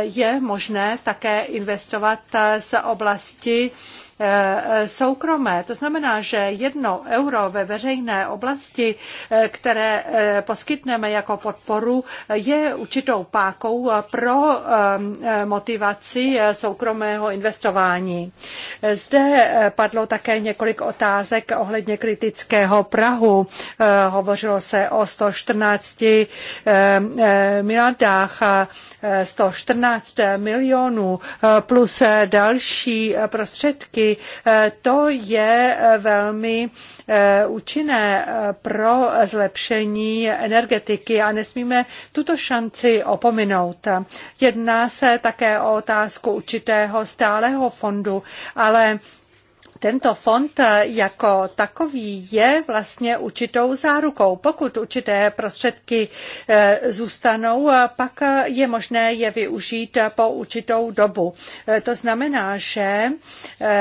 je možné také investovat z oblasti Eh, soukromé. To znamená, že jedno euro ve veřejné oblasti, eh, které eh, poskytneme jako podporu, je určitou pákou pro motivaci soukromého investování. Zde padlo také několik otázek ohledně kritického Prahu. Hovořilo se o 114 miliardách, 114 milionů plus další prostředky oblasti. Eh, to je eh, velmi eh, účinné pro zlepšení energetiky a nesmíme tuto šanci opominout. Jedná se také o otázku určitého stálého fondu, ale tento fond eh, jako takový je vlastně určitou zárukou. Pokud určité prostředky eh, zůstanou, eh, pak je možné je využít po určitou dobu. To znamená, že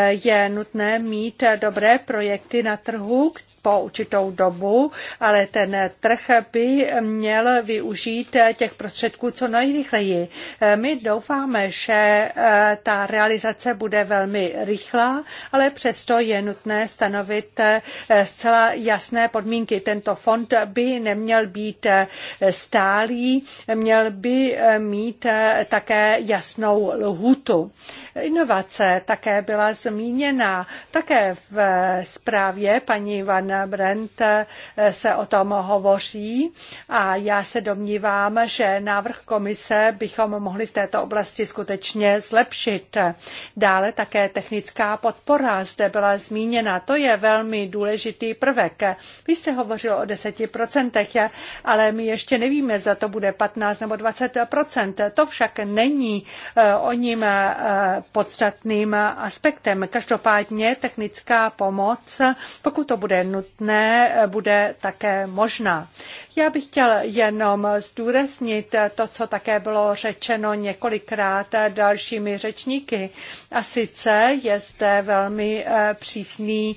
je nutné mít dobré projekty na trhu, které po určitou dobu, ale ten trh by měl využít těch prostředků co nejrychleji. My doufáme, že eh, ta realizace bude velmi rychlá, ale přesto je nutné stanovit eh, zcela jasné podmínky. Tento fond by neměl být eh, stálý, měl by mít také jasnou lhůtu. Inovace také byla zmíněna také v zprávě paní Van pan Brent eh, se o tom hovoří a já se domnívám, že návrh komise bychom mohli v této oblasti skutečně zlepšit. Dále také technická podpora zde byla zmíněna. To je velmi důležitý prvek. Vy jste hovořil o 10%, ale my ještě nevíme, zda to bude 15 nebo 20%. To však není eh, o ním eh, podstatným aspektem. Každopádně technická pomoc, pokud to bude nutné, nutné, eh, bude také možná. Já bych chtěl jenom zdůraznit eh, to, co také bylo řečeno několikrát eh, dalšími řečníky. A sice je zde velmi přísný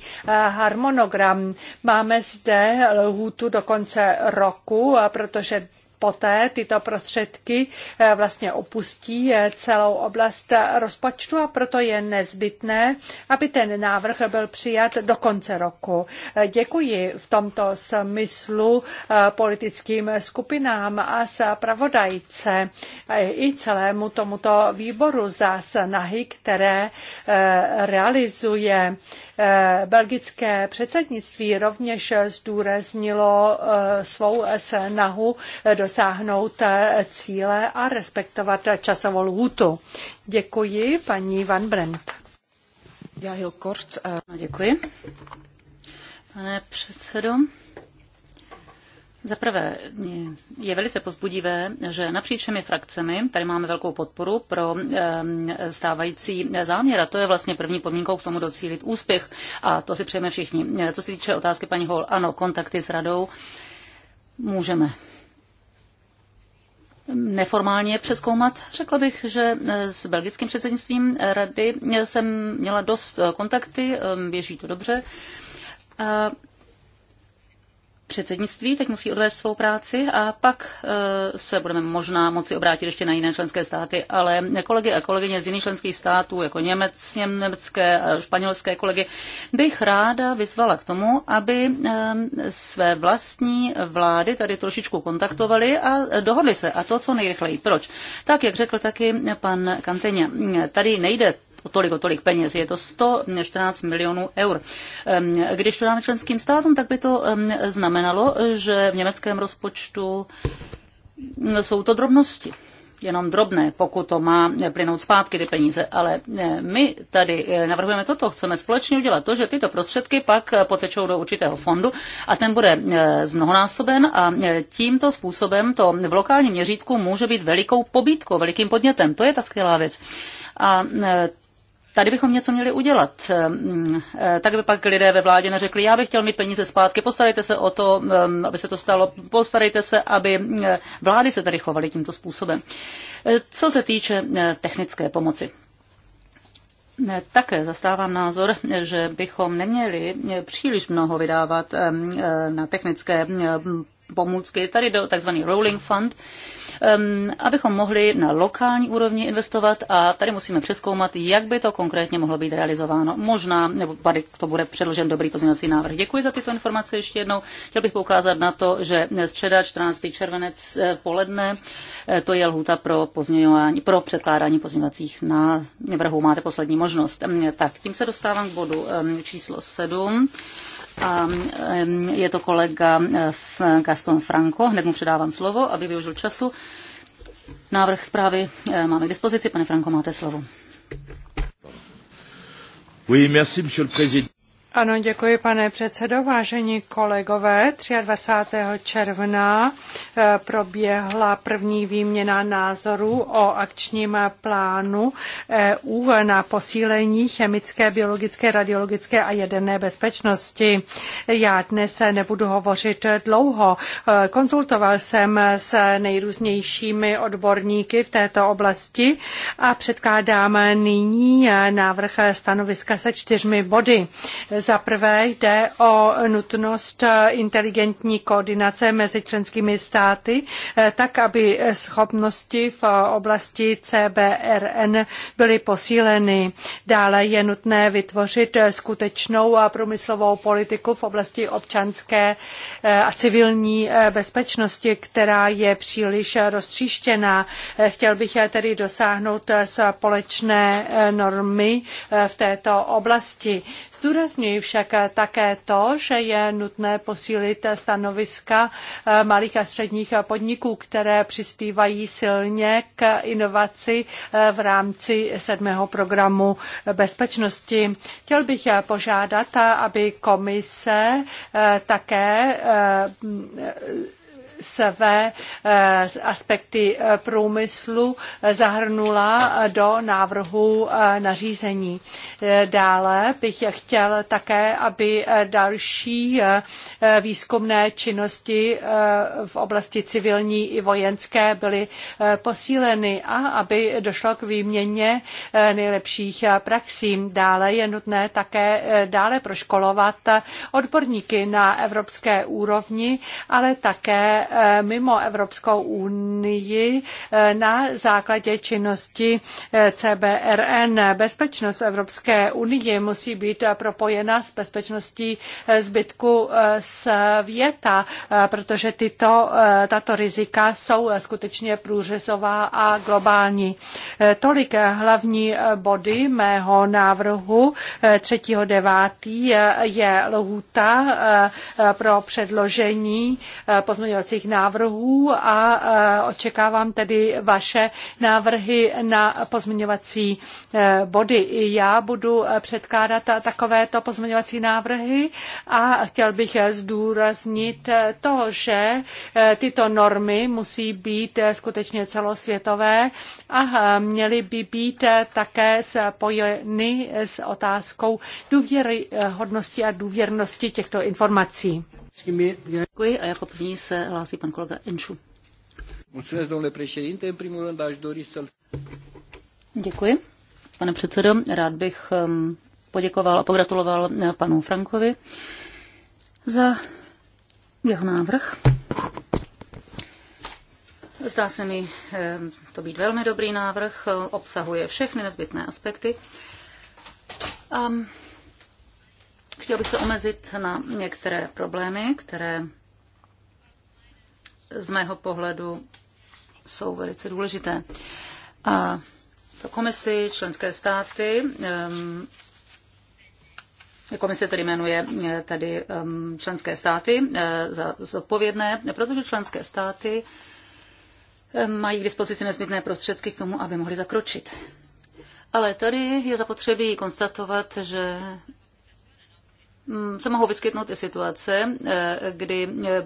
harmonogram. Máme zde lhůtu do konce roku, protože poté tyto prostředky eh, vlastně opustí eh, celou oblast rozpočtu a proto je nezbytné, aby ten návrh byl přijat do konce roku. Eh, děkuji v tomto smyslu politickým skupinám a zpravodajce i celému tomuto výboru za snahy, které realizuje belgické předsednictví rovněž zdůraznilo svou snahu do dosáhnout eh, cíle a respektovat eh, časovou lhůtu. Děkuji, paní Van Brent. Já heel kort. Eh, no, děkuji. Pane předsedo, za prvé je velice pozbudivé, že napříč všemi frakcemi tady máme velkou podporu pro stávající záměr a to je vlastně první podmínkou k tomu docílit úspěch a to si přejeme všichni. Co se týče otázky paní Hol, ano, kontakty s radou můžeme neformálně přeskoumat. Řekla bych, že eh, s belgickým předsednictvím rady jsem měla dost eh, kontakty, eh, běží to dobře předsednictví, teď musí odvést svou práci a pak eh, se budeme možná moci obrátit ještě na jiné členské státy, ale kolegy a kolegyně z jiných členských států, jako Němec, německé a španělské kolegy, bych ráda vyzvala k tomu, aby eh, své vlastní vlády tady trošičku kontaktovali a dohodli se a to co nejrychleji. Proč? Tak, jak řekl taky pan Kanteně, tady nejde o tolik, o tolik peněz. Je to 114 milionů eur. Když to dáme členským státům, tak by to znamenalo, že v německém rozpočtu jsou to drobnosti jenom drobné, pokud to má plynout zpátky ty peníze. Ale my tady eh, navrhujeme toto, chceme společně udělat to, že tyto prostředky pak eh, potečou do určitého fondu a ten bude eh, zmnohonásoben a tímto způsobem to v lokálním měřítku může být velikou pobítkou, velikým podnětem. To je ta skvělá věc. A Tady bychom něco měli udělat. Eh, tak by pak lidé ve vládě neřekli, já bych chtěl mít peníze zpátky, postarejte se o to, eh, aby se to stalo, postarejte se, aby eh, vlády se tady chovaly tímto způsobem. Co se týče technické pomoci. Také zastávám názor, že bychom neměli příliš mnoho vydávat na technické pomůcky. Tady do takzvaný rolling fund, abychom mohli na lokální úrovni investovat a tady musíme přeskoumat, jak by to konkrétně mohlo být realizováno. Možná, nebo tady to bude předložen dobrý pozměňovací návrh. Děkuji za tyto informace ještě jednou. Chtěl bych poukázat na to, že středa 14. červenec v eh, poledne, eh, to je lhůta pro, pozměňování, pro předkládání pozměňovacích návrhů. Máte poslední možnost. Tak, tím se dostávám k bodu číslo 7 a je to kolega eh, Gaston Franco. Hned mu předávám slovo, aby využil času. Návrh zprávy eh, máme k dispozici. Pane Franco, máte slovo. Oui, merci, monsieur le président. Ano, děkuji, pane předsedo. Vážení kolegové, 23. června eh, proběhla první výměna názorů o akčním plánu EU na posílení chemické, biologické, radiologické a jaderné bezpečnosti. Já dnes nebudu hovořit dlouho. Eh, konzultoval jsem s nejrůznějšími odborníky v této oblasti a předkládám nyní eh, návrh stanoviska se čtyřmi body za prvé jde o nutnost inteligentní koordinace mezi členskými státy, eh, tak aby schopnosti v oblasti CBRN byly posíleny. Dále je nutné vytvořit skutečnou a průmyslovou politiku v oblasti občanské eh, a civilní eh, bezpečnosti, která je příliš roztříštěná. Chtěl bych tedy dosáhnout společné normy v této oblasti. Zdůrazňuji však eh, také to, že je nutné posílit stanoviska eh, malých a středních eh, podniků, které přispívají silně k inovaci v rámci sedmého programu bezpečnosti. Chtěl bych požádat, aby komise také své eh, aspekty eh, průmyslu eh, zahrnula do návrhu nařízení. Dále bych chtěl také, aby další výzkumné činnosti v oblasti civilní i vojenské byly posíleny a aby došlo k výměně nejlepších praxí. Dále je nutné také dále proškolovat odborníky na evropské úrovni, ale také E, mimo Evropskou unii e, na základě činnosti e, CBRN. Bezpečnost Evropské unie musí být propojena s bezpečností zbytku světa, protože tyto, tato rizika jsou skutečně průřezová a globální. Tolik hlavní body mého návrhu 3.9. je lhůta pro předložení pozměňovacích pozměňovacích návrhů a e, očekávám tedy vaše návrhy na pozměňovací e, body. I já budu e, předkládat takovéto pozměňovací návrhy a chtěl bych zdůraznit to, že tyto normy musí být skutečně celosvětové a měly by být také spojeny s otázkou důvěryhodnosti a důvěrnosti těchto informací. Děkuji a jako první se hlásí pan kolega Enšu. Děkuji. Pane předsedo, rád bych um, poděkoval a pogratuloval uh, panu Frankovi za jeho návrh. Zdá se mi um, to být velmi dobrý návrh, uh, obsahuje všechny nezbytné aspekty. A Chtěl bych se omezit na některé problémy, které z mého pohledu jsou velice důležité. A pro komisi členské státy ehm, Komise tedy jmenuje eh, tady ehm, členské státy eh, za zodpovědné, protože členské státy ehm, mají k dispozici nezbytné prostředky k tomu, aby mohly zakročit. Ale tady je zapotřebí konstatovat, že Mm, se mohou vyskytnout i situace, eh, kdy eh,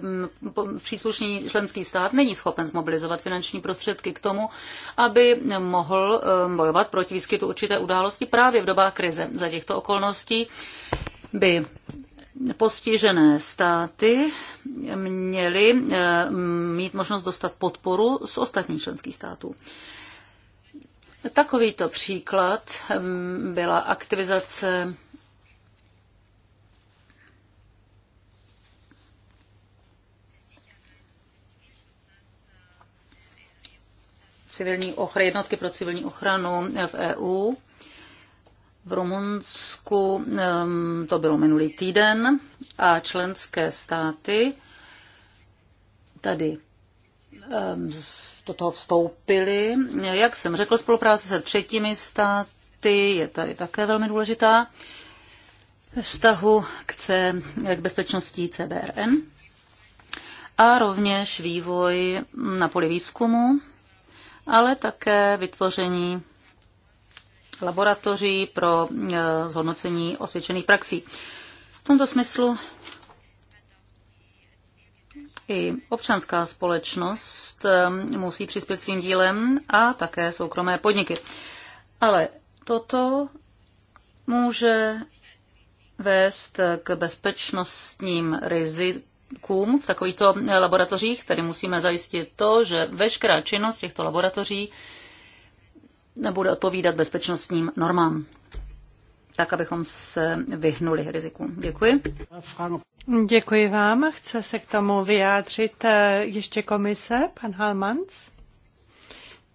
příslušný členský stát není schopen zmobilizovat finanční prostředky k tomu, aby mohl eh, bojovat proti výskytu určité události právě v dobách krize. Za těchto okolností by postižené státy měly mít možnost dostat podporu z ostatních členských států. Takovýto příklad mm, byla aktivizace civilní ochrany, jednotky pro civilní ochranu eh, v EU. V Rumunsku ehm, to bylo minulý týden a členské státy tady ehm, do toho vstoupili. Jak jsem řekl, spolupráce se třetími státy je tady také velmi důležitá vztahu k, C, k bezpečnosti CBRN a rovněž vývoj na poli výzkumu ale také vytvoření laboratoří pro e, zhodnocení osvědčených praxí. V tomto smyslu i občanská společnost e, musí přispět svým dílem a také soukromé podniky. Ale toto může vést k bezpečnostním rizikům výzkum v takovýchto eh, laboratořích, tedy musíme zajistit to, že veškerá činnost těchto laboratoří nebude odpovídat bezpečnostním normám tak, abychom se vyhnuli riziku. Děkuji. Děkuji vám. Chce se k tomu vyjádřit eh, ještě komise, pan Halmans?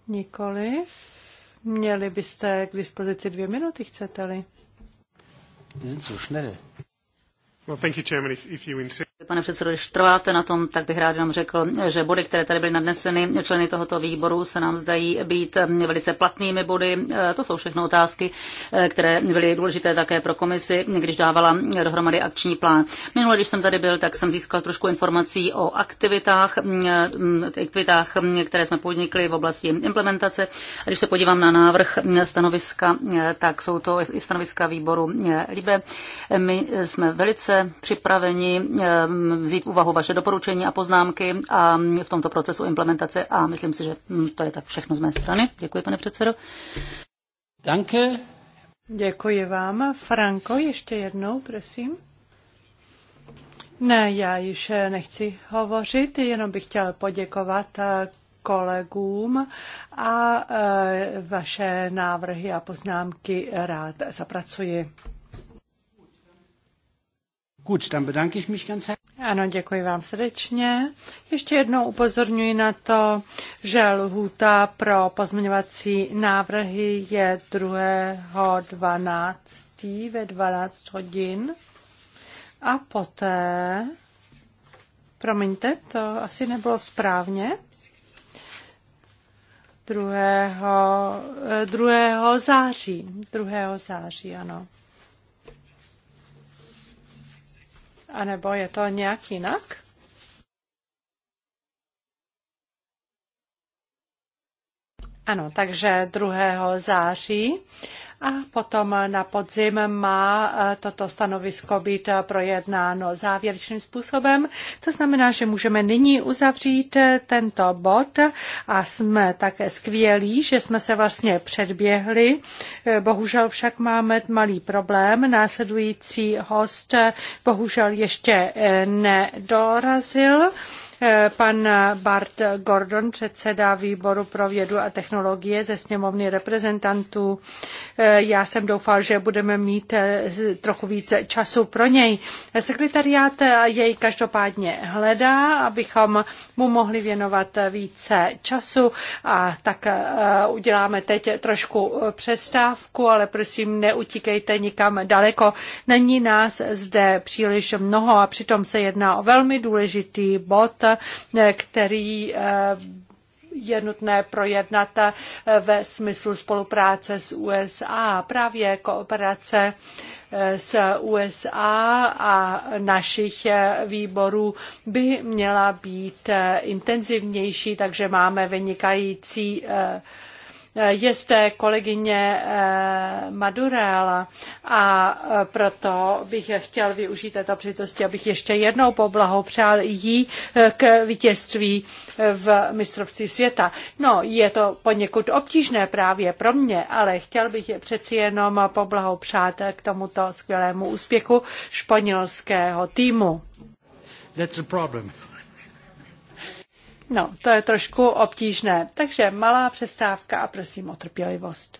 Nikoliv. Měli byste k dispozici dvě minuty, chcete-li? Well, thank you, Chairman, if, if you insist. Pane předsedo, když trváte na tom, tak bych rád jenom řekl, že body, které tady byly nadneseny členy tohoto výboru, se nám zdají být eh, velice platnými body. Eh, to jsou všechno otázky, eh, které byly důležité také pro komisi, když dávala dohromady akční plán. Minule, když jsem tady byl, tak jsem získal trošku informací o aktivitách, mm, aktivitách mm, které jsme podnikli v oblasti implementace. A když se podívám na návrh mm, stanoviska, tak jsou to i stanoviska výboru LIBE. My jsme velice připraveni Um, vzít v úvahu vaše doporučení a poznámky a um, v tomto procesu implementace a myslím si, že um, to je tak všechno z mé strany. Děkuji, pane předsedo. Danke. Děkuji vám. Franko, ještě jednou, prosím. Ne, já již nechci hovořit, jenom bych chtěl poděkovat uh, kolegům a uh, vaše návrhy a poznámky rád zapracuji. Gut, dann bedanke ich mich ganz herzlich. Ano, děkuji vám srdečně. Ještě jednou upozorňuji na to, že lhůta pro pozměňovací návrhy je 2.12. ve 12 hodin. A poté, promiňte, to asi nebylo správně, 2. 2. Eh, září. 2. září, ano. anebo je to nějak jinak? Ano, takže 2. září a potom na podzim má e, toto stanovisko být e, projednáno závěrečným způsobem. To znamená, že můžeme nyní uzavřít e, tento bod a jsme také skvělí, že jsme se vlastně předběhli. Bohužel však máme malý problém. Následující host bohužel ještě nedorazil. Eh, pan Bart Gordon, předseda výboru pro vědu a technologie ze sněmovny reprezentantů. Eh, já jsem doufal, že budeme mít eh, trochu více času pro něj. Sekretariát jej každopádně hledá, abychom mu mohli věnovat více času a tak uděláme teď trošku přestávku, ale prosím neutíkejte nikam daleko. Není nás zde příliš mnoho a přitom se jedná o velmi důležitý bod Eh, který eh, je nutné projednat eh, ve smyslu spolupráce s USA. Právě kooperace s USA a našich výborů by měla být intenzivnější, takže máme vynikající je kolegyně eh, Madurela a eh, proto bych chtěl využít této příležitosti, abych ještě jednou poblahopřál jí eh, k vítězství v mistrovství světa. No, je to poněkud obtížné právě pro mě, ale chtěl bych přeci jenom poblahopřát k tomuto skvělému úspěchu španělského týmu. That's a problem. No, to je trošku obtížné. Takže malá přestávka a prosím o trpělivost.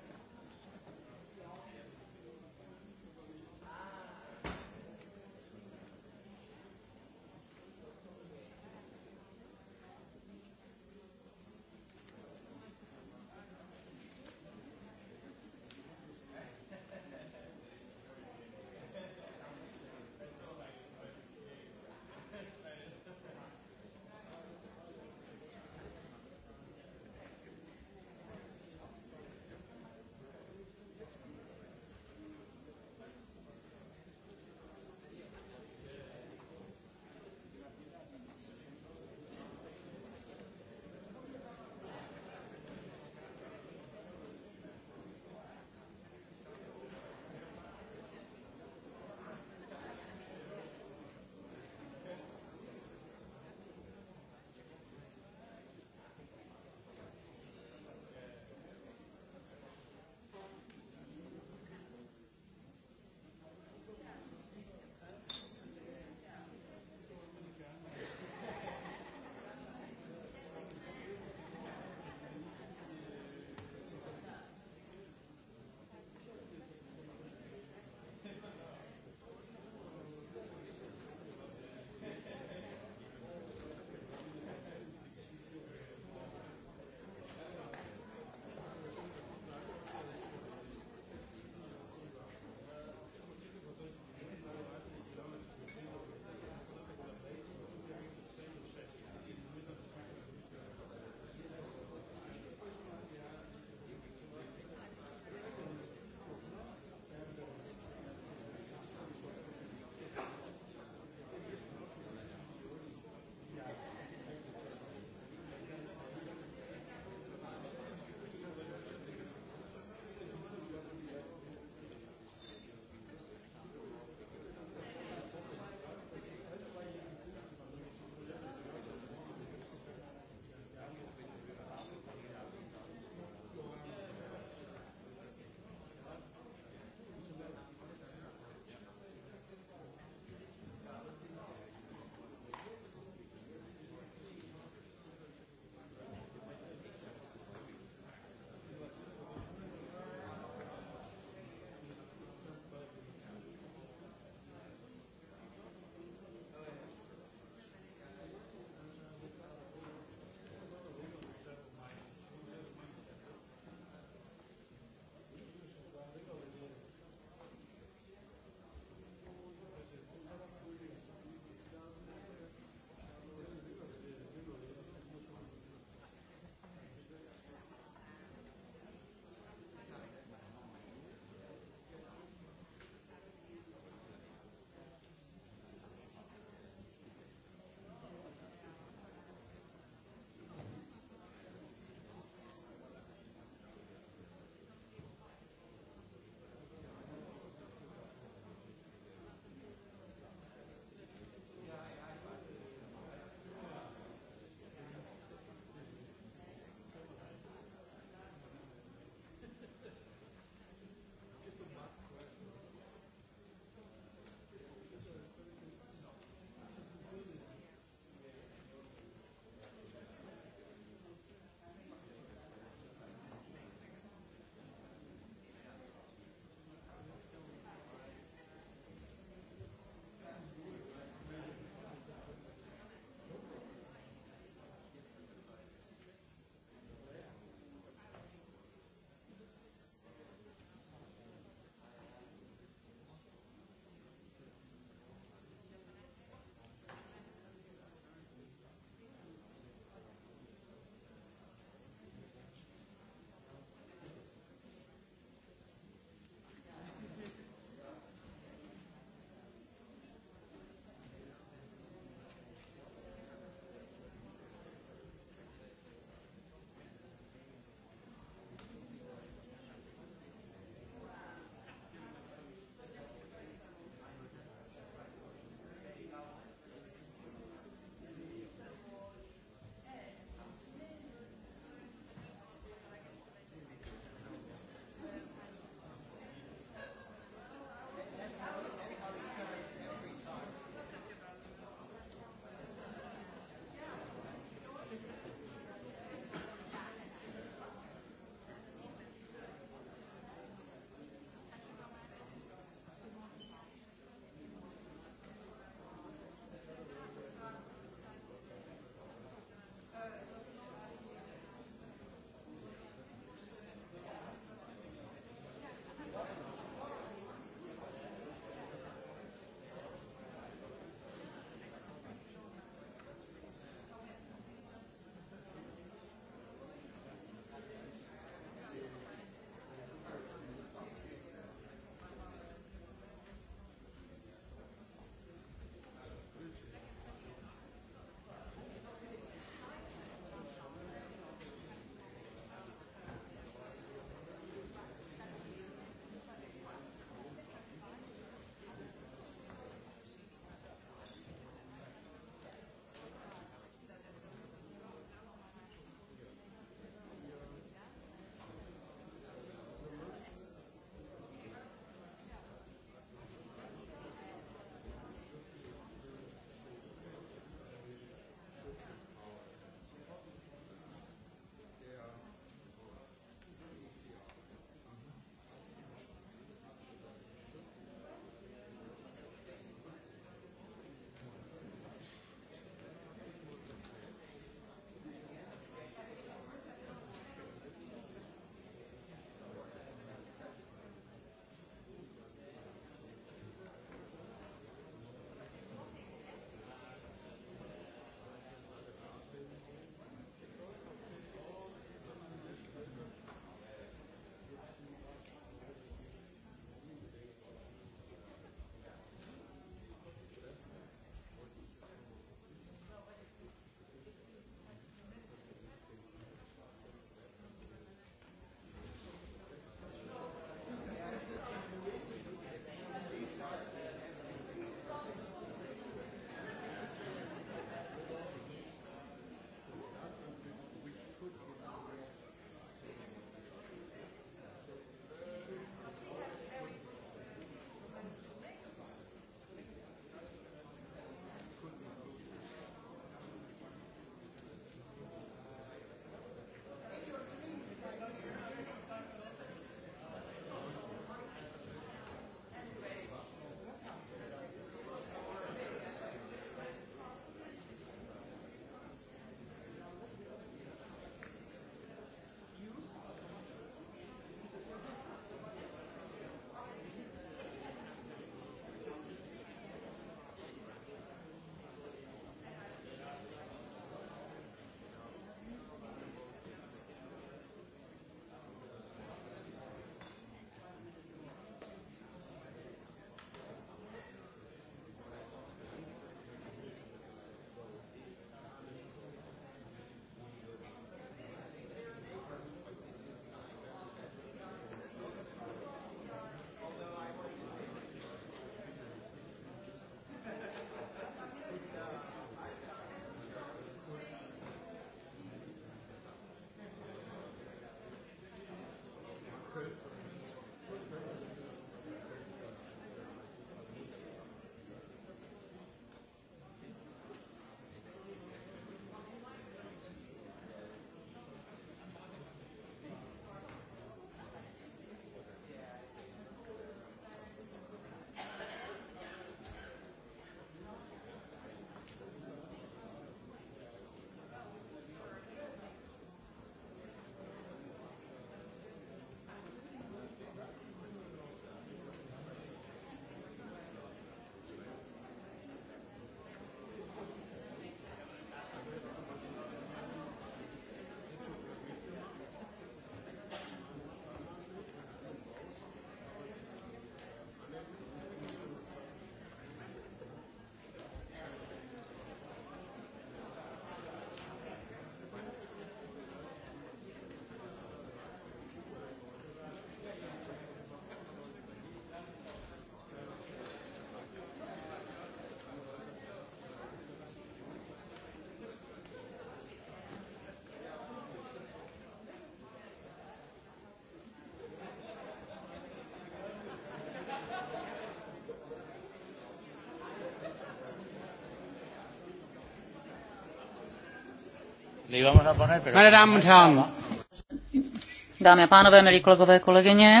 Dámy a pánové, milí kolegové, kolegyně,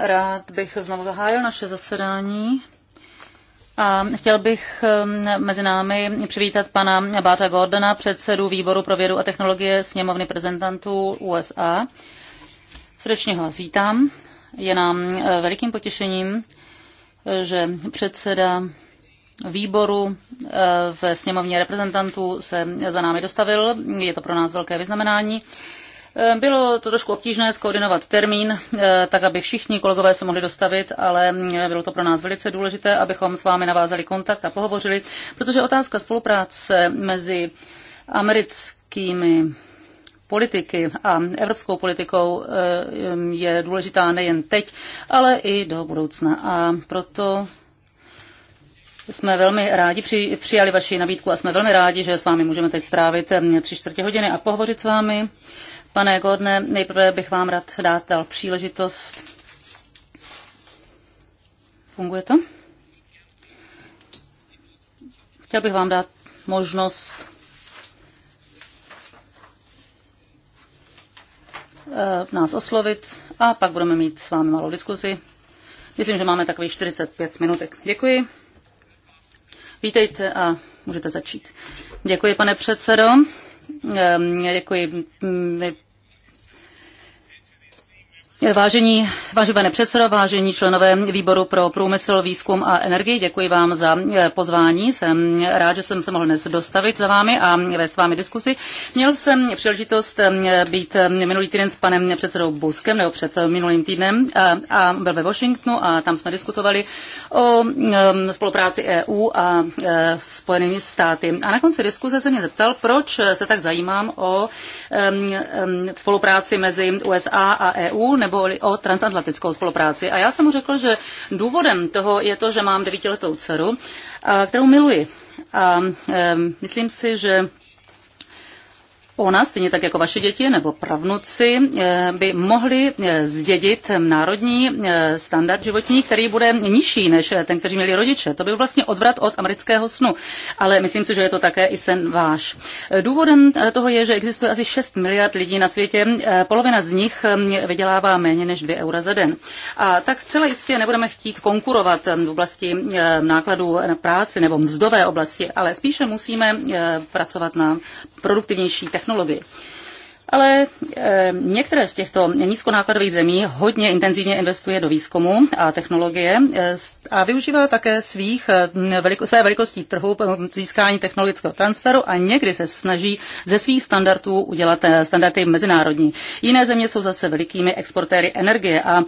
rád bych znovu zahájil naše zasedání. A chtěl bych mezi námi přivítat pana Báta Gordona, předsedu výboru pro vědu a technologie sněmovny prezentantů USA. Srdečně ho vítám. Je nám eh, velikým potěšením, že předseda výboru Eh, v sněmovně reprezentantů se za námi dostavil. Je to pro nás velké vyznamenání. Eh, bylo to trošku obtížné skoordinovat termín, eh, tak aby všichni kolegové se mohli dostavit, ale bylo to pro nás velice důležité, abychom s vámi navázali kontakt a pohovořili, protože otázka spolupráce mezi americkými politiky a evropskou politikou je důležitá nejen teď, ale i do budoucna. A proto jsme velmi rádi, při, přijali vaši nabídku a jsme velmi rádi, že s vámi můžeme teď strávit eh, tři čtvrtě hodiny a pohovořit s vámi. Pane Godne, nejprve bych vám rád dát dal příležitost. Funguje to? Chtěl bych vám dát možnost eh, nás oslovit a pak budeme mít s vámi malou diskuzi. Myslím, že máme takových 45 minutek. Děkuji. Vítejte a můžete začít. Děkuji, pane předsedo. Ehm, děkuji. Mm, Vážení, vážený pane předsedo, vážení členové výboru pro průmysl, výzkum a energii, děkuji vám za eh, pozvání. Jsem rád, že jsem se mohl dnes dostavit za vámi a ve s vámi diskusi. Měl jsem příležitost eh, být eh, minulý týden s panem předsedou Buskem, nebo před minulým týdnem, a byl ve Washingtonu a tam jsme diskutovali o spolupráci EU a Spojenými státy. A na konci diskuse se mě zeptal, proč se tak zajímám o spolupráci mezi USA a EU, nebo nebo o transatlantickou spolupráci. A já jsem mu řekl, že důvodem toho je to, že mám devítiletou dceru, kterou miluji. A myslím si, že Ona, stejně tak jako vaše děti nebo pravnuci, eh, by mohli eh, zdědit národní eh, standard životní, který bude nižší než ten, který měli rodiče. To byl vlastně odvrat od amerického snu. Ale myslím si, že je to také i sen váš. Důvodem toho je, že existuje asi 6 miliard lidí na světě. Polovina z nich mm, vydělává méně než 2 eura za den. A tak zcela jistě nebudeme chtít konkurovat mm, v oblasti nákladů na práci nebo mzdové oblasti, ale spíše musíme pracovat na produktivnější technologii technologii ale eh, některé z těchto nízkonákladových zemí hodně intenzivně investuje do výzkumu a technologie eh, a využívá také svých, eh, veliko, své velikostí trhu získání technologického transferu a někdy se snaží ze svých standardů udělat standardy mezinárodní. Jiné země jsou zase velikými exportéry energie a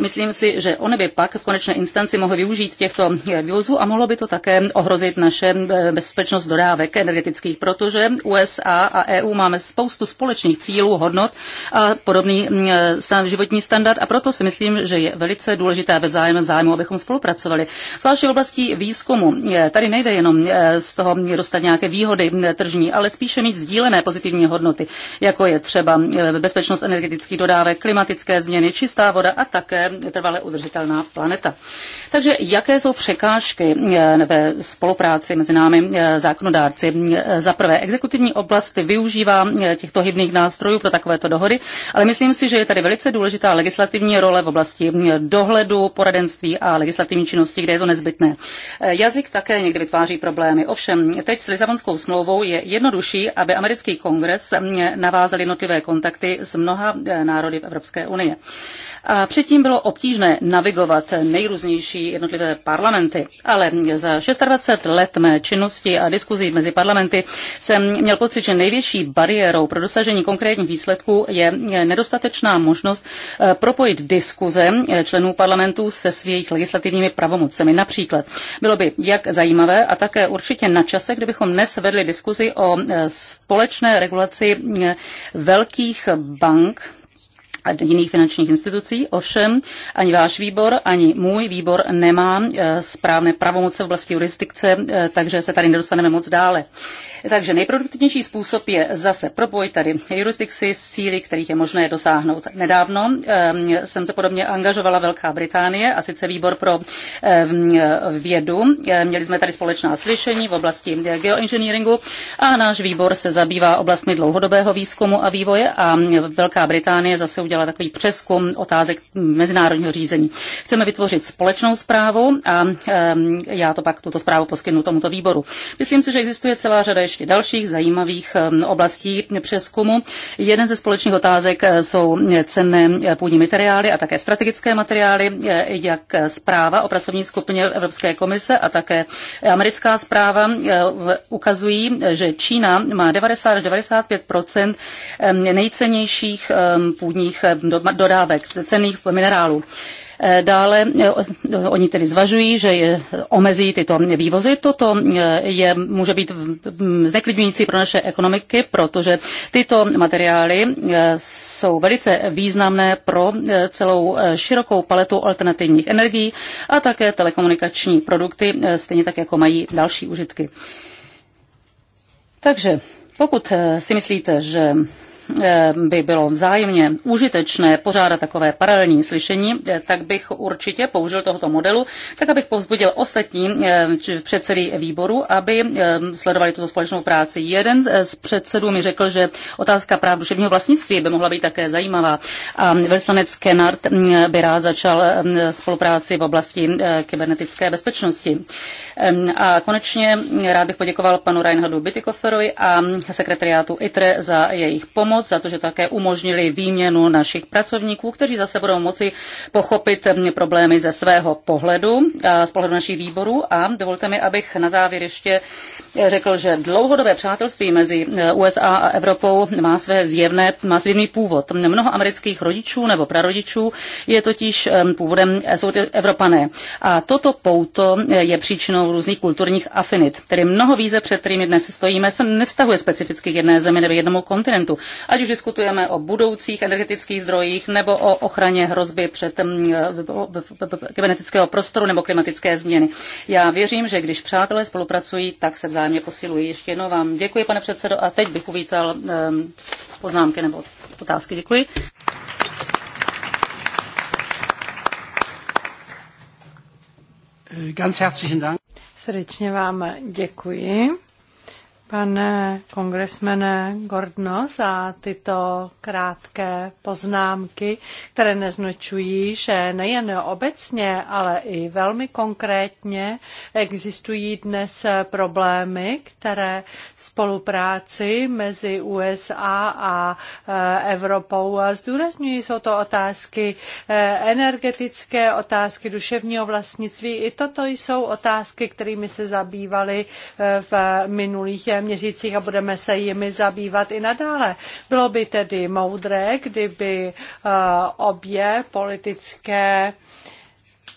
myslím si, že oni by pak v konečné instanci mohli využít těchto vývozů a mohlo by to také ohrozit naše bezpečnost dodávek energetických, protože USA a EU máme spoustu společných společných cílů, hodnot a podobný mm, e, životní standard. A proto si myslím, že je velice důležité ve zájem zájmu, abychom spolupracovali. Zvláště v oblasti výzkumu. Tady nejde jenom e, z toho dostat nějaké výhody tržní, ale spíše mít sdílené pozitivní hodnoty, jako je třeba e, bezpečnost energetických dodávek, klimatické změny, čistá voda a také trvale udržitelná planeta. Takže jaké jsou překážky ve spolupráci mezi námi zákonodárci? Za prvé, exekutivní oblast využívá těchto hybných nástrojů pro takovéto dohody, ale myslím si, že je tady velice důležitá legislativní role v oblasti dohledu, poradenství a legislativní činnosti, kde je to nezbytné. E, jazyk také někdy vytváří problémy. Ovšem, teď s Lisabonskou smlouvou je jednodušší, aby americký kongres navázal jednotlivé kontakty s mnoha e, národy v Evropské unie. A předtím bylo obtížné navigovat nejrůznější jednotlivé parlamenty. Ale za 26 let mé činnosti a diskuzí mezi parlamenty jsem měl pocit, že největší bariérou pro dosažení konkrétních výsledků je nedostatečná možnost eh, propojit diskuze eh, členů parlamentů se svých legislativními pravomocemi. Například bylo by jak zajímavé a také určitě na čase, kdybychom dnes vedli diskuzi o eh, společné regulaci velkých bank, a jiných finančních institucí. Ovšem ani váš výbor, ani můj výbor nemá e, správné pravomoce v oblasti jurisdikce, e, takže se tady nedostaneme moc dále. Takže nejproduktivnější způsob je zase propojit tady jurisdikci s cíly, kterých je možné dosáhnout. Nedávno jsem se podobně angažovala Velká Británie a sice výbor pro vědu. E, měli jsme tady společná slyšení v oblasti geoengineeringu a náš výbor se zabývá oblastmi dlouhodobého výzkumu a vývoje a Velká Británie zase udělala udělat takový přeskum otázek mezinárodního řízení. Chceme vytvořit společnou zprávu a já to pak tuto zprávu poskytnu tomuto výboru. Myslím si, že existuje celá řada ještě dalších zajímavých oblastí přeskumu. Jeden ze společných otázek eh, jsou cenné eh, půdní materiály a také strategické materiály, eh, jak zpráva o pracovní skupině Evropské komise a také americká zpráva ukazují, že Čína má 90 až 95 nejcennějších půdních dodávek cených minerálů. Eh, dále eh, oni tedy zvažují, že je omezí tyto vývozy. Toto eh, je, může být zneklidňující pro naše ekonomiky, protože tyto materiály jsou velice významné pro celou širokou paletu alternativních energií a také telekomunikační produkty, stejně tak jako mají další užitky. Takže pokud si myslíte, že Eh, by bylo vzájemně užitečné pořádat takové paralelní slyšení, eh, tak bych určitě použil tohoto modelu, tak abych povzbudil ostatní eh, předsedy výboru, aby sledovali tuto společnou práci. Jeden z předsedů mi řekl, že otázka práv duševního vlastnictví by mohla být také zajímavá. A veslanec Kennard mm, by rád začal mm, spolupráci v oblasti kybernetické bezpečnosti. A konečně rád bych poděkoval panu Reinhardu Bitikoferovi a sekretariátu ITRE za jejich pomoc pomoc, za to, že také umožnili výměnu našich pracovníků, kteří zase budou moci pochopit problémy ze svého pohledu, z pohledu našich výborů. A dovolte mi, abych na závěr ještě eh, řekl, že dlouhodobé přátelství mezi eh, USA a Evropou má své zjevné, má zjevný původ. Mnoho amerických rodičů nebo prarodičů je totiž původem, eh, jsou to Evropané. A toto pouto je příčinou různých kulturních afinit. Tedy mnoho víze, před kterými dnes stojíme, se nevztahuje specificky k jedné zemi nebo jednomu kontinentu, ať už diskutujeme o budoucích energetických zdrojích nebo o ochraně hrozby před mm, kybernetického prostoru nebo klimatické změny. Já věřím, že když přátelé spolupracují, tak se vzájemně posilují. Ještě jednou vám děkuji, pane předsedo, a teď bych uvítal ehm, poznámky nebo otázky. Děkuji. Ganz herzlichen Dank. Srdečně vám děkuji. Pane kongresmene Gordno, za tyto krátké poznámky, které neznačují, že nejen obecně, ale i velmi konkrétně existují dnes problémy, které spolupráci mezi USA a eh, Evropou zdůrazňují. Jsou to otázky eh, energetické, otázky duševního vlastnictví. I toto jsou otázky, kterými se zabývali eh, v minulých měsících a budeme se jimi zabývat i nadále. Bylo by tedy moudré, kdyby eh, obě politické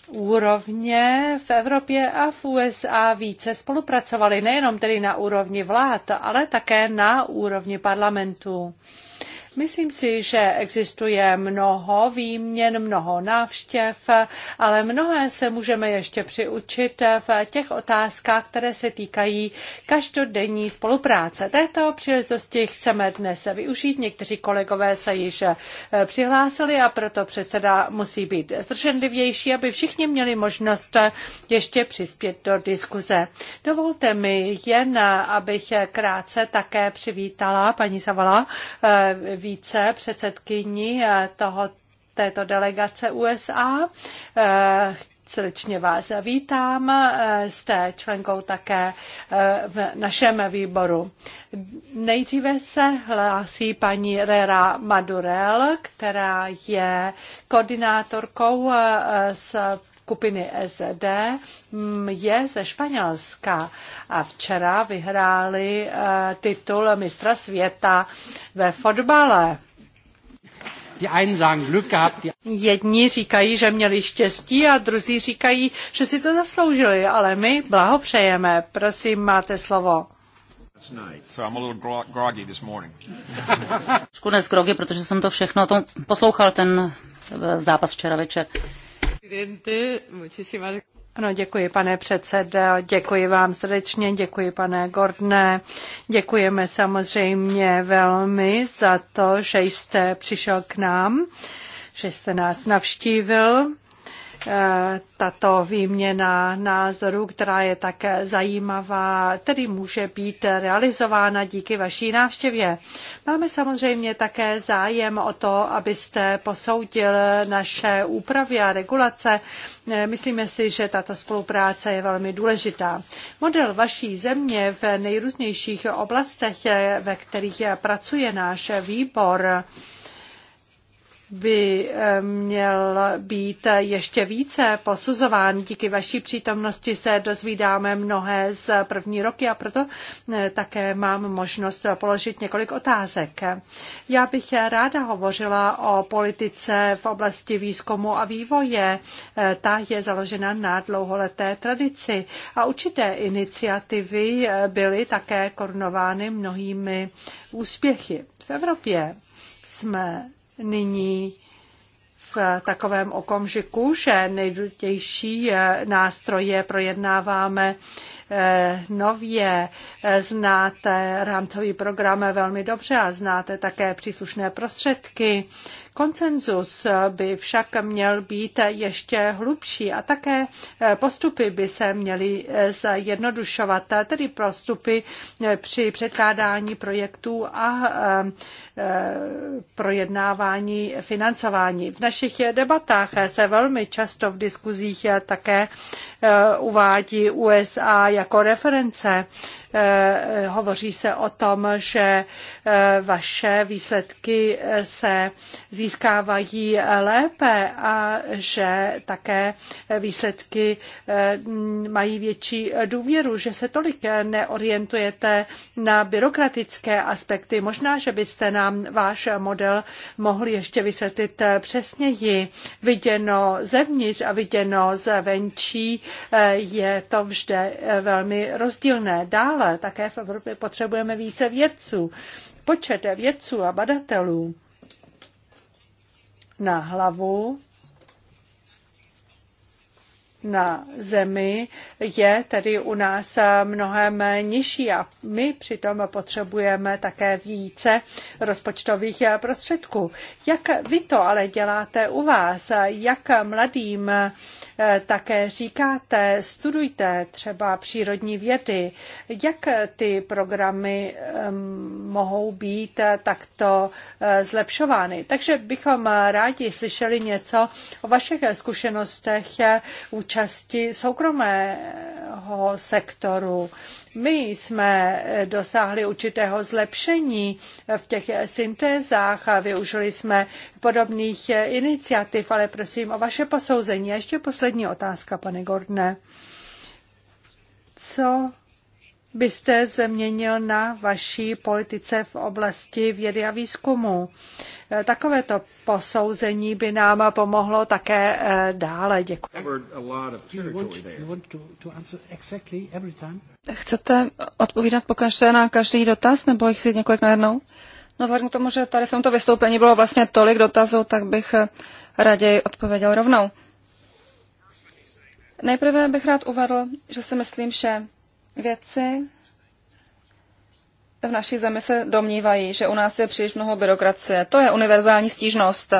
úrovně v Evropě a v USA více spolupracovali, nejenom tedy na úrovni vlád, ale také na úrovni parlamentu. Myslím si, že existuje mnoho výměn, mnoho návštěv, ale mnohé se můžeme ještě přiučit v těch otázkách, které se týkají každodenní spolupráce. Této příležitosti chceme dnes využít. Někteří kolegové se již eh, přihlásili a proto předseda musí být zdrženlivější, aby všichni měli možnost ještě přispět do diskuze. Dovolte mi jen, abych krátce také přivítala paní Savala eh, více předsedkyni eh, toho, této delegace USA. Eh, Srdečně vás vítám, jste členkou také eh, v našem výboru. Nejdříve se hlásí paní Rera Madurel, která je koordinátorkou eh, z skupiny SD je ze Španělska a včera vyhráli eh, titul mistra světa ve fotbale. Jedni říkají, že měli štěstí a druzí říkají, že si to zasloužili, ale my blahopřejeme. Prosím, máte slovo. Trošku dnes grogy, protože jsem to všechno to poslouchal ten eh, zápas včera večer. Ano, děkuji, pane předsedo, děkuji vám srdečně, děkuji, pane Gordne. Děkujeme samozřejmě velmi za to, že jste přišel k nám, že jste nás navštívil. Eh, tato výměna názorů, která je tak zajímavá, tedy může být realizována díky vaší návštěvě. Máme samozřejmě také zájem o to, abyste posoudil naše úpravy a regulace. Eh, myslíme si, že tato spolupráce je velmi důležitá. Model vaší země v nejrůznějších oblastech, eh, ve kterých pracuje náš výbor, by eh, měl být ještě více posuzován. Díky vaší přítomnosti se dozvídáme mnohé z první roky a proto eh, také mám možnost položit několik otázek. Já bych ráda hovořila o politice v oblasti výzkumu a vývoje. Eh, ta je založena na dlouholeté tradici a určité iniciativy byly také korunovány mnohými úspěchy. V Evropě jsme nyní v takovém okamžiku, že nejdůležitější nástroje projednáváme eh, nově. Eh, znáte rámcový program velmi dobře a znáte také příslušné prostředky, Koncenzus by však měl být ještě hlubší a také eh, postupy by se měly eh, zjednodušovat, tedy postupy eh, při předkládání projektů a projednávání financování. V našich debatách se velmi často v diskuzích také Eh, uvádí USA jako reference. Eh, hovoří se o tom, že eh, vaše výsledky se získávají lépe a že také výsledky mají větší důvěru, že se tolik neorientujete na byrokratické aspekty. Možná, že byste nám váš model mohli ještě vysvětlit přesněji. Viděno zevnitř a viděno zvenčí je to vždy eh, velmi rozdílné. Dále také v Evropě potřebujeme více vědců. Počet vědců a badatelů na hlavu na zemi je tedy u nás mnohem nižší a my přitom potřebujeme také více rozpočtových prostředků. Jak vy to ale děláte u vás? Jak mladým eh, také říkáte, studujte třeba přírodní vědy? Jak ty programy mohou být takto eh, zlepšovány? Takže bychom rádi slyšeli něco o vašich zkušenostech eh, účasti soukromého sektoru. My jsme dosáhli určitého zlepšení v těch syntézách a využili jsme podobných iniciativ, ale prosím o vaše posouzení. A ještě poslední otázka, pane Gordne. Co byste změnil na vaší politice v oblasti vědy a výzkumu. Eh, takovéto posouzení by nám pomohlo také eh, dále. Děkuji. Chcete odpovídat pokaždé na každý dotaz, nebo jich si několik najednou? No vzhledem k tomu, že tady v tomto vystoupení bylo vlastně tolik dotazů, tak bych eh, raději odpověděl rovnou. Nejprve bych rád uvedl, že si myslím, že věci v naší zemi se domnívají, že u nás je příliš mnoho byrokracie. To je univerzální stížnost.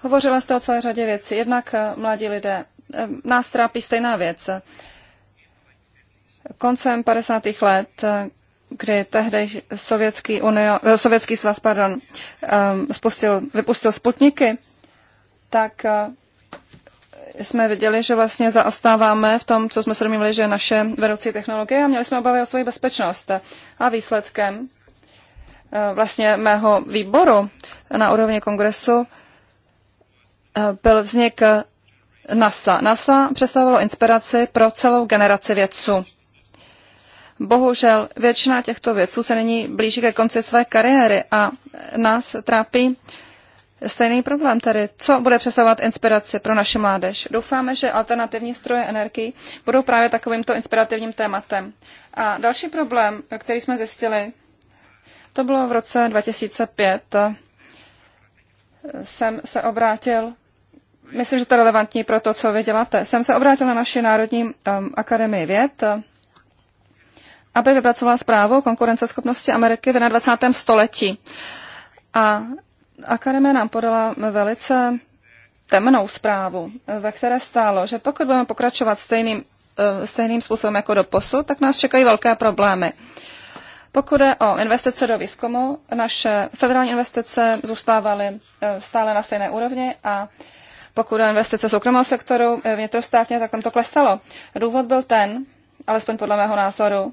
Hovořila jste o celé řadě věcí. Jednak eh, mladí lidé, eh, nás trápí stejná věc. Koncem 50. let, eh, kdy tehdy Sovětský, unio, Sovětský svaz pardon, spustil, vypustil sputniky, tak jsme viděli, že vlastně zaostáváme v tom, co jsme se domnívali, že naše vedoucí technologie a měli jsme obavy o svoji bezpečnost. A výsledkem eh, vlastně mého výboru na úrovni kongresu eh, byl vznik NASA. NASA představovalo inspiraci pro celou generaci vědců. Bohužel většina těchto vědců se nyní blíží ke konci své kariéry a nás trápí uh, stejný problém, tedy co bude představovat inspiraci pro naše mládež. Doufáme, že alternativní stroje energii budou právě takovýmto inspirativním tématem. A další problém, který jsme zjistili, to bylo v roce 2005. Jsem se obrátil, myslím, že to je relevantní pro to, co vy děláte, jsem se obrátil na naši Národní um, akademii věd, aby vypracovala zprávu o konkurenceschopnosti Ameriky v 21. století. A Akademie nám podala velice temnou zprávu, ve které stálo, že pokud budeme pokračovat stejným, eh, stejným způsobem jako do posu, tak nás čekají velké problémy. Pokud je o investice do výzkumu, naše federální investice zůstávaly eh, stále na stejné úrovni a pokud je o investice soukromého sektoru eh, vnitrostátně, tak tam to klesalo. Důvod byl ten, alespoň podle mého názoru,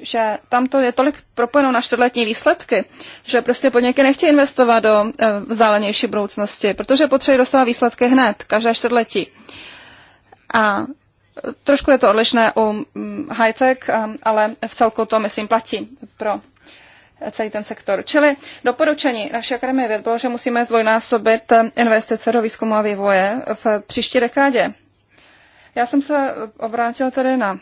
že tam to je tolik propojeno na čtvrtletní výsledky, že prostě podniky nechtějí investovat do eh, vzdálenější budoucnosti, protože potřebují dostávat výsledky hned, každé čtvrtletí. A trošku je to odlišné u mm, high-tech, eh, ale v celku to, myslím, platí pro eh, celý ten sektor. Čili doporučení naší akademie věd bylo, že musíme zdvojnásobit investice do výzkumu a vývoje v příští dekádě. Já jsem se obrátil tedy na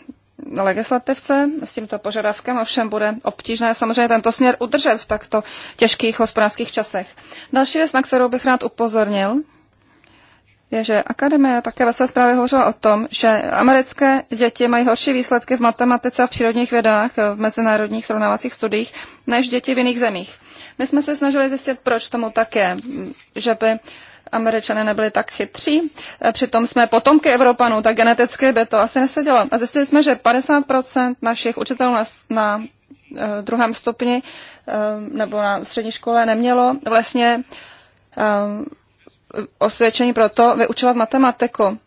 legislativce s tímto požadavkem, ovšem bude obtížné samozřejmě tento směr udržet v takto těžkých hospodářských časech. Další věc, na kterou bych rád upozornil, je, že akademie také ve své zprávě hovořila o tom, že americké děti mají horší výsledky v matematice a v přírodních vědách v mezinárodních srovnávacích studiích než děti v jiných zemích. My jsme se snažili zjistit, proč tomu tak je, že by Američané nebyli tak chytří. E, přitom jsme potomky Evropanů, tak geneticky by to asi nesedělo. A zjistili jsme, že 50% našich učitelů na, na e, druhém stupni e, nebo na střední škole nemělo vlastně osvědčení pro to vyučovat matematiku.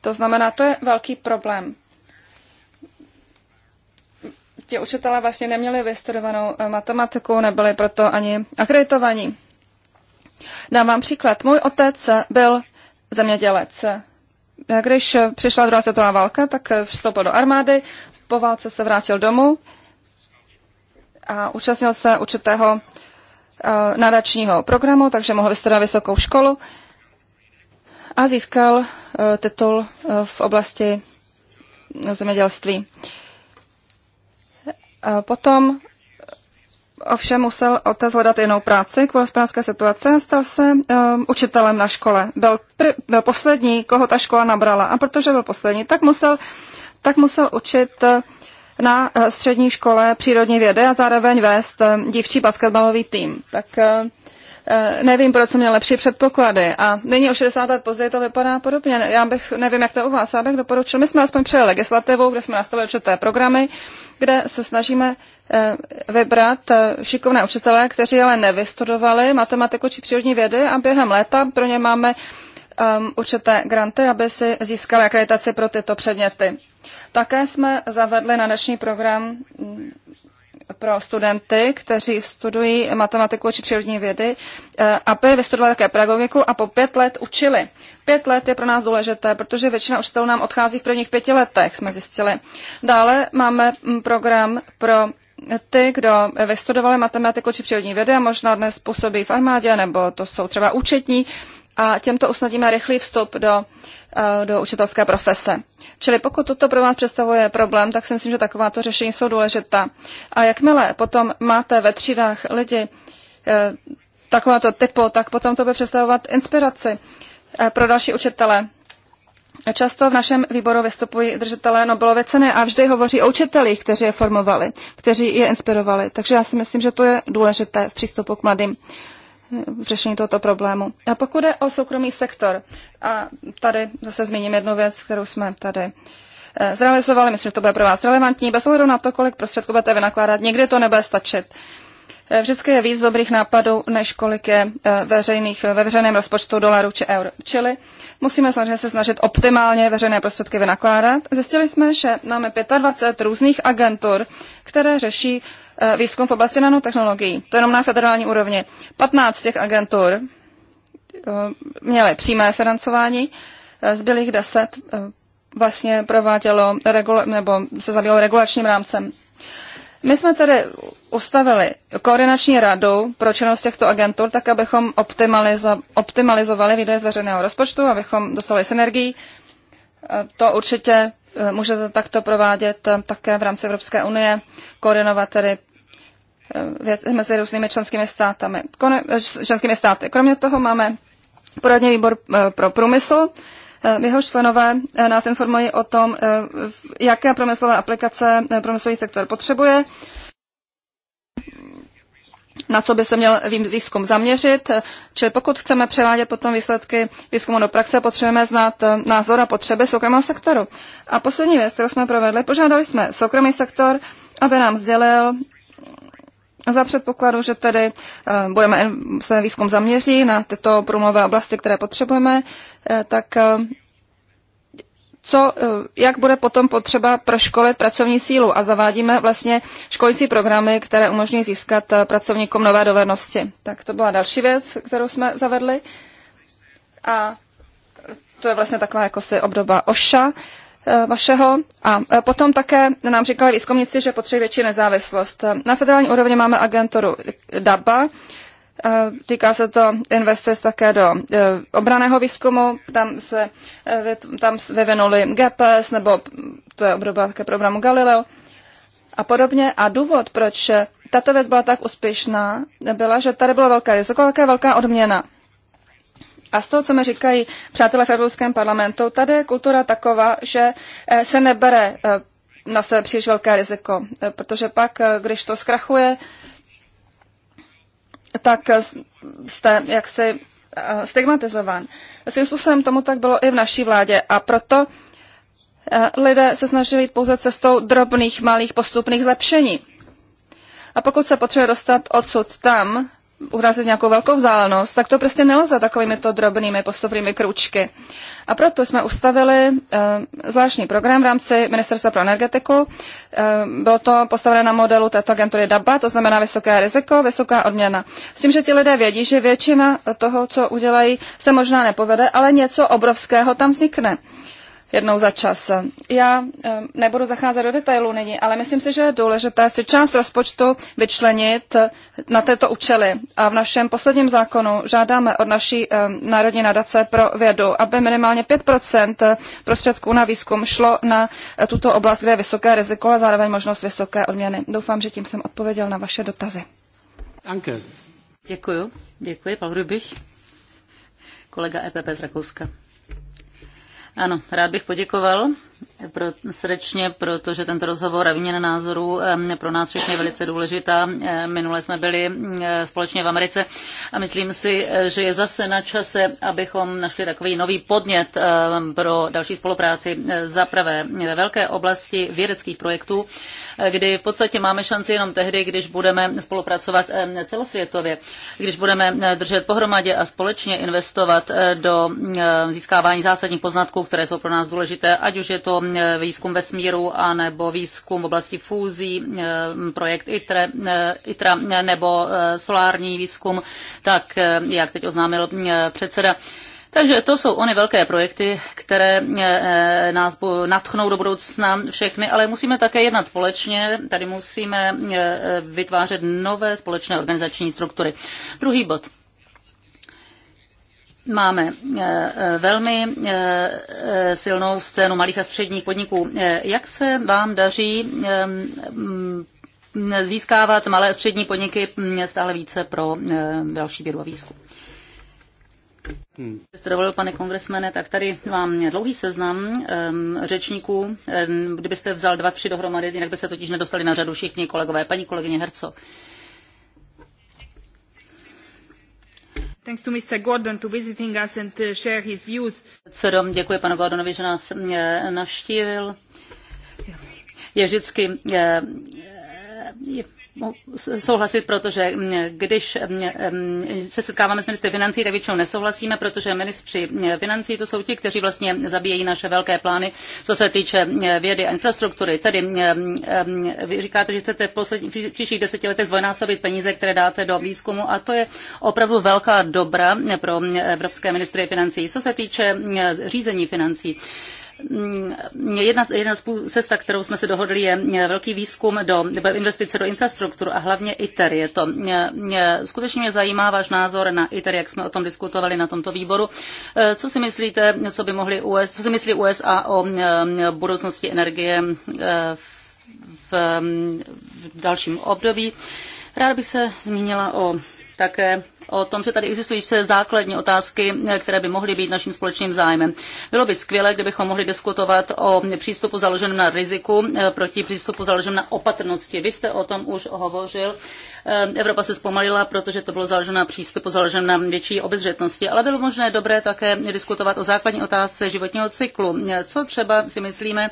To znamená, to je velký problém ti učitelé vlastně neměli vystudovanou eh, matematiku, nebyli proto ani akreditovaní. Dám vám příklad. Můj otec byl zemědělec. Eh, když přišla druhá světová válka, tak eh, vstoupil do armády, po válce se vrátil domů a účastnil se určitého nadačního programu, takže mohl vystudovat vysokou školu a získal titul v oblasti zemědělství. Potom ovšem musel otec hledat jinou práci kvůli hospodářské situaci a stal se um, učitelem na škole. Byl, pr- byl poslední, koho ta škola nabrala. A protože byl poslední, tak musel, tak musel učit uh, na uh, střední škole přírodní vědy a zároveň vést uh, dívčí basketbalový tým. Tak uh, Eh, nevím, proč jsem měl lepší předpoklady. A nyní o 60 let později to vypadá podobně. Já bych, nevím, jak to u vás, já bych doporučil. My jsme aspoň přijeli legislativu, kde jsme nastavili určité programy, kde se snažíme eh, vybrat eh, šikovné učitele, kteří ale nevystudovali matematiku či přírodní vědy a během léta pro ně máme um, určité granty, aby si získali akreditaci pro tyto předměty. Také jsme zavedli na dnešní program mm, pro studenty, kteří studují matematiku či přírodní vědy, eh, aby vystudovali také pedagogiku a po pět let učili. Pět let je pro nás důležité, protože většina učitelů nám odchází v prvních pěti letech, jsme zjistili. Dále máme mm, program pro ty, kdo vystudovali matematiku či přírodní vědy a možná dnes působí v armádě, nebo to jsou třeba účetní, a těmto usnadíme rychlý vstup do, eh, do učitelské profese. Čili pokud toto pro vás představuje problém, tak si myslím, že takováto řešení jsou důležitá. A jakmile potom máte ve třídách lidi eh, takovéto typu, tak potom to bude představovat inspiraci eh, pro další učitele. Často v našem výboru vystupují držitelé Nobelovy ceny a vždy hovoří o učitelích, kteří je formovali, kteří je inspirovali. Takže já si myslím, že to je důležité v přístupu k mladým v řešení tohoto problému. A pokud je o soukromý sektor, a tady zase zmíním jednu věc, kterou jsme tady eh, zrealizovali, myslím, že to bude pro vás relevantní, bez ohledu na to, kolik prostředků budete vynakládat, někdy to nebude stačit. Eh, vždycky je víc dobrých nápadů, než kolik je eh, veřejných, ve veřejném rozpočtu dolarů či eur. Čili musíme samozřejmě se snažit optimálně veřejné prostředky vynakládat. Zjistili jsme, že máme 25 různých agentur, které řeší Eh, výzkum v oblasti nanotechnologií. To je jenom na federální úrovni. 15 těch agentur eh, měly přímé financování, eh, zbylých 10 vlastně provádělo nebo se zabývalo regulačním rámcem. My jsme tedy ustavili koordinační radu pro činnost těchto agentur, tak abychom optimalizo- optimalizovali výdaje z veřejného rozpočtu, abychom dostali synergii. To určitě Eh, Může to takto provádět eh, také v rámci Evropské unie, koordinovat tedy eh, mezi různými členskými, státami, členskými státy. Kromě toho máme poradní výbor pro průmysl. Jeho členové nás informují o tom, jaké průmyslové aplikace průmyslový sektor potřebuje na co by se měl výzkum zaměřit. Čili pokud chceme převádět potom výsledky výzkumu do praxe, potřebujeme znát eh, názor a potřeby soukromého sektoru. A poslední věc, kterou jsme provedli, požádali jsme soukromý sektor, aby nám sdělil mm, za předpokladu, že tedy eh, budeme eh, se výzkum zaměří na tyto průmové oblasti, které potřebujeme, tak co, eh, jak bude potom potřeba proškolit pracovní sílu a zavádíme vlastně školící programy, které umožní získat eh, pracovníkům nové dovednosti. Tak to byla další věc, kterou jsme zavedli. A to je vlastně taková jako si obdoba OŠA eh, vašeho. A potom také nám říkali výzkumníci, že potřebuje větší nezávislost. Na federální úrovni máme agenturu DABA, Eh, týká se to investic také do eh, obraného výzkumu. Tam se eh, tam vyvinuli GPS, nebo to je obdoba také programu Galileo a podobně. A důvod, proč tato věc byla tak úspěšná, byla, že tady bylo velké riziko, velká, velká odměna. A z toho, co mi říkají přátelé v Evropském parlamentu, tady je kultura taková, že se nebere na sebe příliš velké riziko, protože pak, když to zkrachuje, tak eh, jste jaksi eh, stigmatizován. Svým způsobem tomu tak bylo i v naší vládě a proto eh, lidé se snažili jít pouze cestou drobných, malých, postupných zlepšení. A pokud se potřebuje dostat odsud tam, urazit nějakou velkou vzdálenost, tak to prostě nelze takovými to drobnými postupnými kručky. A proto jsme ustavili e, zvláštní program v rámci Ministerstva pro energetiku. E, bylo to postavené na modelu této agentury DABA, to znamená vysoké riziko, vysoká odměna. S tím, že ti lidé vědí, že většina toho, co udělají, se možná nepovede, ale něco obrovského tam vznikne jednou za čas. Já eh, nebudu zacházet do detailů nyní, ale myslím si, že je důležité si část rozpočtu vyčlenit eh, na této účely. A v našem posledním zákonu žádáme od naší eh, Národní nadace pro vědu, aby minimálně 5 prostředků na výzkum šlo na tuto oblast, kde je vysoké riziko a zároveň možnost vysoké odměny. Doufám, že tím jsem odpověděl na vaše dotazy. Anke. Děkuji. Děkuji, Pavel Rybich, kolega EPP z Rakouska. Ano, rád bych poděkoval pro, srdečně, protože tento rozhovor a výměna názorů pro nás všechny je velice důležitá. Minule jsme byli společně v Americe a myslím si, že je zase na čase, abychom našli takový nový podnět pro další spolupráci e, za prvé ve velké oblasti vědeckých projektů, e, kdy v podstatě máme šanci jenom tehdy, když budeme spolupracovat celosvětově, když budeme držet pohromadě a společně investovat e, do získávání zásadních poznatků, které jsou pro nás důležité, ať už je to E, výzkum vesmíru a nebo výzkum v oblasti fúzí, e, projekt ITRE, e, ITRA nebo solární výzkum, tak jak teď oznámil předseda. Takže to jsou ony velké projekty, které nás natchnou do budoucna všechny, ale musíme také jednat společně. Tady musíme vytvářet nové společné organizační struktury. Druhý bod máme eh, eh, velmi eh, silnou scénu malých a středních podniků. Jak se vám daří získávat malé a střední podniky hm, stále více pro další vědu a výzkum? Hmm. Jste dovolil, pane kongresmene, tak tady vám dlouhý seznam um, řečníků. Um, kdybyste vzal dva, tři dohromady, jinak by se totiž nedostali na řadu všichni kolegové. Paní kolegyně Herco. Uh, Thanks to Mr. Gordon to visiting us and to uh, share his views. děkuji panu Gordonovi, že nás uh, navštívil. Je vždycky uh, je, je, souhlasit, protože mm, když mm, mm, se setkáváme s ministry financí, tak většinou nesouhlasíme, protože ministři financí to jsou ti, kteří vlastně zabíjejí naše velké plány, co se týče vědy a infrastruktury. Tedy vy říkáte, že chcete v, příštích deseti letech zvojnásobit peníze, které dáte do výzkumu a to je opravdu velká dobra pro evropské ministry financí. Co se týče řízení financí, Jedna, mm, jedna z cesta, kterou jsme se dohodli, je mm, velký výzkum do investice do infrastruktur a hlavně ITER. Je to. Mě, mm, mě, skutečně mě zajímá váš názor na ITER, jak jsme o tom diskutovali na tomto výboru. E, co si myslíte, co by mohli US, co si myslí USA o budoucnosti energie e, v, v dalším období? Rád bych se zmínila o také o tom, že tady existují základní otázky, které by mohly být naším společným zájmem. Bylo by skvělé, kdybychom mohli diskutovat o přístupu založeném na riziku eh, proti přístupu založeném na opatrnosti. Vy jste o tom už hovořil Eh, Evropa se zpomalila, protože to bylo založeno na přístupu založen na větší obezřetnosti, ale bylo možné dobré také diskutovat o základní otázce životního cyklu. Co třeba si myslíme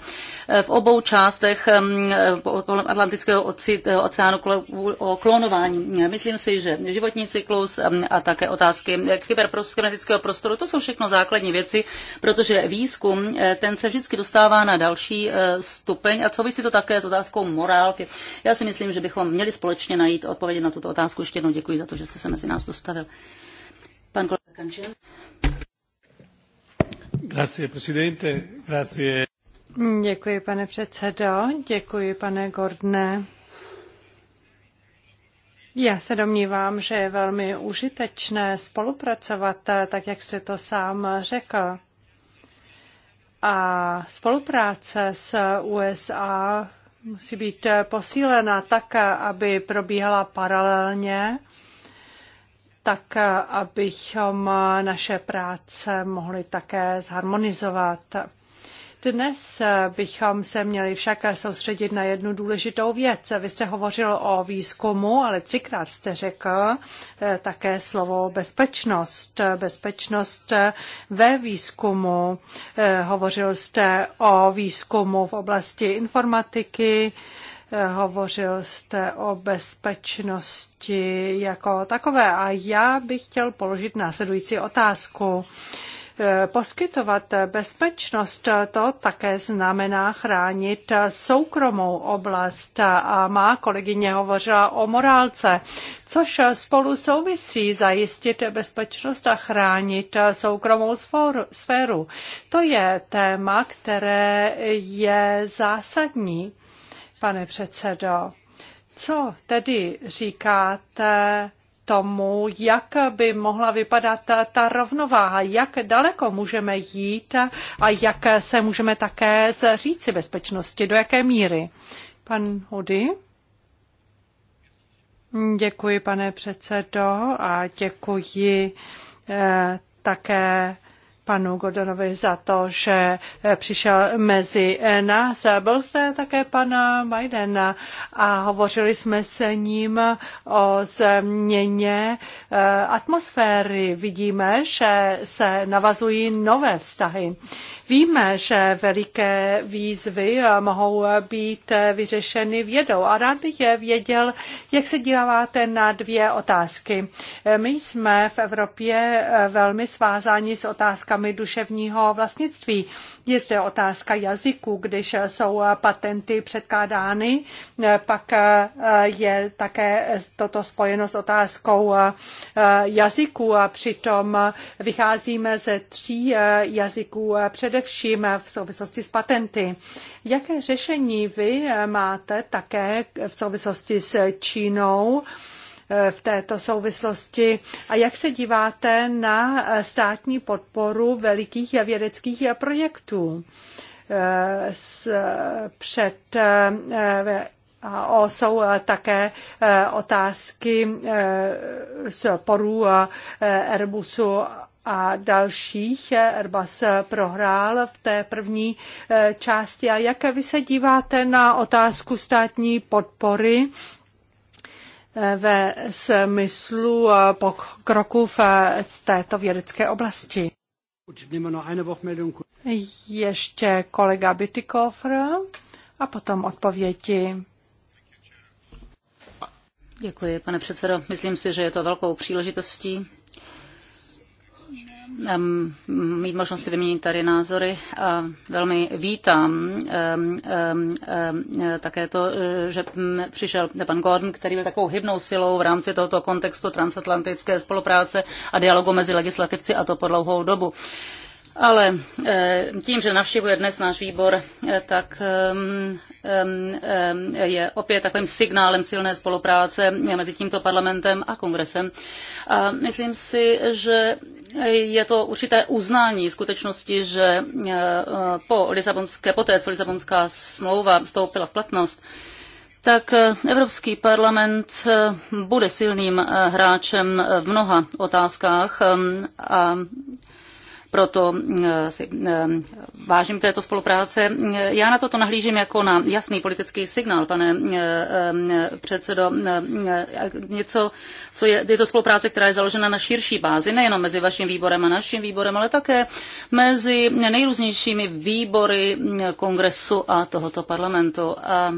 eh, v obou částech kolem Atlantického eh, oceánu o klonování. Myslím si, že životní cyklus a také otázky kyberproskratického prostoru, to jsou všechno základní věci, protože výzkum, ten se vždycky dostává na další stupeň a souvisí to také s otázkou morálky. Já si myslím, že bychom měli společně najít odpověď odpovědět na tuto otázku. Ještě jednou děkuji za to, že jste se mezi nás dostavil. Pan kolega Kančen. Grazie, presidente. Grazie. Děkuji, pane předsedo. Děkuji, pane Gordne. Já se domnívám, že je velmi užitečné spolupracovat, eh, tak jak jste to sám řekl. A spolupráce s USA musí být eh, posílena tak, eh, aby probíhala paralelně, tak, eh, abychom naše práce mohli také zharmonizovat. Dnes bychom se měli však soustředit na jednu důležitou věc. Vy jste hovořil o výzkumu, ale třikrát jste řekl eh, také slovo bezpečnost. Bezpečnost ve výzkumu. Eh, hovořil jste o výzkumu v oblasti informatiky, eh, hovořil jste o bezpečnosti jako takové. A já bych chtěl položit následující otázku. Eh, poskytovat bezpečnost to také znamená chránit soukromou oblast a má kolegyně hovořila o morálce, což spolu souvisí zajistit bezpečnost a chránit soukromou sféru. To je téma, které je zásadní, pane předsedo. Co tedy říkáte tomu, jak by mohla vypadat ta rovnováha, jak daleko můžeme jít a jak se můžeme také zříci bezpečnosti, do jaké míry. Pan Hudy. Děkuji, pane předsedo, a děkuji eh, také panu Gordonovi za to, že eh, přišel mezi eh, nás. Byl zde také pan Biden a hovořili jsme s ním o změně eh, atmosféry. Vidíme, že se navazují nové vztahy. Víme, že veliké výzvy eh, mohou eh, být eh, vyřešeny vědou a rád bych je věděl, jak se díváte na dvě otázky. My jsme v Evropě velmi svázáni s otázkami duševního vlastnictví. Je zde otázka jazyku, když jsou patenty předkládány, pak je také toto spojeno s otázkou jazyku a přitom vycházíme ze tří jazyků před především v souvislosti s patenty. Jaké řešení vy eh, máte také v souvislosti s Čínou? Eh, v této souvislosti. A jak se díváte na eh, státní podporu velikých vědeckých projektů? s Před O, jsou také otázky porů Airbusu a dalších Airbus prohrál v té první eh, části. A jak vy se díváte na otázku státní podpory eh, ve smyslu eh, pokroku v této vědecké oblasti? Ještě kolega Bytykofr a potom odpovědi. Děkuji, pane předsedo. Myslím si, že je to velkou příležitostí mít možnost si vyměnit tady názory a velmi vítám také to, že přišel pan Gordon, který byl takovou hybnou silou v rámci tohoto kontextu transatlantické spolupráce a dialogu mezi legislativci a to po dlouhou dobu ale eh, tím, že navštěvuje dnes náš výbor, eh, tak eh, mm, mm, je opět takovým signálem silné spolupráce mezi tímto parlamentem a kongresem. A myslím si, že je to určité uznání skutečnosti, že po Lisabonské, poté, co Lisabonská smlouva vstoupila v platnost, tak Evropský parlament bude silným hráčem v mnoha otázkách a proto eh, si eh, vážím této spolupráce. Já na toto nahlížím jako na jasný politický signál, pane eh, předsedo. Něco, co je, je to spolupráce, která je založena na širší bázi, nejenom mezi vaším výborem a naším výborem, ale také mezi nejrůznějšími výbory mm, kongresu a tohoto parlamentu. A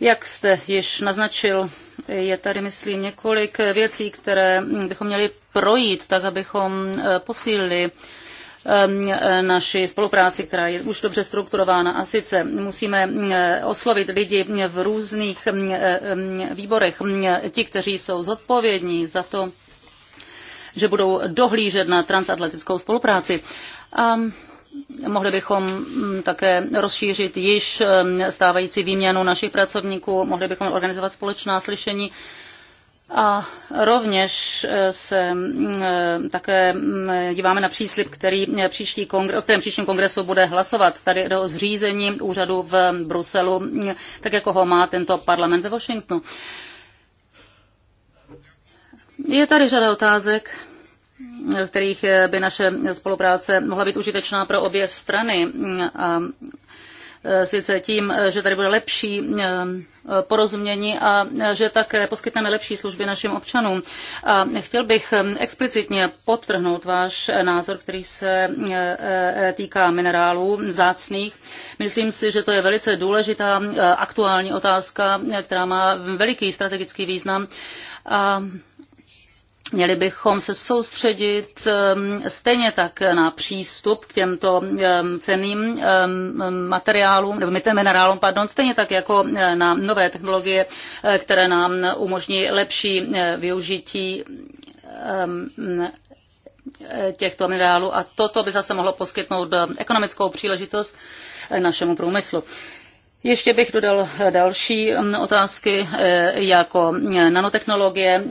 jak jste již naznačil, je tady, myslím, několik věcí, které bychom měli projít, tak abychom eh, posílili ehm, eh, naši spolupráci, která je už dobře strukturována. A sice musíme eh, oslovit lidi v různých ehm, ehm, výborech, ti, kteří jsou zodpovědní za to, že budou dohlížet na transatlantickou spolupráci. A Mohli bychom mm, také rozšířit již mm, stávající výměnu našich pracovníků, mohli bychom organizovat společná slyšení. A rovněž eh, se mm, eh, také díváme na příslip, který eh, příští kongre, o kterém příštím kongresu bude hlasovat. Tady jde o zřízení úřadu v Bruselu, tak jako ho má tento parlament ve Washingtonu. Je tady řada otázek, v kterých eh, by naše spolupráce mohla být užitečná pro obě strany. A eh, sice tím, eh, že tady bude lepší porozumění a že také poskytneme lepší služby našim občanům. A chtěl bych explicitně podtrhnout váš názor, který se týká minerálů vzácných. Myslím si, že to je velice důležitá aktuální otázka, která má veliký strategický význam. A Měli bychom se soustředit stejně tak na přístup k těmto ceným materiálům, nebo minerálům, pardon, stejně tak jako e, na nové technologie, e, které nám umožní lepší e, využití těchto minerálů a toto by zase mohlo poskytnout ekonomickou příležitost našemu průmyslu. Ještě bych dodal další otázky jako nanotechnologie,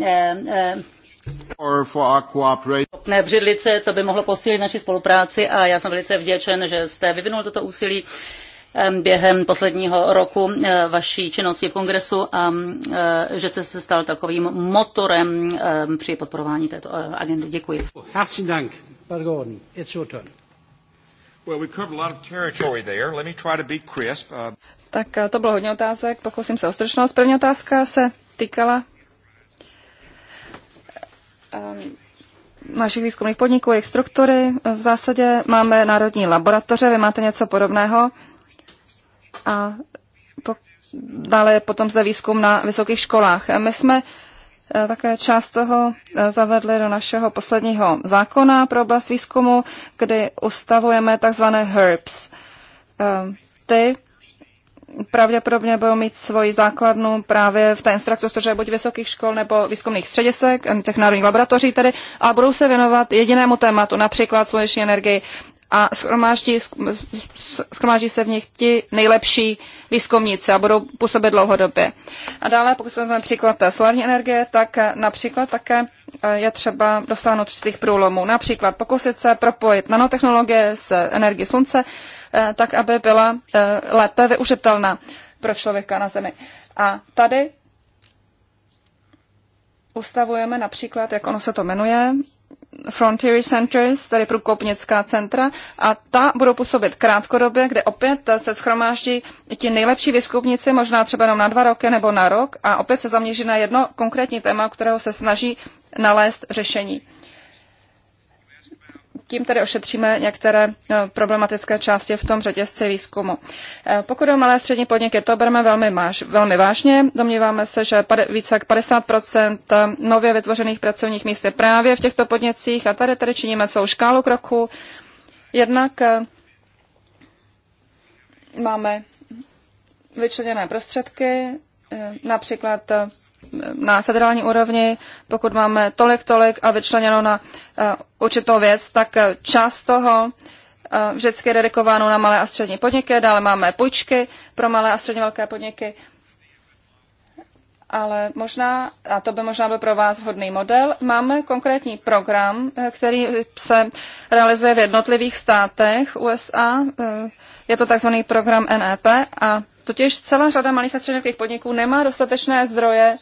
ne, břidlice, to by mohlo posílit naši spolupráci a já jsem velice vděčen, že jste vyvinul toto úsilí během posledního roku eh, vaší činnosti v kongresu a eh, že jste se stal takovým motorem při podporování této eh, agendy. Děkuji. to uh, Tak to bylo hodně otázek, pokusím se o stručnost. První otázka se týkala Ehm, našich výzkumných podniků, jejich struktury. V zásadě máme národní laboratoře, vy máte něco podobného. A po, dále je potom zde výzkum na vysokých školách. My jsme eh, také část toho eh, zavedli do našeho posledního zákona pro oblast výzkumu, kdy ustavujeme tzv. HERBS. Ehm, ty pravděpodobně budou mít svoji základnu právě v té infrastruktuře buď vysokých škol nebo výzkumných středisek, těch národních laboratoří tedy, a budou se věnovat jedinému tématu, například sluneční energii a schromáždí, schromáždí se v nich ti nejlepší výzkumníci a budou působit dlouhodobě. A dále, pokud se příklad solární energie, tak například také eh, je třeba dosáhnout těch průlomů. Například pokusit se propojit nanotechnologie s energií slunce, eh, tak aby byla eh, lépe využitelná pro člověka na Zemi. A tady ustavujeme například, jak ono se to jmenuje, Frontier Centers, tedy průkopnická centra, a ta budou působit krátkodobě, kde opět se schromáždí ti nejlepší výzkumníci, možná třeba jenom na dva roky nebo na rok, a opět se zaměří na jedno konkrétní téma, kterého se snaží nalézt řešení. Tím tedy ošetříme některé eh, problematické části v tom řetězci výzkumu. Eh, pokud o malé střední podniky, to bereme velmi, máž velmi vážně. Domníváme se, že více jak 50 nově vytvořených pracovních míst je právě v těchto podnicích a tady tedy činíme celou škálu kroků. Jednak eh, máme vyčleněné prostředky, například na federální úrovni, pokud máme tolik, tolik a vyčleněno na eh, určitou věc, tak eh, část toho eh, vždycky je dedikováno na malé a střední podniky, dále máme půjčky pro malé a středně velké podniky, ale možná, a to by možná byl pro vás hodný model, máme konkrétní program, který se realizuje v jednotlivých státech USA. Je to takzvaný program NEP a totiž celá řada malých a středních podniků nemá dostatečné zdroje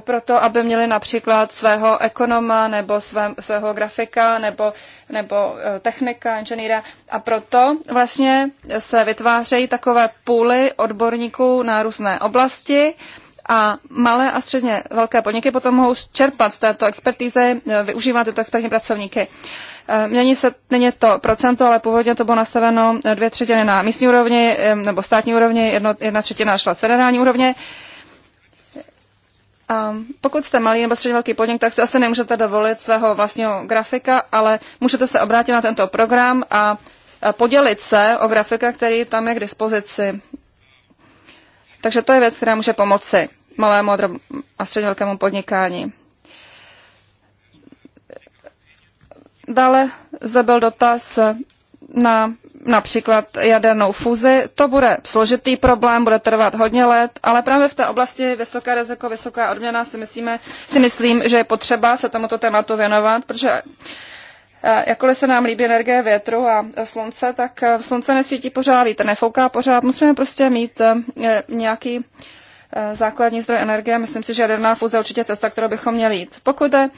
proto, aby měli například svého ekonoma nebo své, svého grafika nebo, nebo eh, technika, inženýra. A proto vlastně se vytvářejí takové půly odborníků na různé oblasti a malé a středně velké podniky potom mohou čerpat z této expertízy, eh, využívat tyto expertní pracovníky. Eh, mění se, není to procento, ale původně to bylo nastaveno dvě třetiny na místní úrovni nebo státní úrovni, jedno, jedna třetina šla z federální úrovně pokud jste malý nebo středně velký podnik, tak si asi nemůžete dovolit svého vlastního grafika, ale můžete se obrátit na tento program a podělit se o grafika, který tam je k dispozici. Takže to je věc, která může pomoci malému a středně velkému podnikání. Dále zde byl dotaz na například jadernou fuzi. To bude složitý problém, bude trvat hodně let, ale právě v té oblasti vysoké riziko, vysoká odměna si, myslíme, si myslím, že je potřeba se tomuto tématu věnovat, protože eh, jakkoliv se nám líbí energie větru a slunce, tak eh, slunce nesvítí pořád, vítr nefouká pořád, musíme prostě mít eh, nějaký základní zdroj energie. Myslím si, že jaderná fúze určitě cesta, kterou bychom měli jít. Pokud jde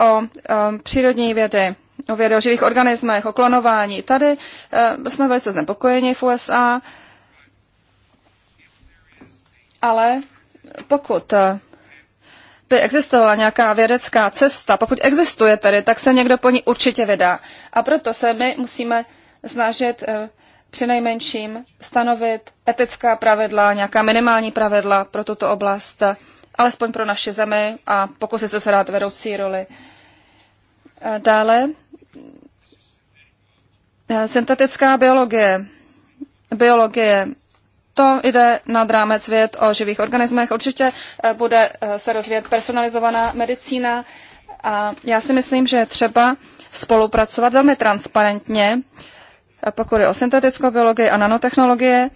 o přírodní vědy, o vědě o živých organismech, o klonování. Tady eh, jsme velice znepokojeni v USA, ale pokud eh, by existovala nějaká vědecká cesta, pokud existuje tedy, tak se někdo po ní určitě vydá. A proto se my musíme snažit eh, přinejmenším stanovit etická pravidla, nějaká minimální pravidla pro tuto oblast, alespoň pro naše zemi a pokusit se hrát vedoucí roli. Dále Eh, syntetická biologie, biologie, to jde nad rámec věd o živých organismech. Určitě eh, bude eh, se rozvíjet personalizovaná medicína a já si myslím, že je třeba spolupracovat velmi transparentně, pokud je o syntetickou biologii a nanotechnologie,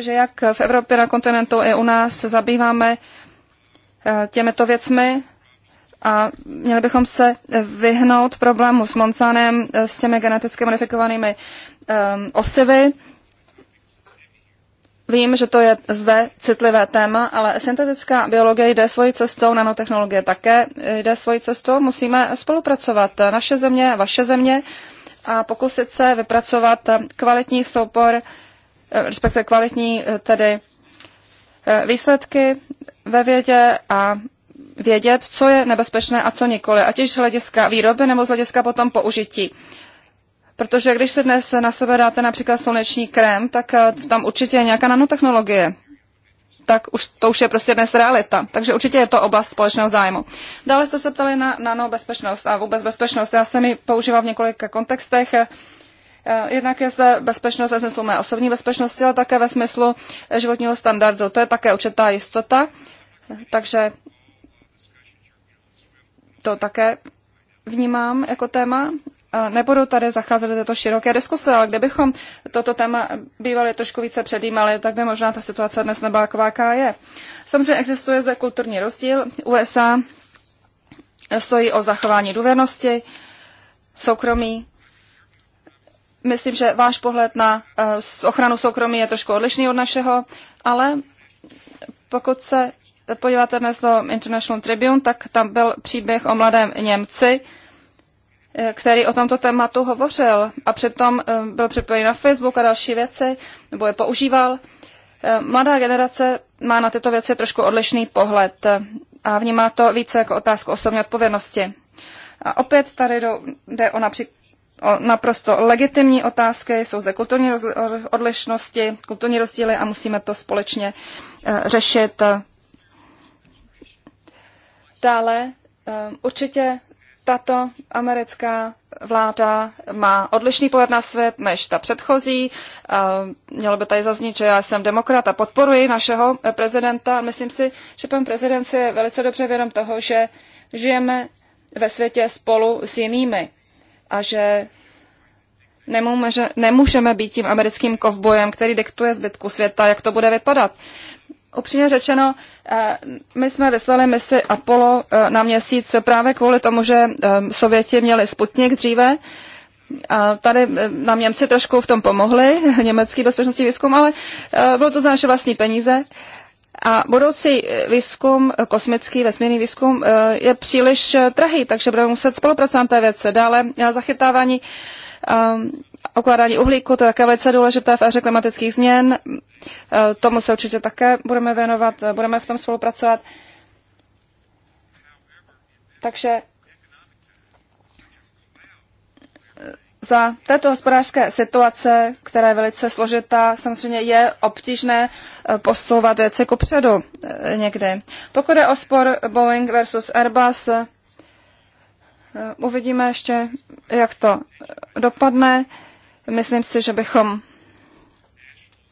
že jak v Evropě na kontinentu i u nás se zabýváme těmito věcmi a měli bychom se vyhnout problému s Monsanem, eh, s těmi geneticky modifikovanými um, osivy. Vím, že to je zde citlivé téma, ale syntetická biologie jde svojí cestou, nanotechnologie také eh, jde svojí cestou. Musíme spolupracovat, eh, naše země, vaše země, a pokusit se vypracovat kvalitní soubor, respektive kvalitní tedy výsledky ve vědě a vědět, co je nebezpečné a co nikoli, ať už z hlediska výroby nebo z hlediska potom použití. Protože když se dnes na sebe dáte například sluneční krém, tak eh, tam určitě je nějaká nanotechnologie. Tak už, to už je prostě dnes realita. Takže určitě je to oblast společného zájmu. Dále jste se ptali na nanobezpečnost a vůbec bezpečnost. Já jsem ji používal v několika kontextech. Eh, Jednak je zde bezpečnost ve smyslu mé osobní bezpečnosti, ale také ve smyslu životního standardu. To je také určitá jistota. Takže to také vnímám jako téma. Nebudu tady zacházet do této široké diskuse, ale kdybychom toto téma bývali trošku více předjímali, tak by možná ta situace dnes nebyla taková, jaká je. Samozřejmě existuje zde kulturní rozdíl. USA stojí o zachování důvěrnosti, soukromí. Myslím, že váš pohled na eh, ochranu soukromí je trošku odlišný od našeho, ale pokud se podíváte dnes do International Tribune, tak tam byl příběh o mladém Němci, eh, který o tomto tématu hovořil a přitom eh, byl připojen na Facebook a další věci, nebo je používal. Eh, Mladá generace má na tyto věci trošku odlišný pohled a vnímá to více jako otázku osobní odpovědnosti. A opět tady jde o, napří, o naprosto legitimní otázky, jsou zde kulturní odlišnosti, kulturní rozdíly a musíme to společně řešit Dále ehm, určitě tato americká vláda má odlišný pohled na svět než ta předchozí. Ehm, mělo by tady zaznít, že já jsem demokrat a podporuji našeho eh, prezidenta. Myslím si, že pan prezident si je velice dobře vědom toho, že žijeme ve světě spolu s jinými a že nemůže, nemůžeme být tím americkým kovbojem, který diktuje zbytku světa, jak to bude vypadat upřímně řečeno, eh, my jsme vyslali misi Apollo eh, na měsíc právě kvůli tomu, že eh, Sověti měli Sputnik dříve. A tady nám Němci trošku v tom pomohli, německý bezpečnostní výzkum, ale bylo to za naše vlastní peníze. A budoucí výzkum, kosmický vesmírný výzkum, je příliš trahý, takže budeme muset spolupracovat na té věci. Dále zachytávání okládání uhlíku, to je také velice důležité v éře klimatických změn. E, tomu se určitě také budeme věnovat, e, budeme v tom spolupracovat. Takže e, za této hospodářské situace, která je velice složitá, samozřejmě je obtížné posouvat věci ku předu někdy. Pokud je o spor Boeing versus Airbus, uvidíme ještě, jak to dopadne. Myslím si, že bychom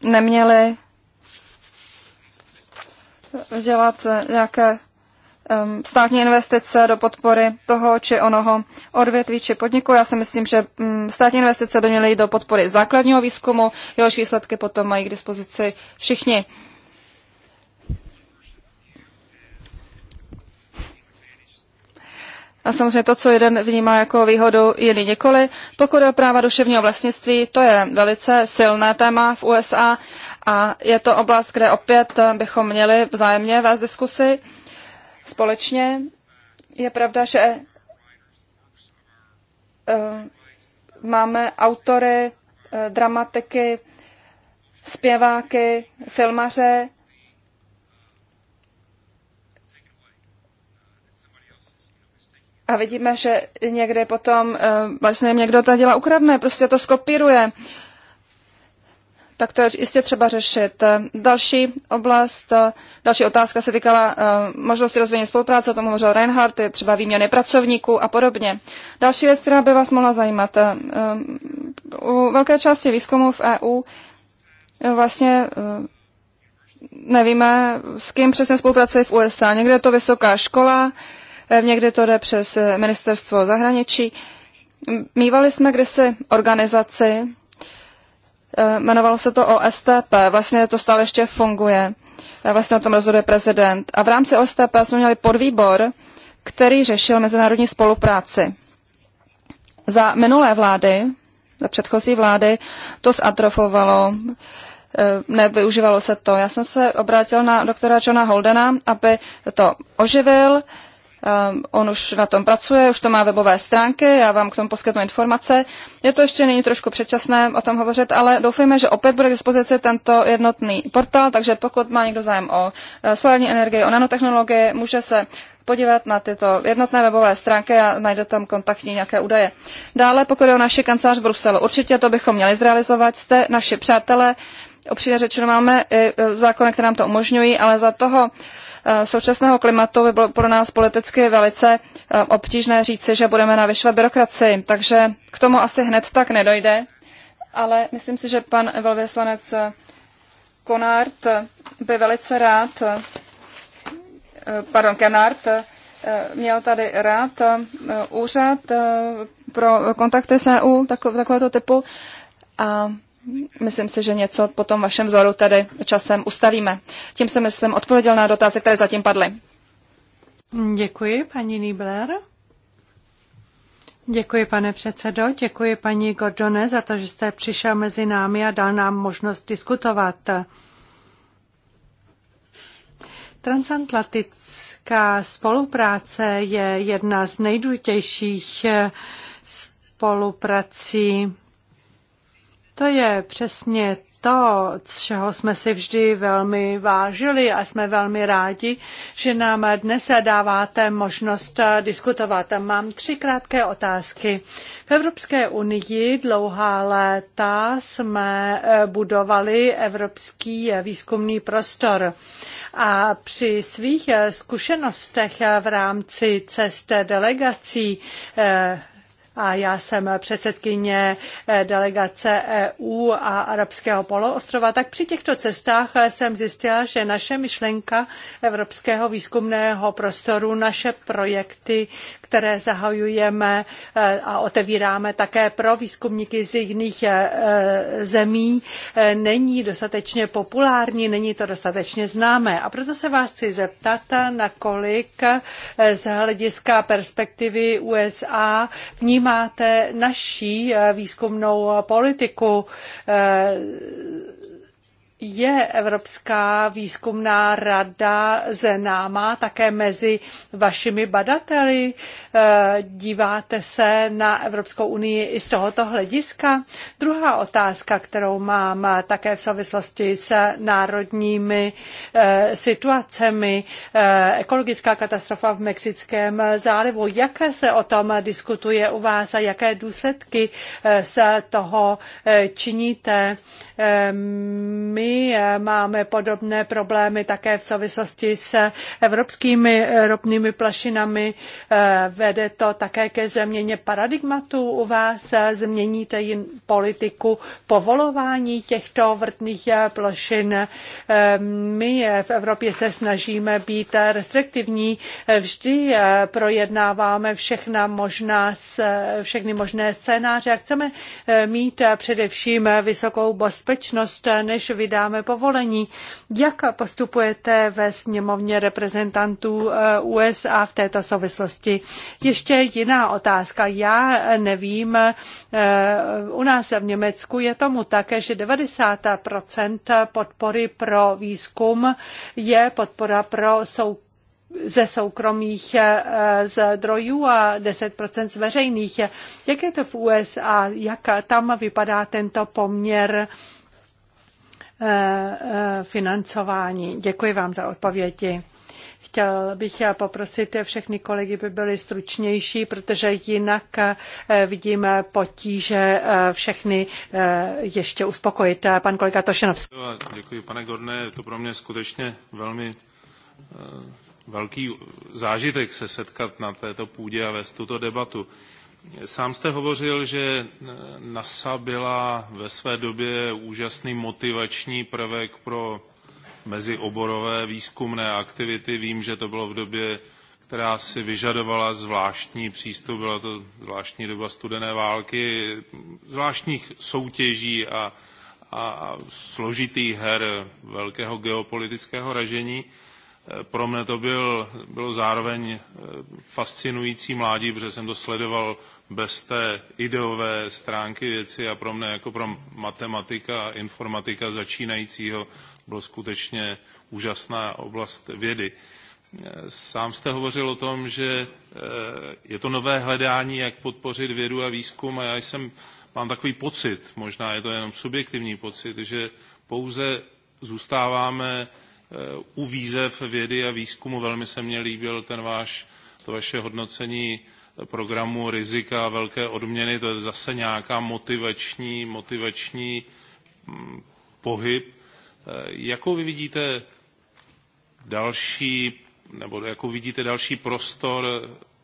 neměli dělat nějaké státní investice do podpory toho či onoho odvětví či podniku. Já si myslím, že mm, státní investice by měly jít do podpory základního výzkumu, jehož výsledky potom mají k dispozici všichni. A samozřejmě to, co jeden vnímá jako výhodu, jiný nikoli. Pokud je o práva duševního vlastnictví, to je velice silné téma v USA a je to oblast, kde opět bychom měli vzájemně vést diskusy společně. Je pravda, že eh, máme autory, eh, dramatiky, zpěváky, filmaře, A vidíme, že někde potom eh, vlastně někdo to dělá ukradne, prostě to skopíruje. Tak to je jistě třeba řešit. Další oblast, eh, další otázka se týkala eh, možnosti rozvíjení spolupráce, o tom hovořil Reinhardt, třeba výměny pracovníků a podobně. Další věc, která by vás mohla zajímat. U velké části výzkumu v EU vlastně nevíme, s kým přesně spolupracuje v USA. Někde je to vysoká škola, Eh, někdy to jde přes eh, ministerstvo zahraničí. Mývali jsme kdysi organizaci, eh, jmenovalo se to OSTP, vlastně to stále ještě funguje, vlastně o tom rozhoduje prezident. A v rámci OSTP jsme měli podvýbor, který řešil mezinárodní spolupráci. Za minulé vlády, za předchozí vlády, to zatrofovalo, nevyužívalo se to. Já jsem se obrátil na doktora Johna Holdena, aby to oživil, Ehm, on už na tom pracuje, už to má webové stránky, já vám k tomu poskytnu informace. Je to ještě nyní trošku předčasné o tom hovořit, ale doufejme, že opět bude k dispozici tento jednotný portál, takže pokud má někdo zájem o eh, solární energii, o nanotechnologie, může se podívat na tyto jednotné webové stránky a najde tam kontaktní nějaké údaje. Dále, pokud je o naši kancelář v Bruselu, určitě to bychom měli zrealizovat. Jste naši přátelé, Opřímně řečeno máme i e, zákony, které nám to umožňují, ale za toho e, současného klimatu by bylo pro nás politicky velice e, obtížné říci, že budeme navyšovat byrokracii. Takže k tomu asi hned tak nedojde, ale myslím si, že pan velvyslanec Konard by velice rád, pardon, Kenard, měl tady rád úřad pro kontakty s EU, takovéto typu. A myslím si, že něco po tom vašem vzoru tady časem ustavíme. Tím se, myslím, odpověděl na dotazy, které zatím padly. Děkuji, paní Nibler. Děkuji, pane předsedo. Děkuji, paní Gordone, za to, že jste přišel mezi námi a dal nám možnost diskutovat. Transatlantická spolupráce je jedna z nejdůležitějších spoluprací to je přesně to, čeho jsme si vždy velmi vážili a jsme velmi rádi, že nám dnes dáváte možnost diskutovat. Mám tři krátké otázky. V Evropské unii dlouhá léta jsme eh, budovali evropský eh, výzkumný prostor a při svých eh, zkušenostech v rámci cest delegací a já jsem předsedkyně eh, delegace EU a Arabského poloostrova, tak při těchto cestách eh, jsem zjistila, že naše myšlenka Evropského výzkumného prostoru, naše projekty, které zahajujeme eh, a otevíráme také pro výzkumníky z jiných zemí, není dostatečně populární, není to dostatečně známé. A proto se vás chci zeptat, nakolik z hlediska perspektivy USA vnímá vnímáte naší eh, výzkumnou eh, politiku eh, je Evropská výzkumná rada známá také mezi vašimi badateli? Eh, díváte se na Evropskou unii i z tohoto hlediska? Druhá otázka, kterou mám také v souvislosti s národními eh, situacemi. Eh, ekologická katastrofa v Mexickém zálivu. Jak se o tom diskutuje u vás a jaké důsledky se toho činíte? My Eh, máme podobné problémy také v souvislosti s evropskými ropnými plašinami. Eh, vede to také ke změně paradigmatu u vás? Změníte jim politiku povolování těchto vrtných eh, plošin? My v Evropě se snažíme být restriktivní. Vždy projednáváme všechna možná, všechny možné scénáře a chceme mít především vysokou bezpečnost, než vydáváme dáme povolení. Jak postupujete ve sněmovně reprezentantů eh, USA v této souvislosti? Ještě jiná otázka. Já nevím, eh, u nás v Německu je tomu tak, že 90 podpory pro výzkum je podpora pro sou ze soukromých eh, zdrojů a 10% z veřejných. Jak je to v USA? Jak tam vypadá tento poměr Eh, eh, financování. Děkuji vám za odpovědi. Chtěl bych poprosit všechny kolegy, by byly stručnější, protože jinak eh, vidím potíže všechny ještě uspokojit. Pan kolega Tošenovský. No děkuji, pane Je To pro mě skutečně velmi velký zážitek se setkat na této půdě a vést tuto debatu. Sám jste hovořil, že NASA byla ve své době úžasný motivační prvek pro mezioborové výzkumné aktivity. Vím, že to bylo v době, která si vyžadovala zvláštní přístup, byla to zvláštní doba studené války, zvláštních soutěží a, a složitých her velkého geopolitického ražení. Pro mne to byl, bylo zároveň eh, fascinující mládí, protože jsem to sledoval bez té ideové stránky věci a pro mne jako pro matematika a informatika začínajícího bylo skutečně úžasná oblast vědy. Eh, sám jste hovořil o tom, že eh, je to nové hledání, jak podpořit vědu a výzkum a já jsem, mám takový pocit, možná je to jenom subjektivní pocit, že pouze zůstáváme Eh, u výzev vědy a výzkumu. Velmi se mně líbil ten váš, to vaše hodnocení programu rizika a velké odměny. To je zase nějaká motivační, motivační hm, pohyb. Eh, jakou vy vidíte další, nebo jako vidíte další prostor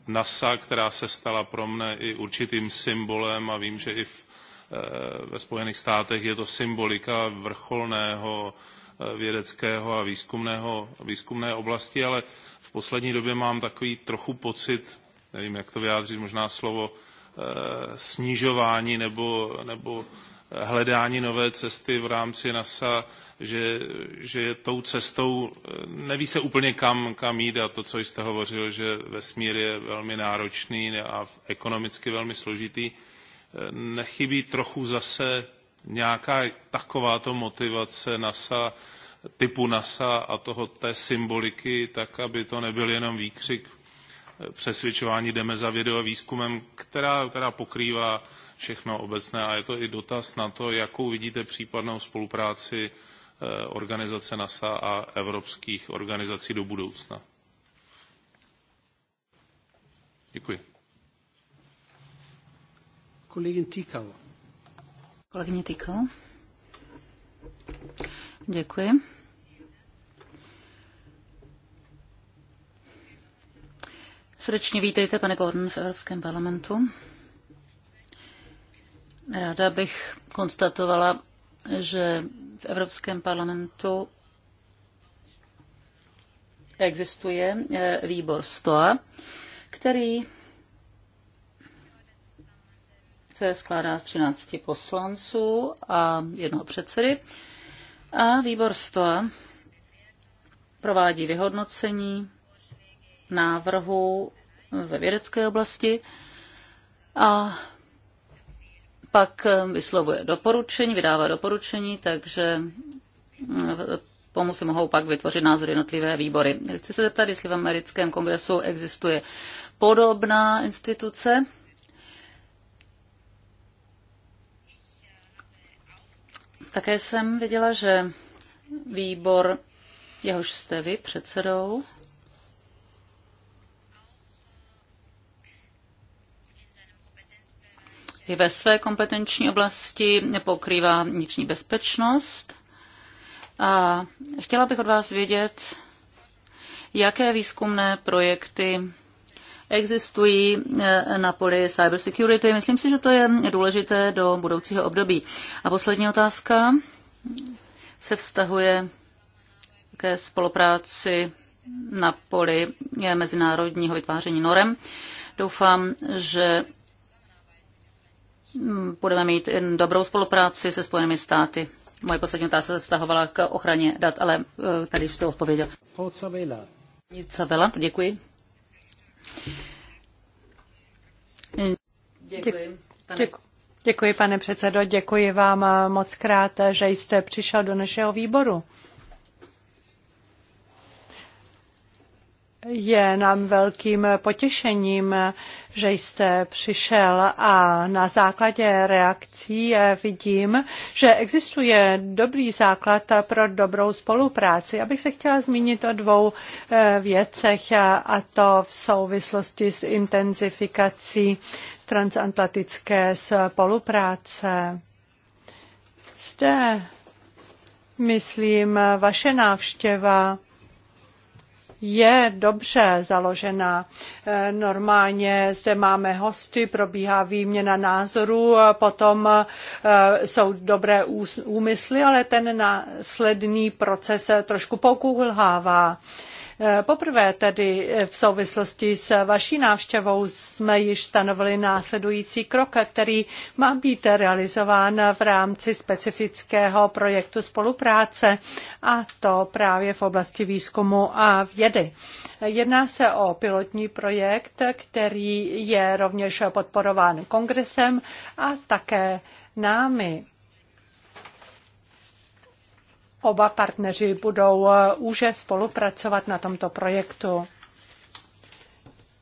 NASA, která se stala pro mne i určitým symbolem a vím, že i v, eh, ve Spojených státech je to symbolika vrcholného Eh, vědeckého a výzkumného, výzkumné oblasti, ale v poslední době mám takový trochu pocit, nevím, jak to vyjádřit, možná slovo eh, snižování nebo, nebo hledání nové cesty v rámci NASA, že, že je tou cestou, eh, neví se úplně kam, kam jít a to, co jste hovořil, že vesmír je velmi náročný a ekonomicky velmi složitý, nechybí trochu zase nějaká takováto motivace NASA, typu NASA a toho té symboliky, tak aby to nebyl jenom výkřik eh, přesvědčování jdeme za vědou a výzkumem, která, která pokrývá všechno obecné a je to i dotaz na to, jakou vidíte případnou spolupráci eh, organizace NASA a evropských organizací do budoucna. Kolegin Tikau. Kolegyně Tyko. Děkuji. Srdečně vítejte, pane Gordon, v Evropském parlamentu. Ráda bych konstatovala, že v Evropském parlamentu existuje eh, výbor STOA, který se skládá z 13 poslanců a jednoho předsedy. A výbor STOA provádí vyhodnocení návrhu ve vědecké oblasti a pak eh, vyslovuje doporučení, vydává doporučení, takže eh, pomoci mohou pak vytvořit názor jednotlivé výbory. Chci se zeptat, jestli v americkém kongresu existuje podobná instituce, Také jsem viděla, že výbor, jehož jste vy předsedou, je ve své kompetenční oblasti, nepokrývá vnitřní bezpečnost. A chtěla bych od vás vědět, jaké výzkumné projekty existují eh, na poli cybersecurity. Myslím si, že to je důležité do budoucího období. A poslední otázka se vztahuje ke spolupráci na poli eh, mezinárodního vytváření norem. Doufám, že mm, budeme mít dobrou spolupráci se Spojenými státy. Moje poslední otázka se vztahovala k ochraně dat, ale eh, tady už to odpověděl. Nic děkuji. Děkuji. Pane. Děkuji, pane předsedo, děkuji vám moc krát, že jste přišel do našeho výboru. Je nám velkým potěšením, že jste přišel a na základě reakcí vidím, že existuje dobrý základ pro dobrou spolupráci. Abych se chtěla zmínit o dvou eh, věcech a to v souvislosti s intenzifikací transatlantické spolupráce. Zde, myslím, vaše návštěva je dobře založena. Eh, normálně zde máme hosty, probíhá výměna názorů, eh, potom eh, jsou dobré úmysly, ale ten následný proces trošku pokulhává. Eh, poprvé tedy eh, v souvislosti s vaší návštěvou jsme již stanovili následující krok, který má být realizován v rámci specifického projektu spolupráce a to právě v oblasti výzkumu a vědy. Jedná se o pilotní projekt, který je rovněž podporován kongresem a také námi. Oba partneři budou eh, úže spolupracovat na tomto projektu.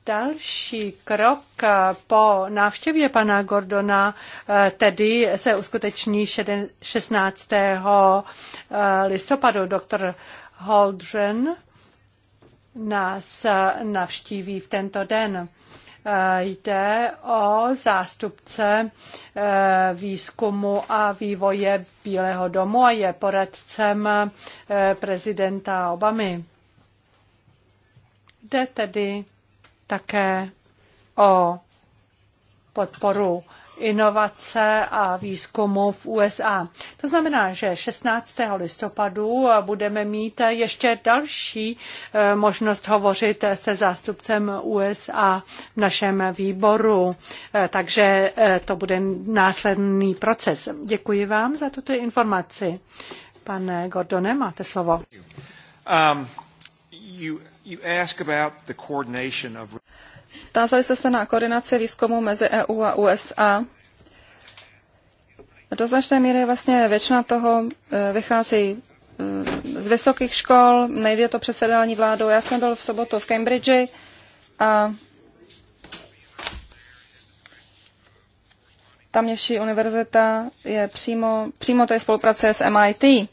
Další krok eh, po návštěvě pana Gordona eh, tedy se uskuteční 16. listopadu. dr. Holdren nás navštíví v tento den. Eh, jde o zástupce eh, výzkumu a vývoje Bílého domu a je poradcem eh, prezidenta Obamy. Jde tedy také o podporu inovace a výzkumu v USA. To znamená, že 16. listopadu budeme mít ještě další eh, možnost hovořit se zástupcem USA v našem výboru, eh, takže eh, to bude následný proces. Děkuji vám za tuto informaci. Pane Gordone, máte slovo. Um, you, you ask about the coordination of... Tázali jste se na koordinaci výzkumu mezi EU a USA. Do značné míry vlastně většina toho e, vychází e, z vysokých škol, nejde to předsedání vládou. Já jsem byl v sobotu v Cambridge a tamnější univerzita je přímo, přímo to je spolupracuje s MIT.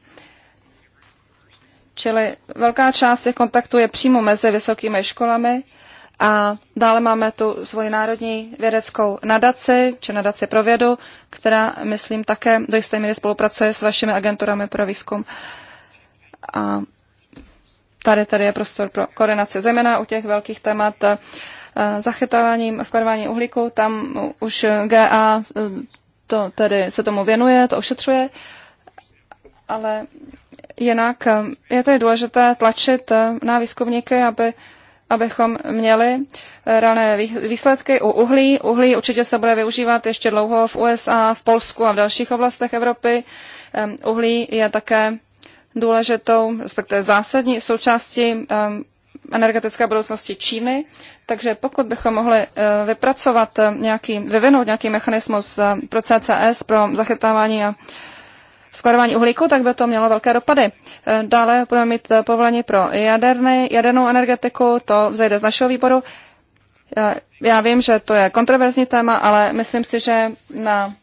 Čili velká část těch kontaktů je přímo mezi vysokými školami a dále máme tu svoji národní vědeckou nadaci, či nadaci pro vědu, která, myslím, také do jisté míry spolupracuje s vašimi agenturami pro výzkum. A tady, tady je prostor pro koordinaci, zejména u těch velkých témat eh, zachytáváním a skladování uhlíku. Tam už GA eh, to tedy se tomu věnuje, to ošetřuje, ale jinak eh, je tady důležité tlačit na výzkumníky, aby abychom měli eh, reálné výsledky u uhlí. Uhlí určitě se bude využívat ještě dlouho v USA, v Polsku a v dalších oblastech Evropy. Uhlí je také důležitou, respektive zásadní součástí energetické budoucnosti Číny. Takže pokud bychom mohli eh, vypracovat eh, nějaký, vyvinout nějaký mechanismus pro CCS, pro zachytávání a skladování uhlíku, tak by to mělo velké dopady. Eh, dále budeme mít eh, povolení pro jaderné, jadernou energetiku, to vzejde z našeho výboru. Eh, já vím, že to je kontroverzní téma, ale myslím si, že na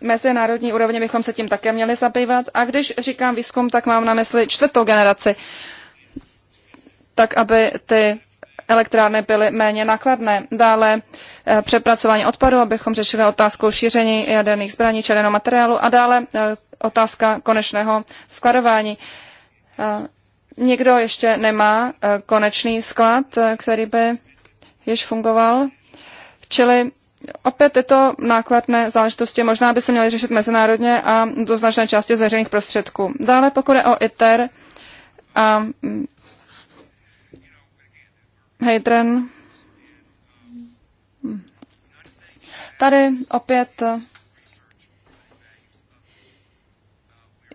mezinárodní úrovni bychom se tím také měli zabývat. A když říkám výzkum, tak mám na mysli čtvrtou generaci, tak aby ty elektrárny byly méně nákladné. Dále eh, přepracování odpadu, abychom řešili otázku šíření jaderných zbraní, černého materiálu a dále eh, otázka konečného skladování. Eh, Někdo ještě nemá konečný sklad, který by již fungoval, čili opět tyto nákladné záležitosti možná by se měly řešit mezinárodně a do značné části z veřejných prostředků. Dále pokud je o ITER a mm, Heidren. Tady opět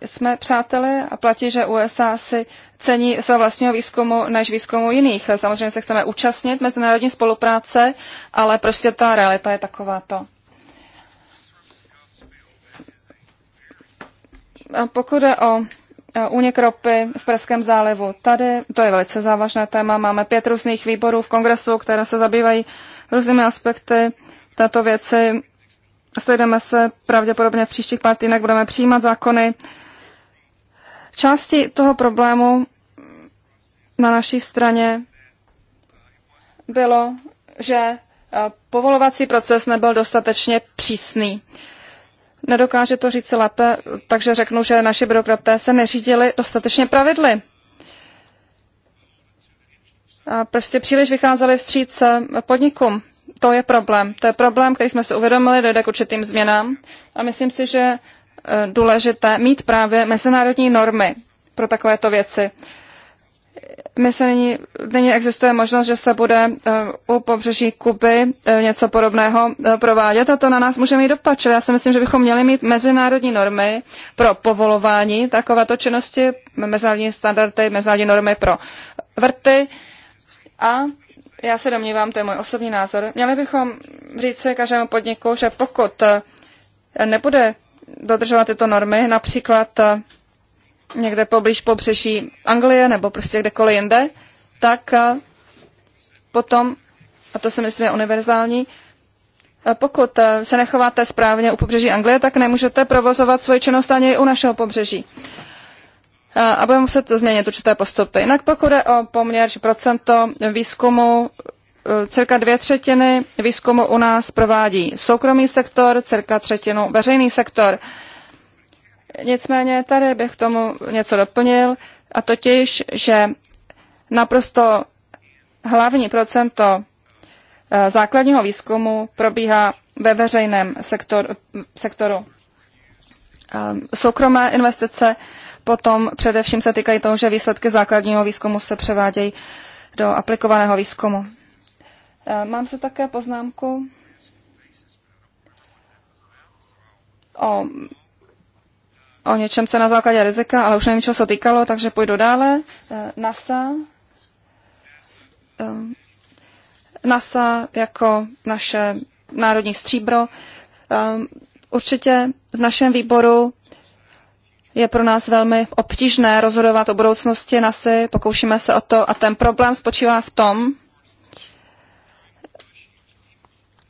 jsme přáteli a platí, že USA si cení svého vlastního výzkumu než výzkumu jiných. Samozřejmě se chceme účastnit mezinárodní spolupráce, ale prostě ta realita je takováto. A pokud je o únik eh, ropy v Pražském zálivu. Tady to je velice závažné téma. Máme pět různých výborů v kongresu, které se zabývají různými aspekty této věci. Sledeme se pravděpodobně v příštích pár týdnech, budeme přijímat zákony. Části toho problému na naší straně bylo, že eh, povolovací proces nebyl dostatečně přísný nedokáže to říct lépe, takže řeknu, že naši byrokraté se neřídili dostatečně pravidly. A prostě příliš vycházeli vstříc podnikům. To je problém. To je problém, který jsme si uvědomili, dojde k určitým změnám. A myslím si, že eh, důležité mít právě mezinárodní normy pro takovéto věci my se nyní, nyní existuje možnost, že se bude eh, u pobřeží Kuby eh, něco podobného eh, provádět a to na nás může mít dopad. Čili já si myslím, že bychom měli mít mezinárodní normy pro povolování takovéto činnosti, mezinárodní standardy, mezinárodní normy pro vrty a já se domnívám, to je můj osobní názor, měli bychom říct se každému podniku, že pokud nebude dodržovat tyto normy, například někde poblíž pobřeží Anglie nebo prostě kdekoliv jinde, tak eh, potom, a to si myslím je univerzální, eh, pokud eh, se nechováte správně u pobřeží Anglie, tak nemůžete provozovat svoji činnost ani u našeho pobřeží. A budeme muset změnit určité postupy. Jinak pokud je o poměr procento výzkumu, cirka dvě třetiny výzkumu u nás provádí soukromý sektor, cirka třetinu veřejný sektor. Nicméně tady bych k tomu něco doplnil, a totiž, že naprosto hlavní procento eh, základního výzkumu probíhá ve veřejném sektor, sektoru. Ehm, soukromé investice potom především se týkají toho, že výsledky základního výzkumu se převádějí do aplikovaného výzkumu. Ehm, mám se také poznámku o o něčem, co na základě rizika, ale už nevím, čeho se týkalo, takže půjdu dále. Eh, NASA. Ehm, NASA jako naše národní stříbro. Ehm, určitě v našem výboru je pro nás velmi obtížné rozhodovat o budoucnosti NASA, pokoušíme se o to a ten problém spočívá v tom,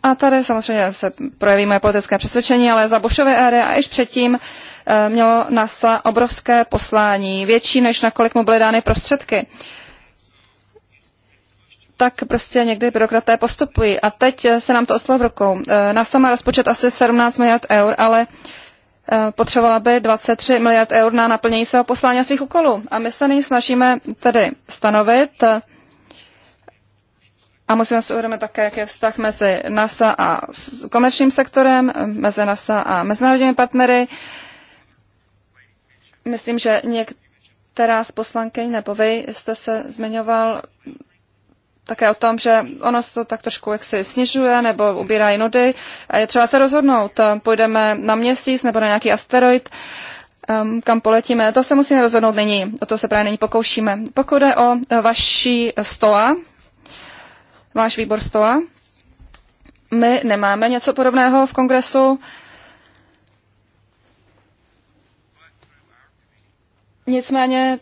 a tady samozřejmě se projeví moje politické přesvědčení, ale za Bushovy éry a již předtím Eh, mělo násle obrovské poslání, větší než nakolik mu byly dány prostředky tak prostě někdy byrokraté postupují. A teď eh, se nám to oslo v rukou. Eh, na sama rozpočet asi 17 miliard eur, ale potřebovala by 23 miliard eur na naplnění svého poslání a svých úkolů. A my se nyní snažíme tedy stanovit a musíme si uvědomit také, jaký je vztah mezi NASA a komerčním sektorem, mezi NASA a mezinárodními partnery, Myslím, že některá z poslankyň, nebo vy jste se zmiňoval také o tom, že ono se to tak trošku jaksi snižuje nebo ubírá nudy. A je třeba se rozhodnout, eh, půjdeme na měsíc nebo na nějaký asteroid, um, kam poletíme. To se musíme rozhodnout nyní, o to se právě nyní pokoušíme. Pokud jde o eh, vaší stoa, váš výbor stoa, my nemáme něco podobného v kongresu. Nicméně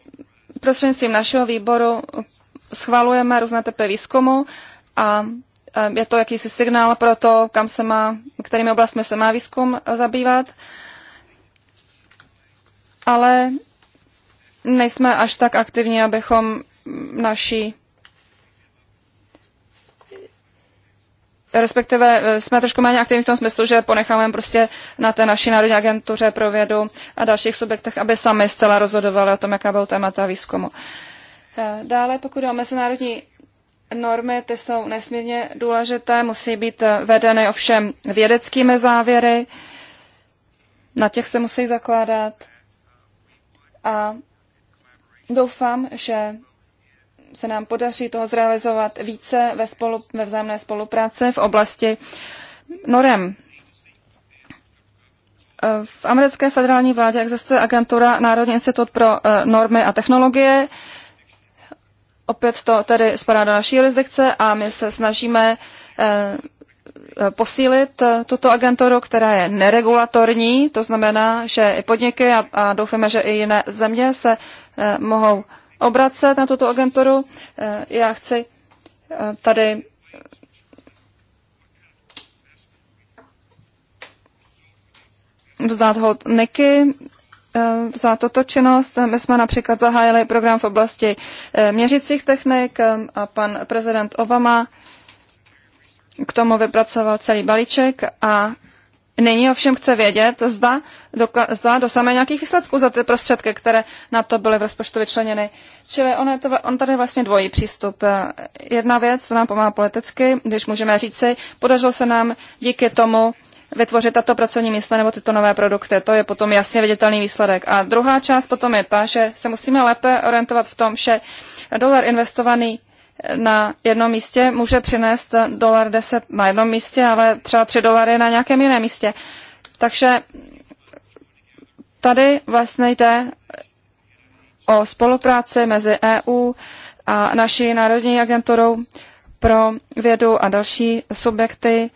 prostřednictvím našeho výboru schvalujeme různé typy výzkumu a eh, je to jakýsi signál pro to, kam se má, kterými oblastmi se má výzkum eh, zabývat. Ale nejsme až tak aktivní, abychom naší respektive eh, jsme trošku méně aktivní v tom smyslu, že ponecháme prostě na té naší národní agentuře pro vědu a dalších subjektech, aby sami zcela rozhodovali o tom, jaká byla témata výzkumu. Eh, dále, pokud o mezinárodní normy, ty jsou nesmírně důležité, musí být eh, vedeny ovšem vědeckými závěry, na těch se musí zakládat a doufám, že se nám podaří toho zrealizovat více ve, spolu, ve vzájemné spolupráci v oblasti norem. V americké federální vládě existuje agentura Národní institut pro eh, normy a technologie. Opět to tedy spadá do naší jurisdikce a my se snažíme eh, posílit eh, tuto agenturu, která je neregulatorní, to znamená, že i podniky a, a doufáme, že i jiné země se mohou obracet na tuto agenturu. Eh, já chci eh, tady vzdát hod Niky eh, za toto činnost. My jsme například zahájili program v oblasti měřicích technik a pan prezident Obama k tomu vypracoval celý balíček a Nyní ovšem chce vědět, zda, zda dosáme nějakých výsledků za ty prostředky, které na to byly v rozpočtu vyčleněny. Čili on, je to, on tady vlastně dvojí přístup. Jedna věc, to nám pomáhá politicky, když můžeme říci, podařilo se nám díky tomu vytvořit tato pracovní místa nebo tyto nové produkty. To je potom jasně viditelný výsledek. A druhá část potom je ta, že se musíme lépe orientovat v tom, že dolar investovaný na jednom místě může přinést dolar 10 na jednom místě, ale třeba 3 dolary na nějakém jiném místě. Takže tady vlastně jde o spolupráci mezi EU a naší Národní agenturou pro vědu a další subjekty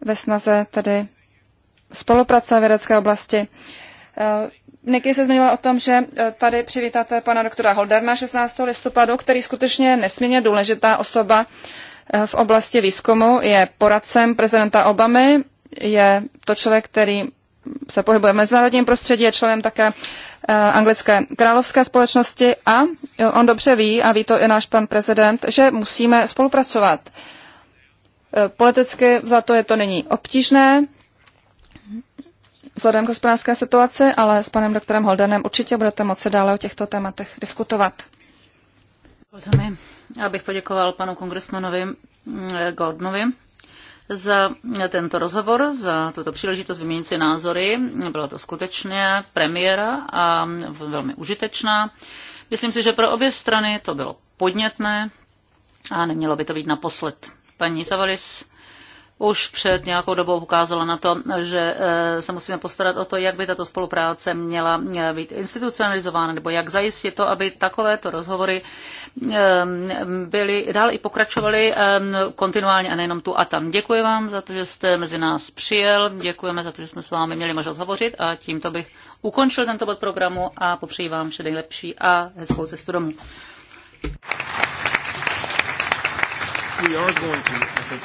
ve snaze tedy spolupracovat v vědecké oblasti. Niky se zmiňovala o tom, že e, tady přivítáte pana doktora Holderna 16. listopadu, který skutečně nesmírně důležitá osoba e, v oblasti výzkumu. Je poradcem prezidenta Obamy, je to člověk, který se pohybuje v mezinárodním prostředí, je členem také e, anglické královské společnosti a on dobře ví, a ví to i náš pan prezident, že musíme spolupracovat. Politicky za to je to není obtížné, vzhledem k hospodářské situaci, ale s panem doktorem Holdenem určitě budete moci dále o těchto tématech diskutovat. Já bych poděkoval panu kongresmanovi mm, Gordnovi za tento rozhovor, za tuto příležitost vyměnit si názory. Byla to skutečně premiéra a velmi užitečná. Myslím si, že pro obě strany to bylo podnětné a nemělo by to být naposled. Paní Zavalis, už před nějakou dobou ukázala na to, že eh, se musíme postarat o to, jak by tato spolupráce měla eh, být institucionalizována, nebo jak zajistit to, aby takovéto rozhovory eh, byly dál i pokračovaly kontinuálně a nejenom tu a tam. Děkuji vám za to, že jste mezi nás přijel, děkujeme za to, že jsme s vámi měli možnost hovořit a tímto bych ukončil tento bod programu a popřeji vám vše nejlepší a hezkou cestu domů. We are going to, I think,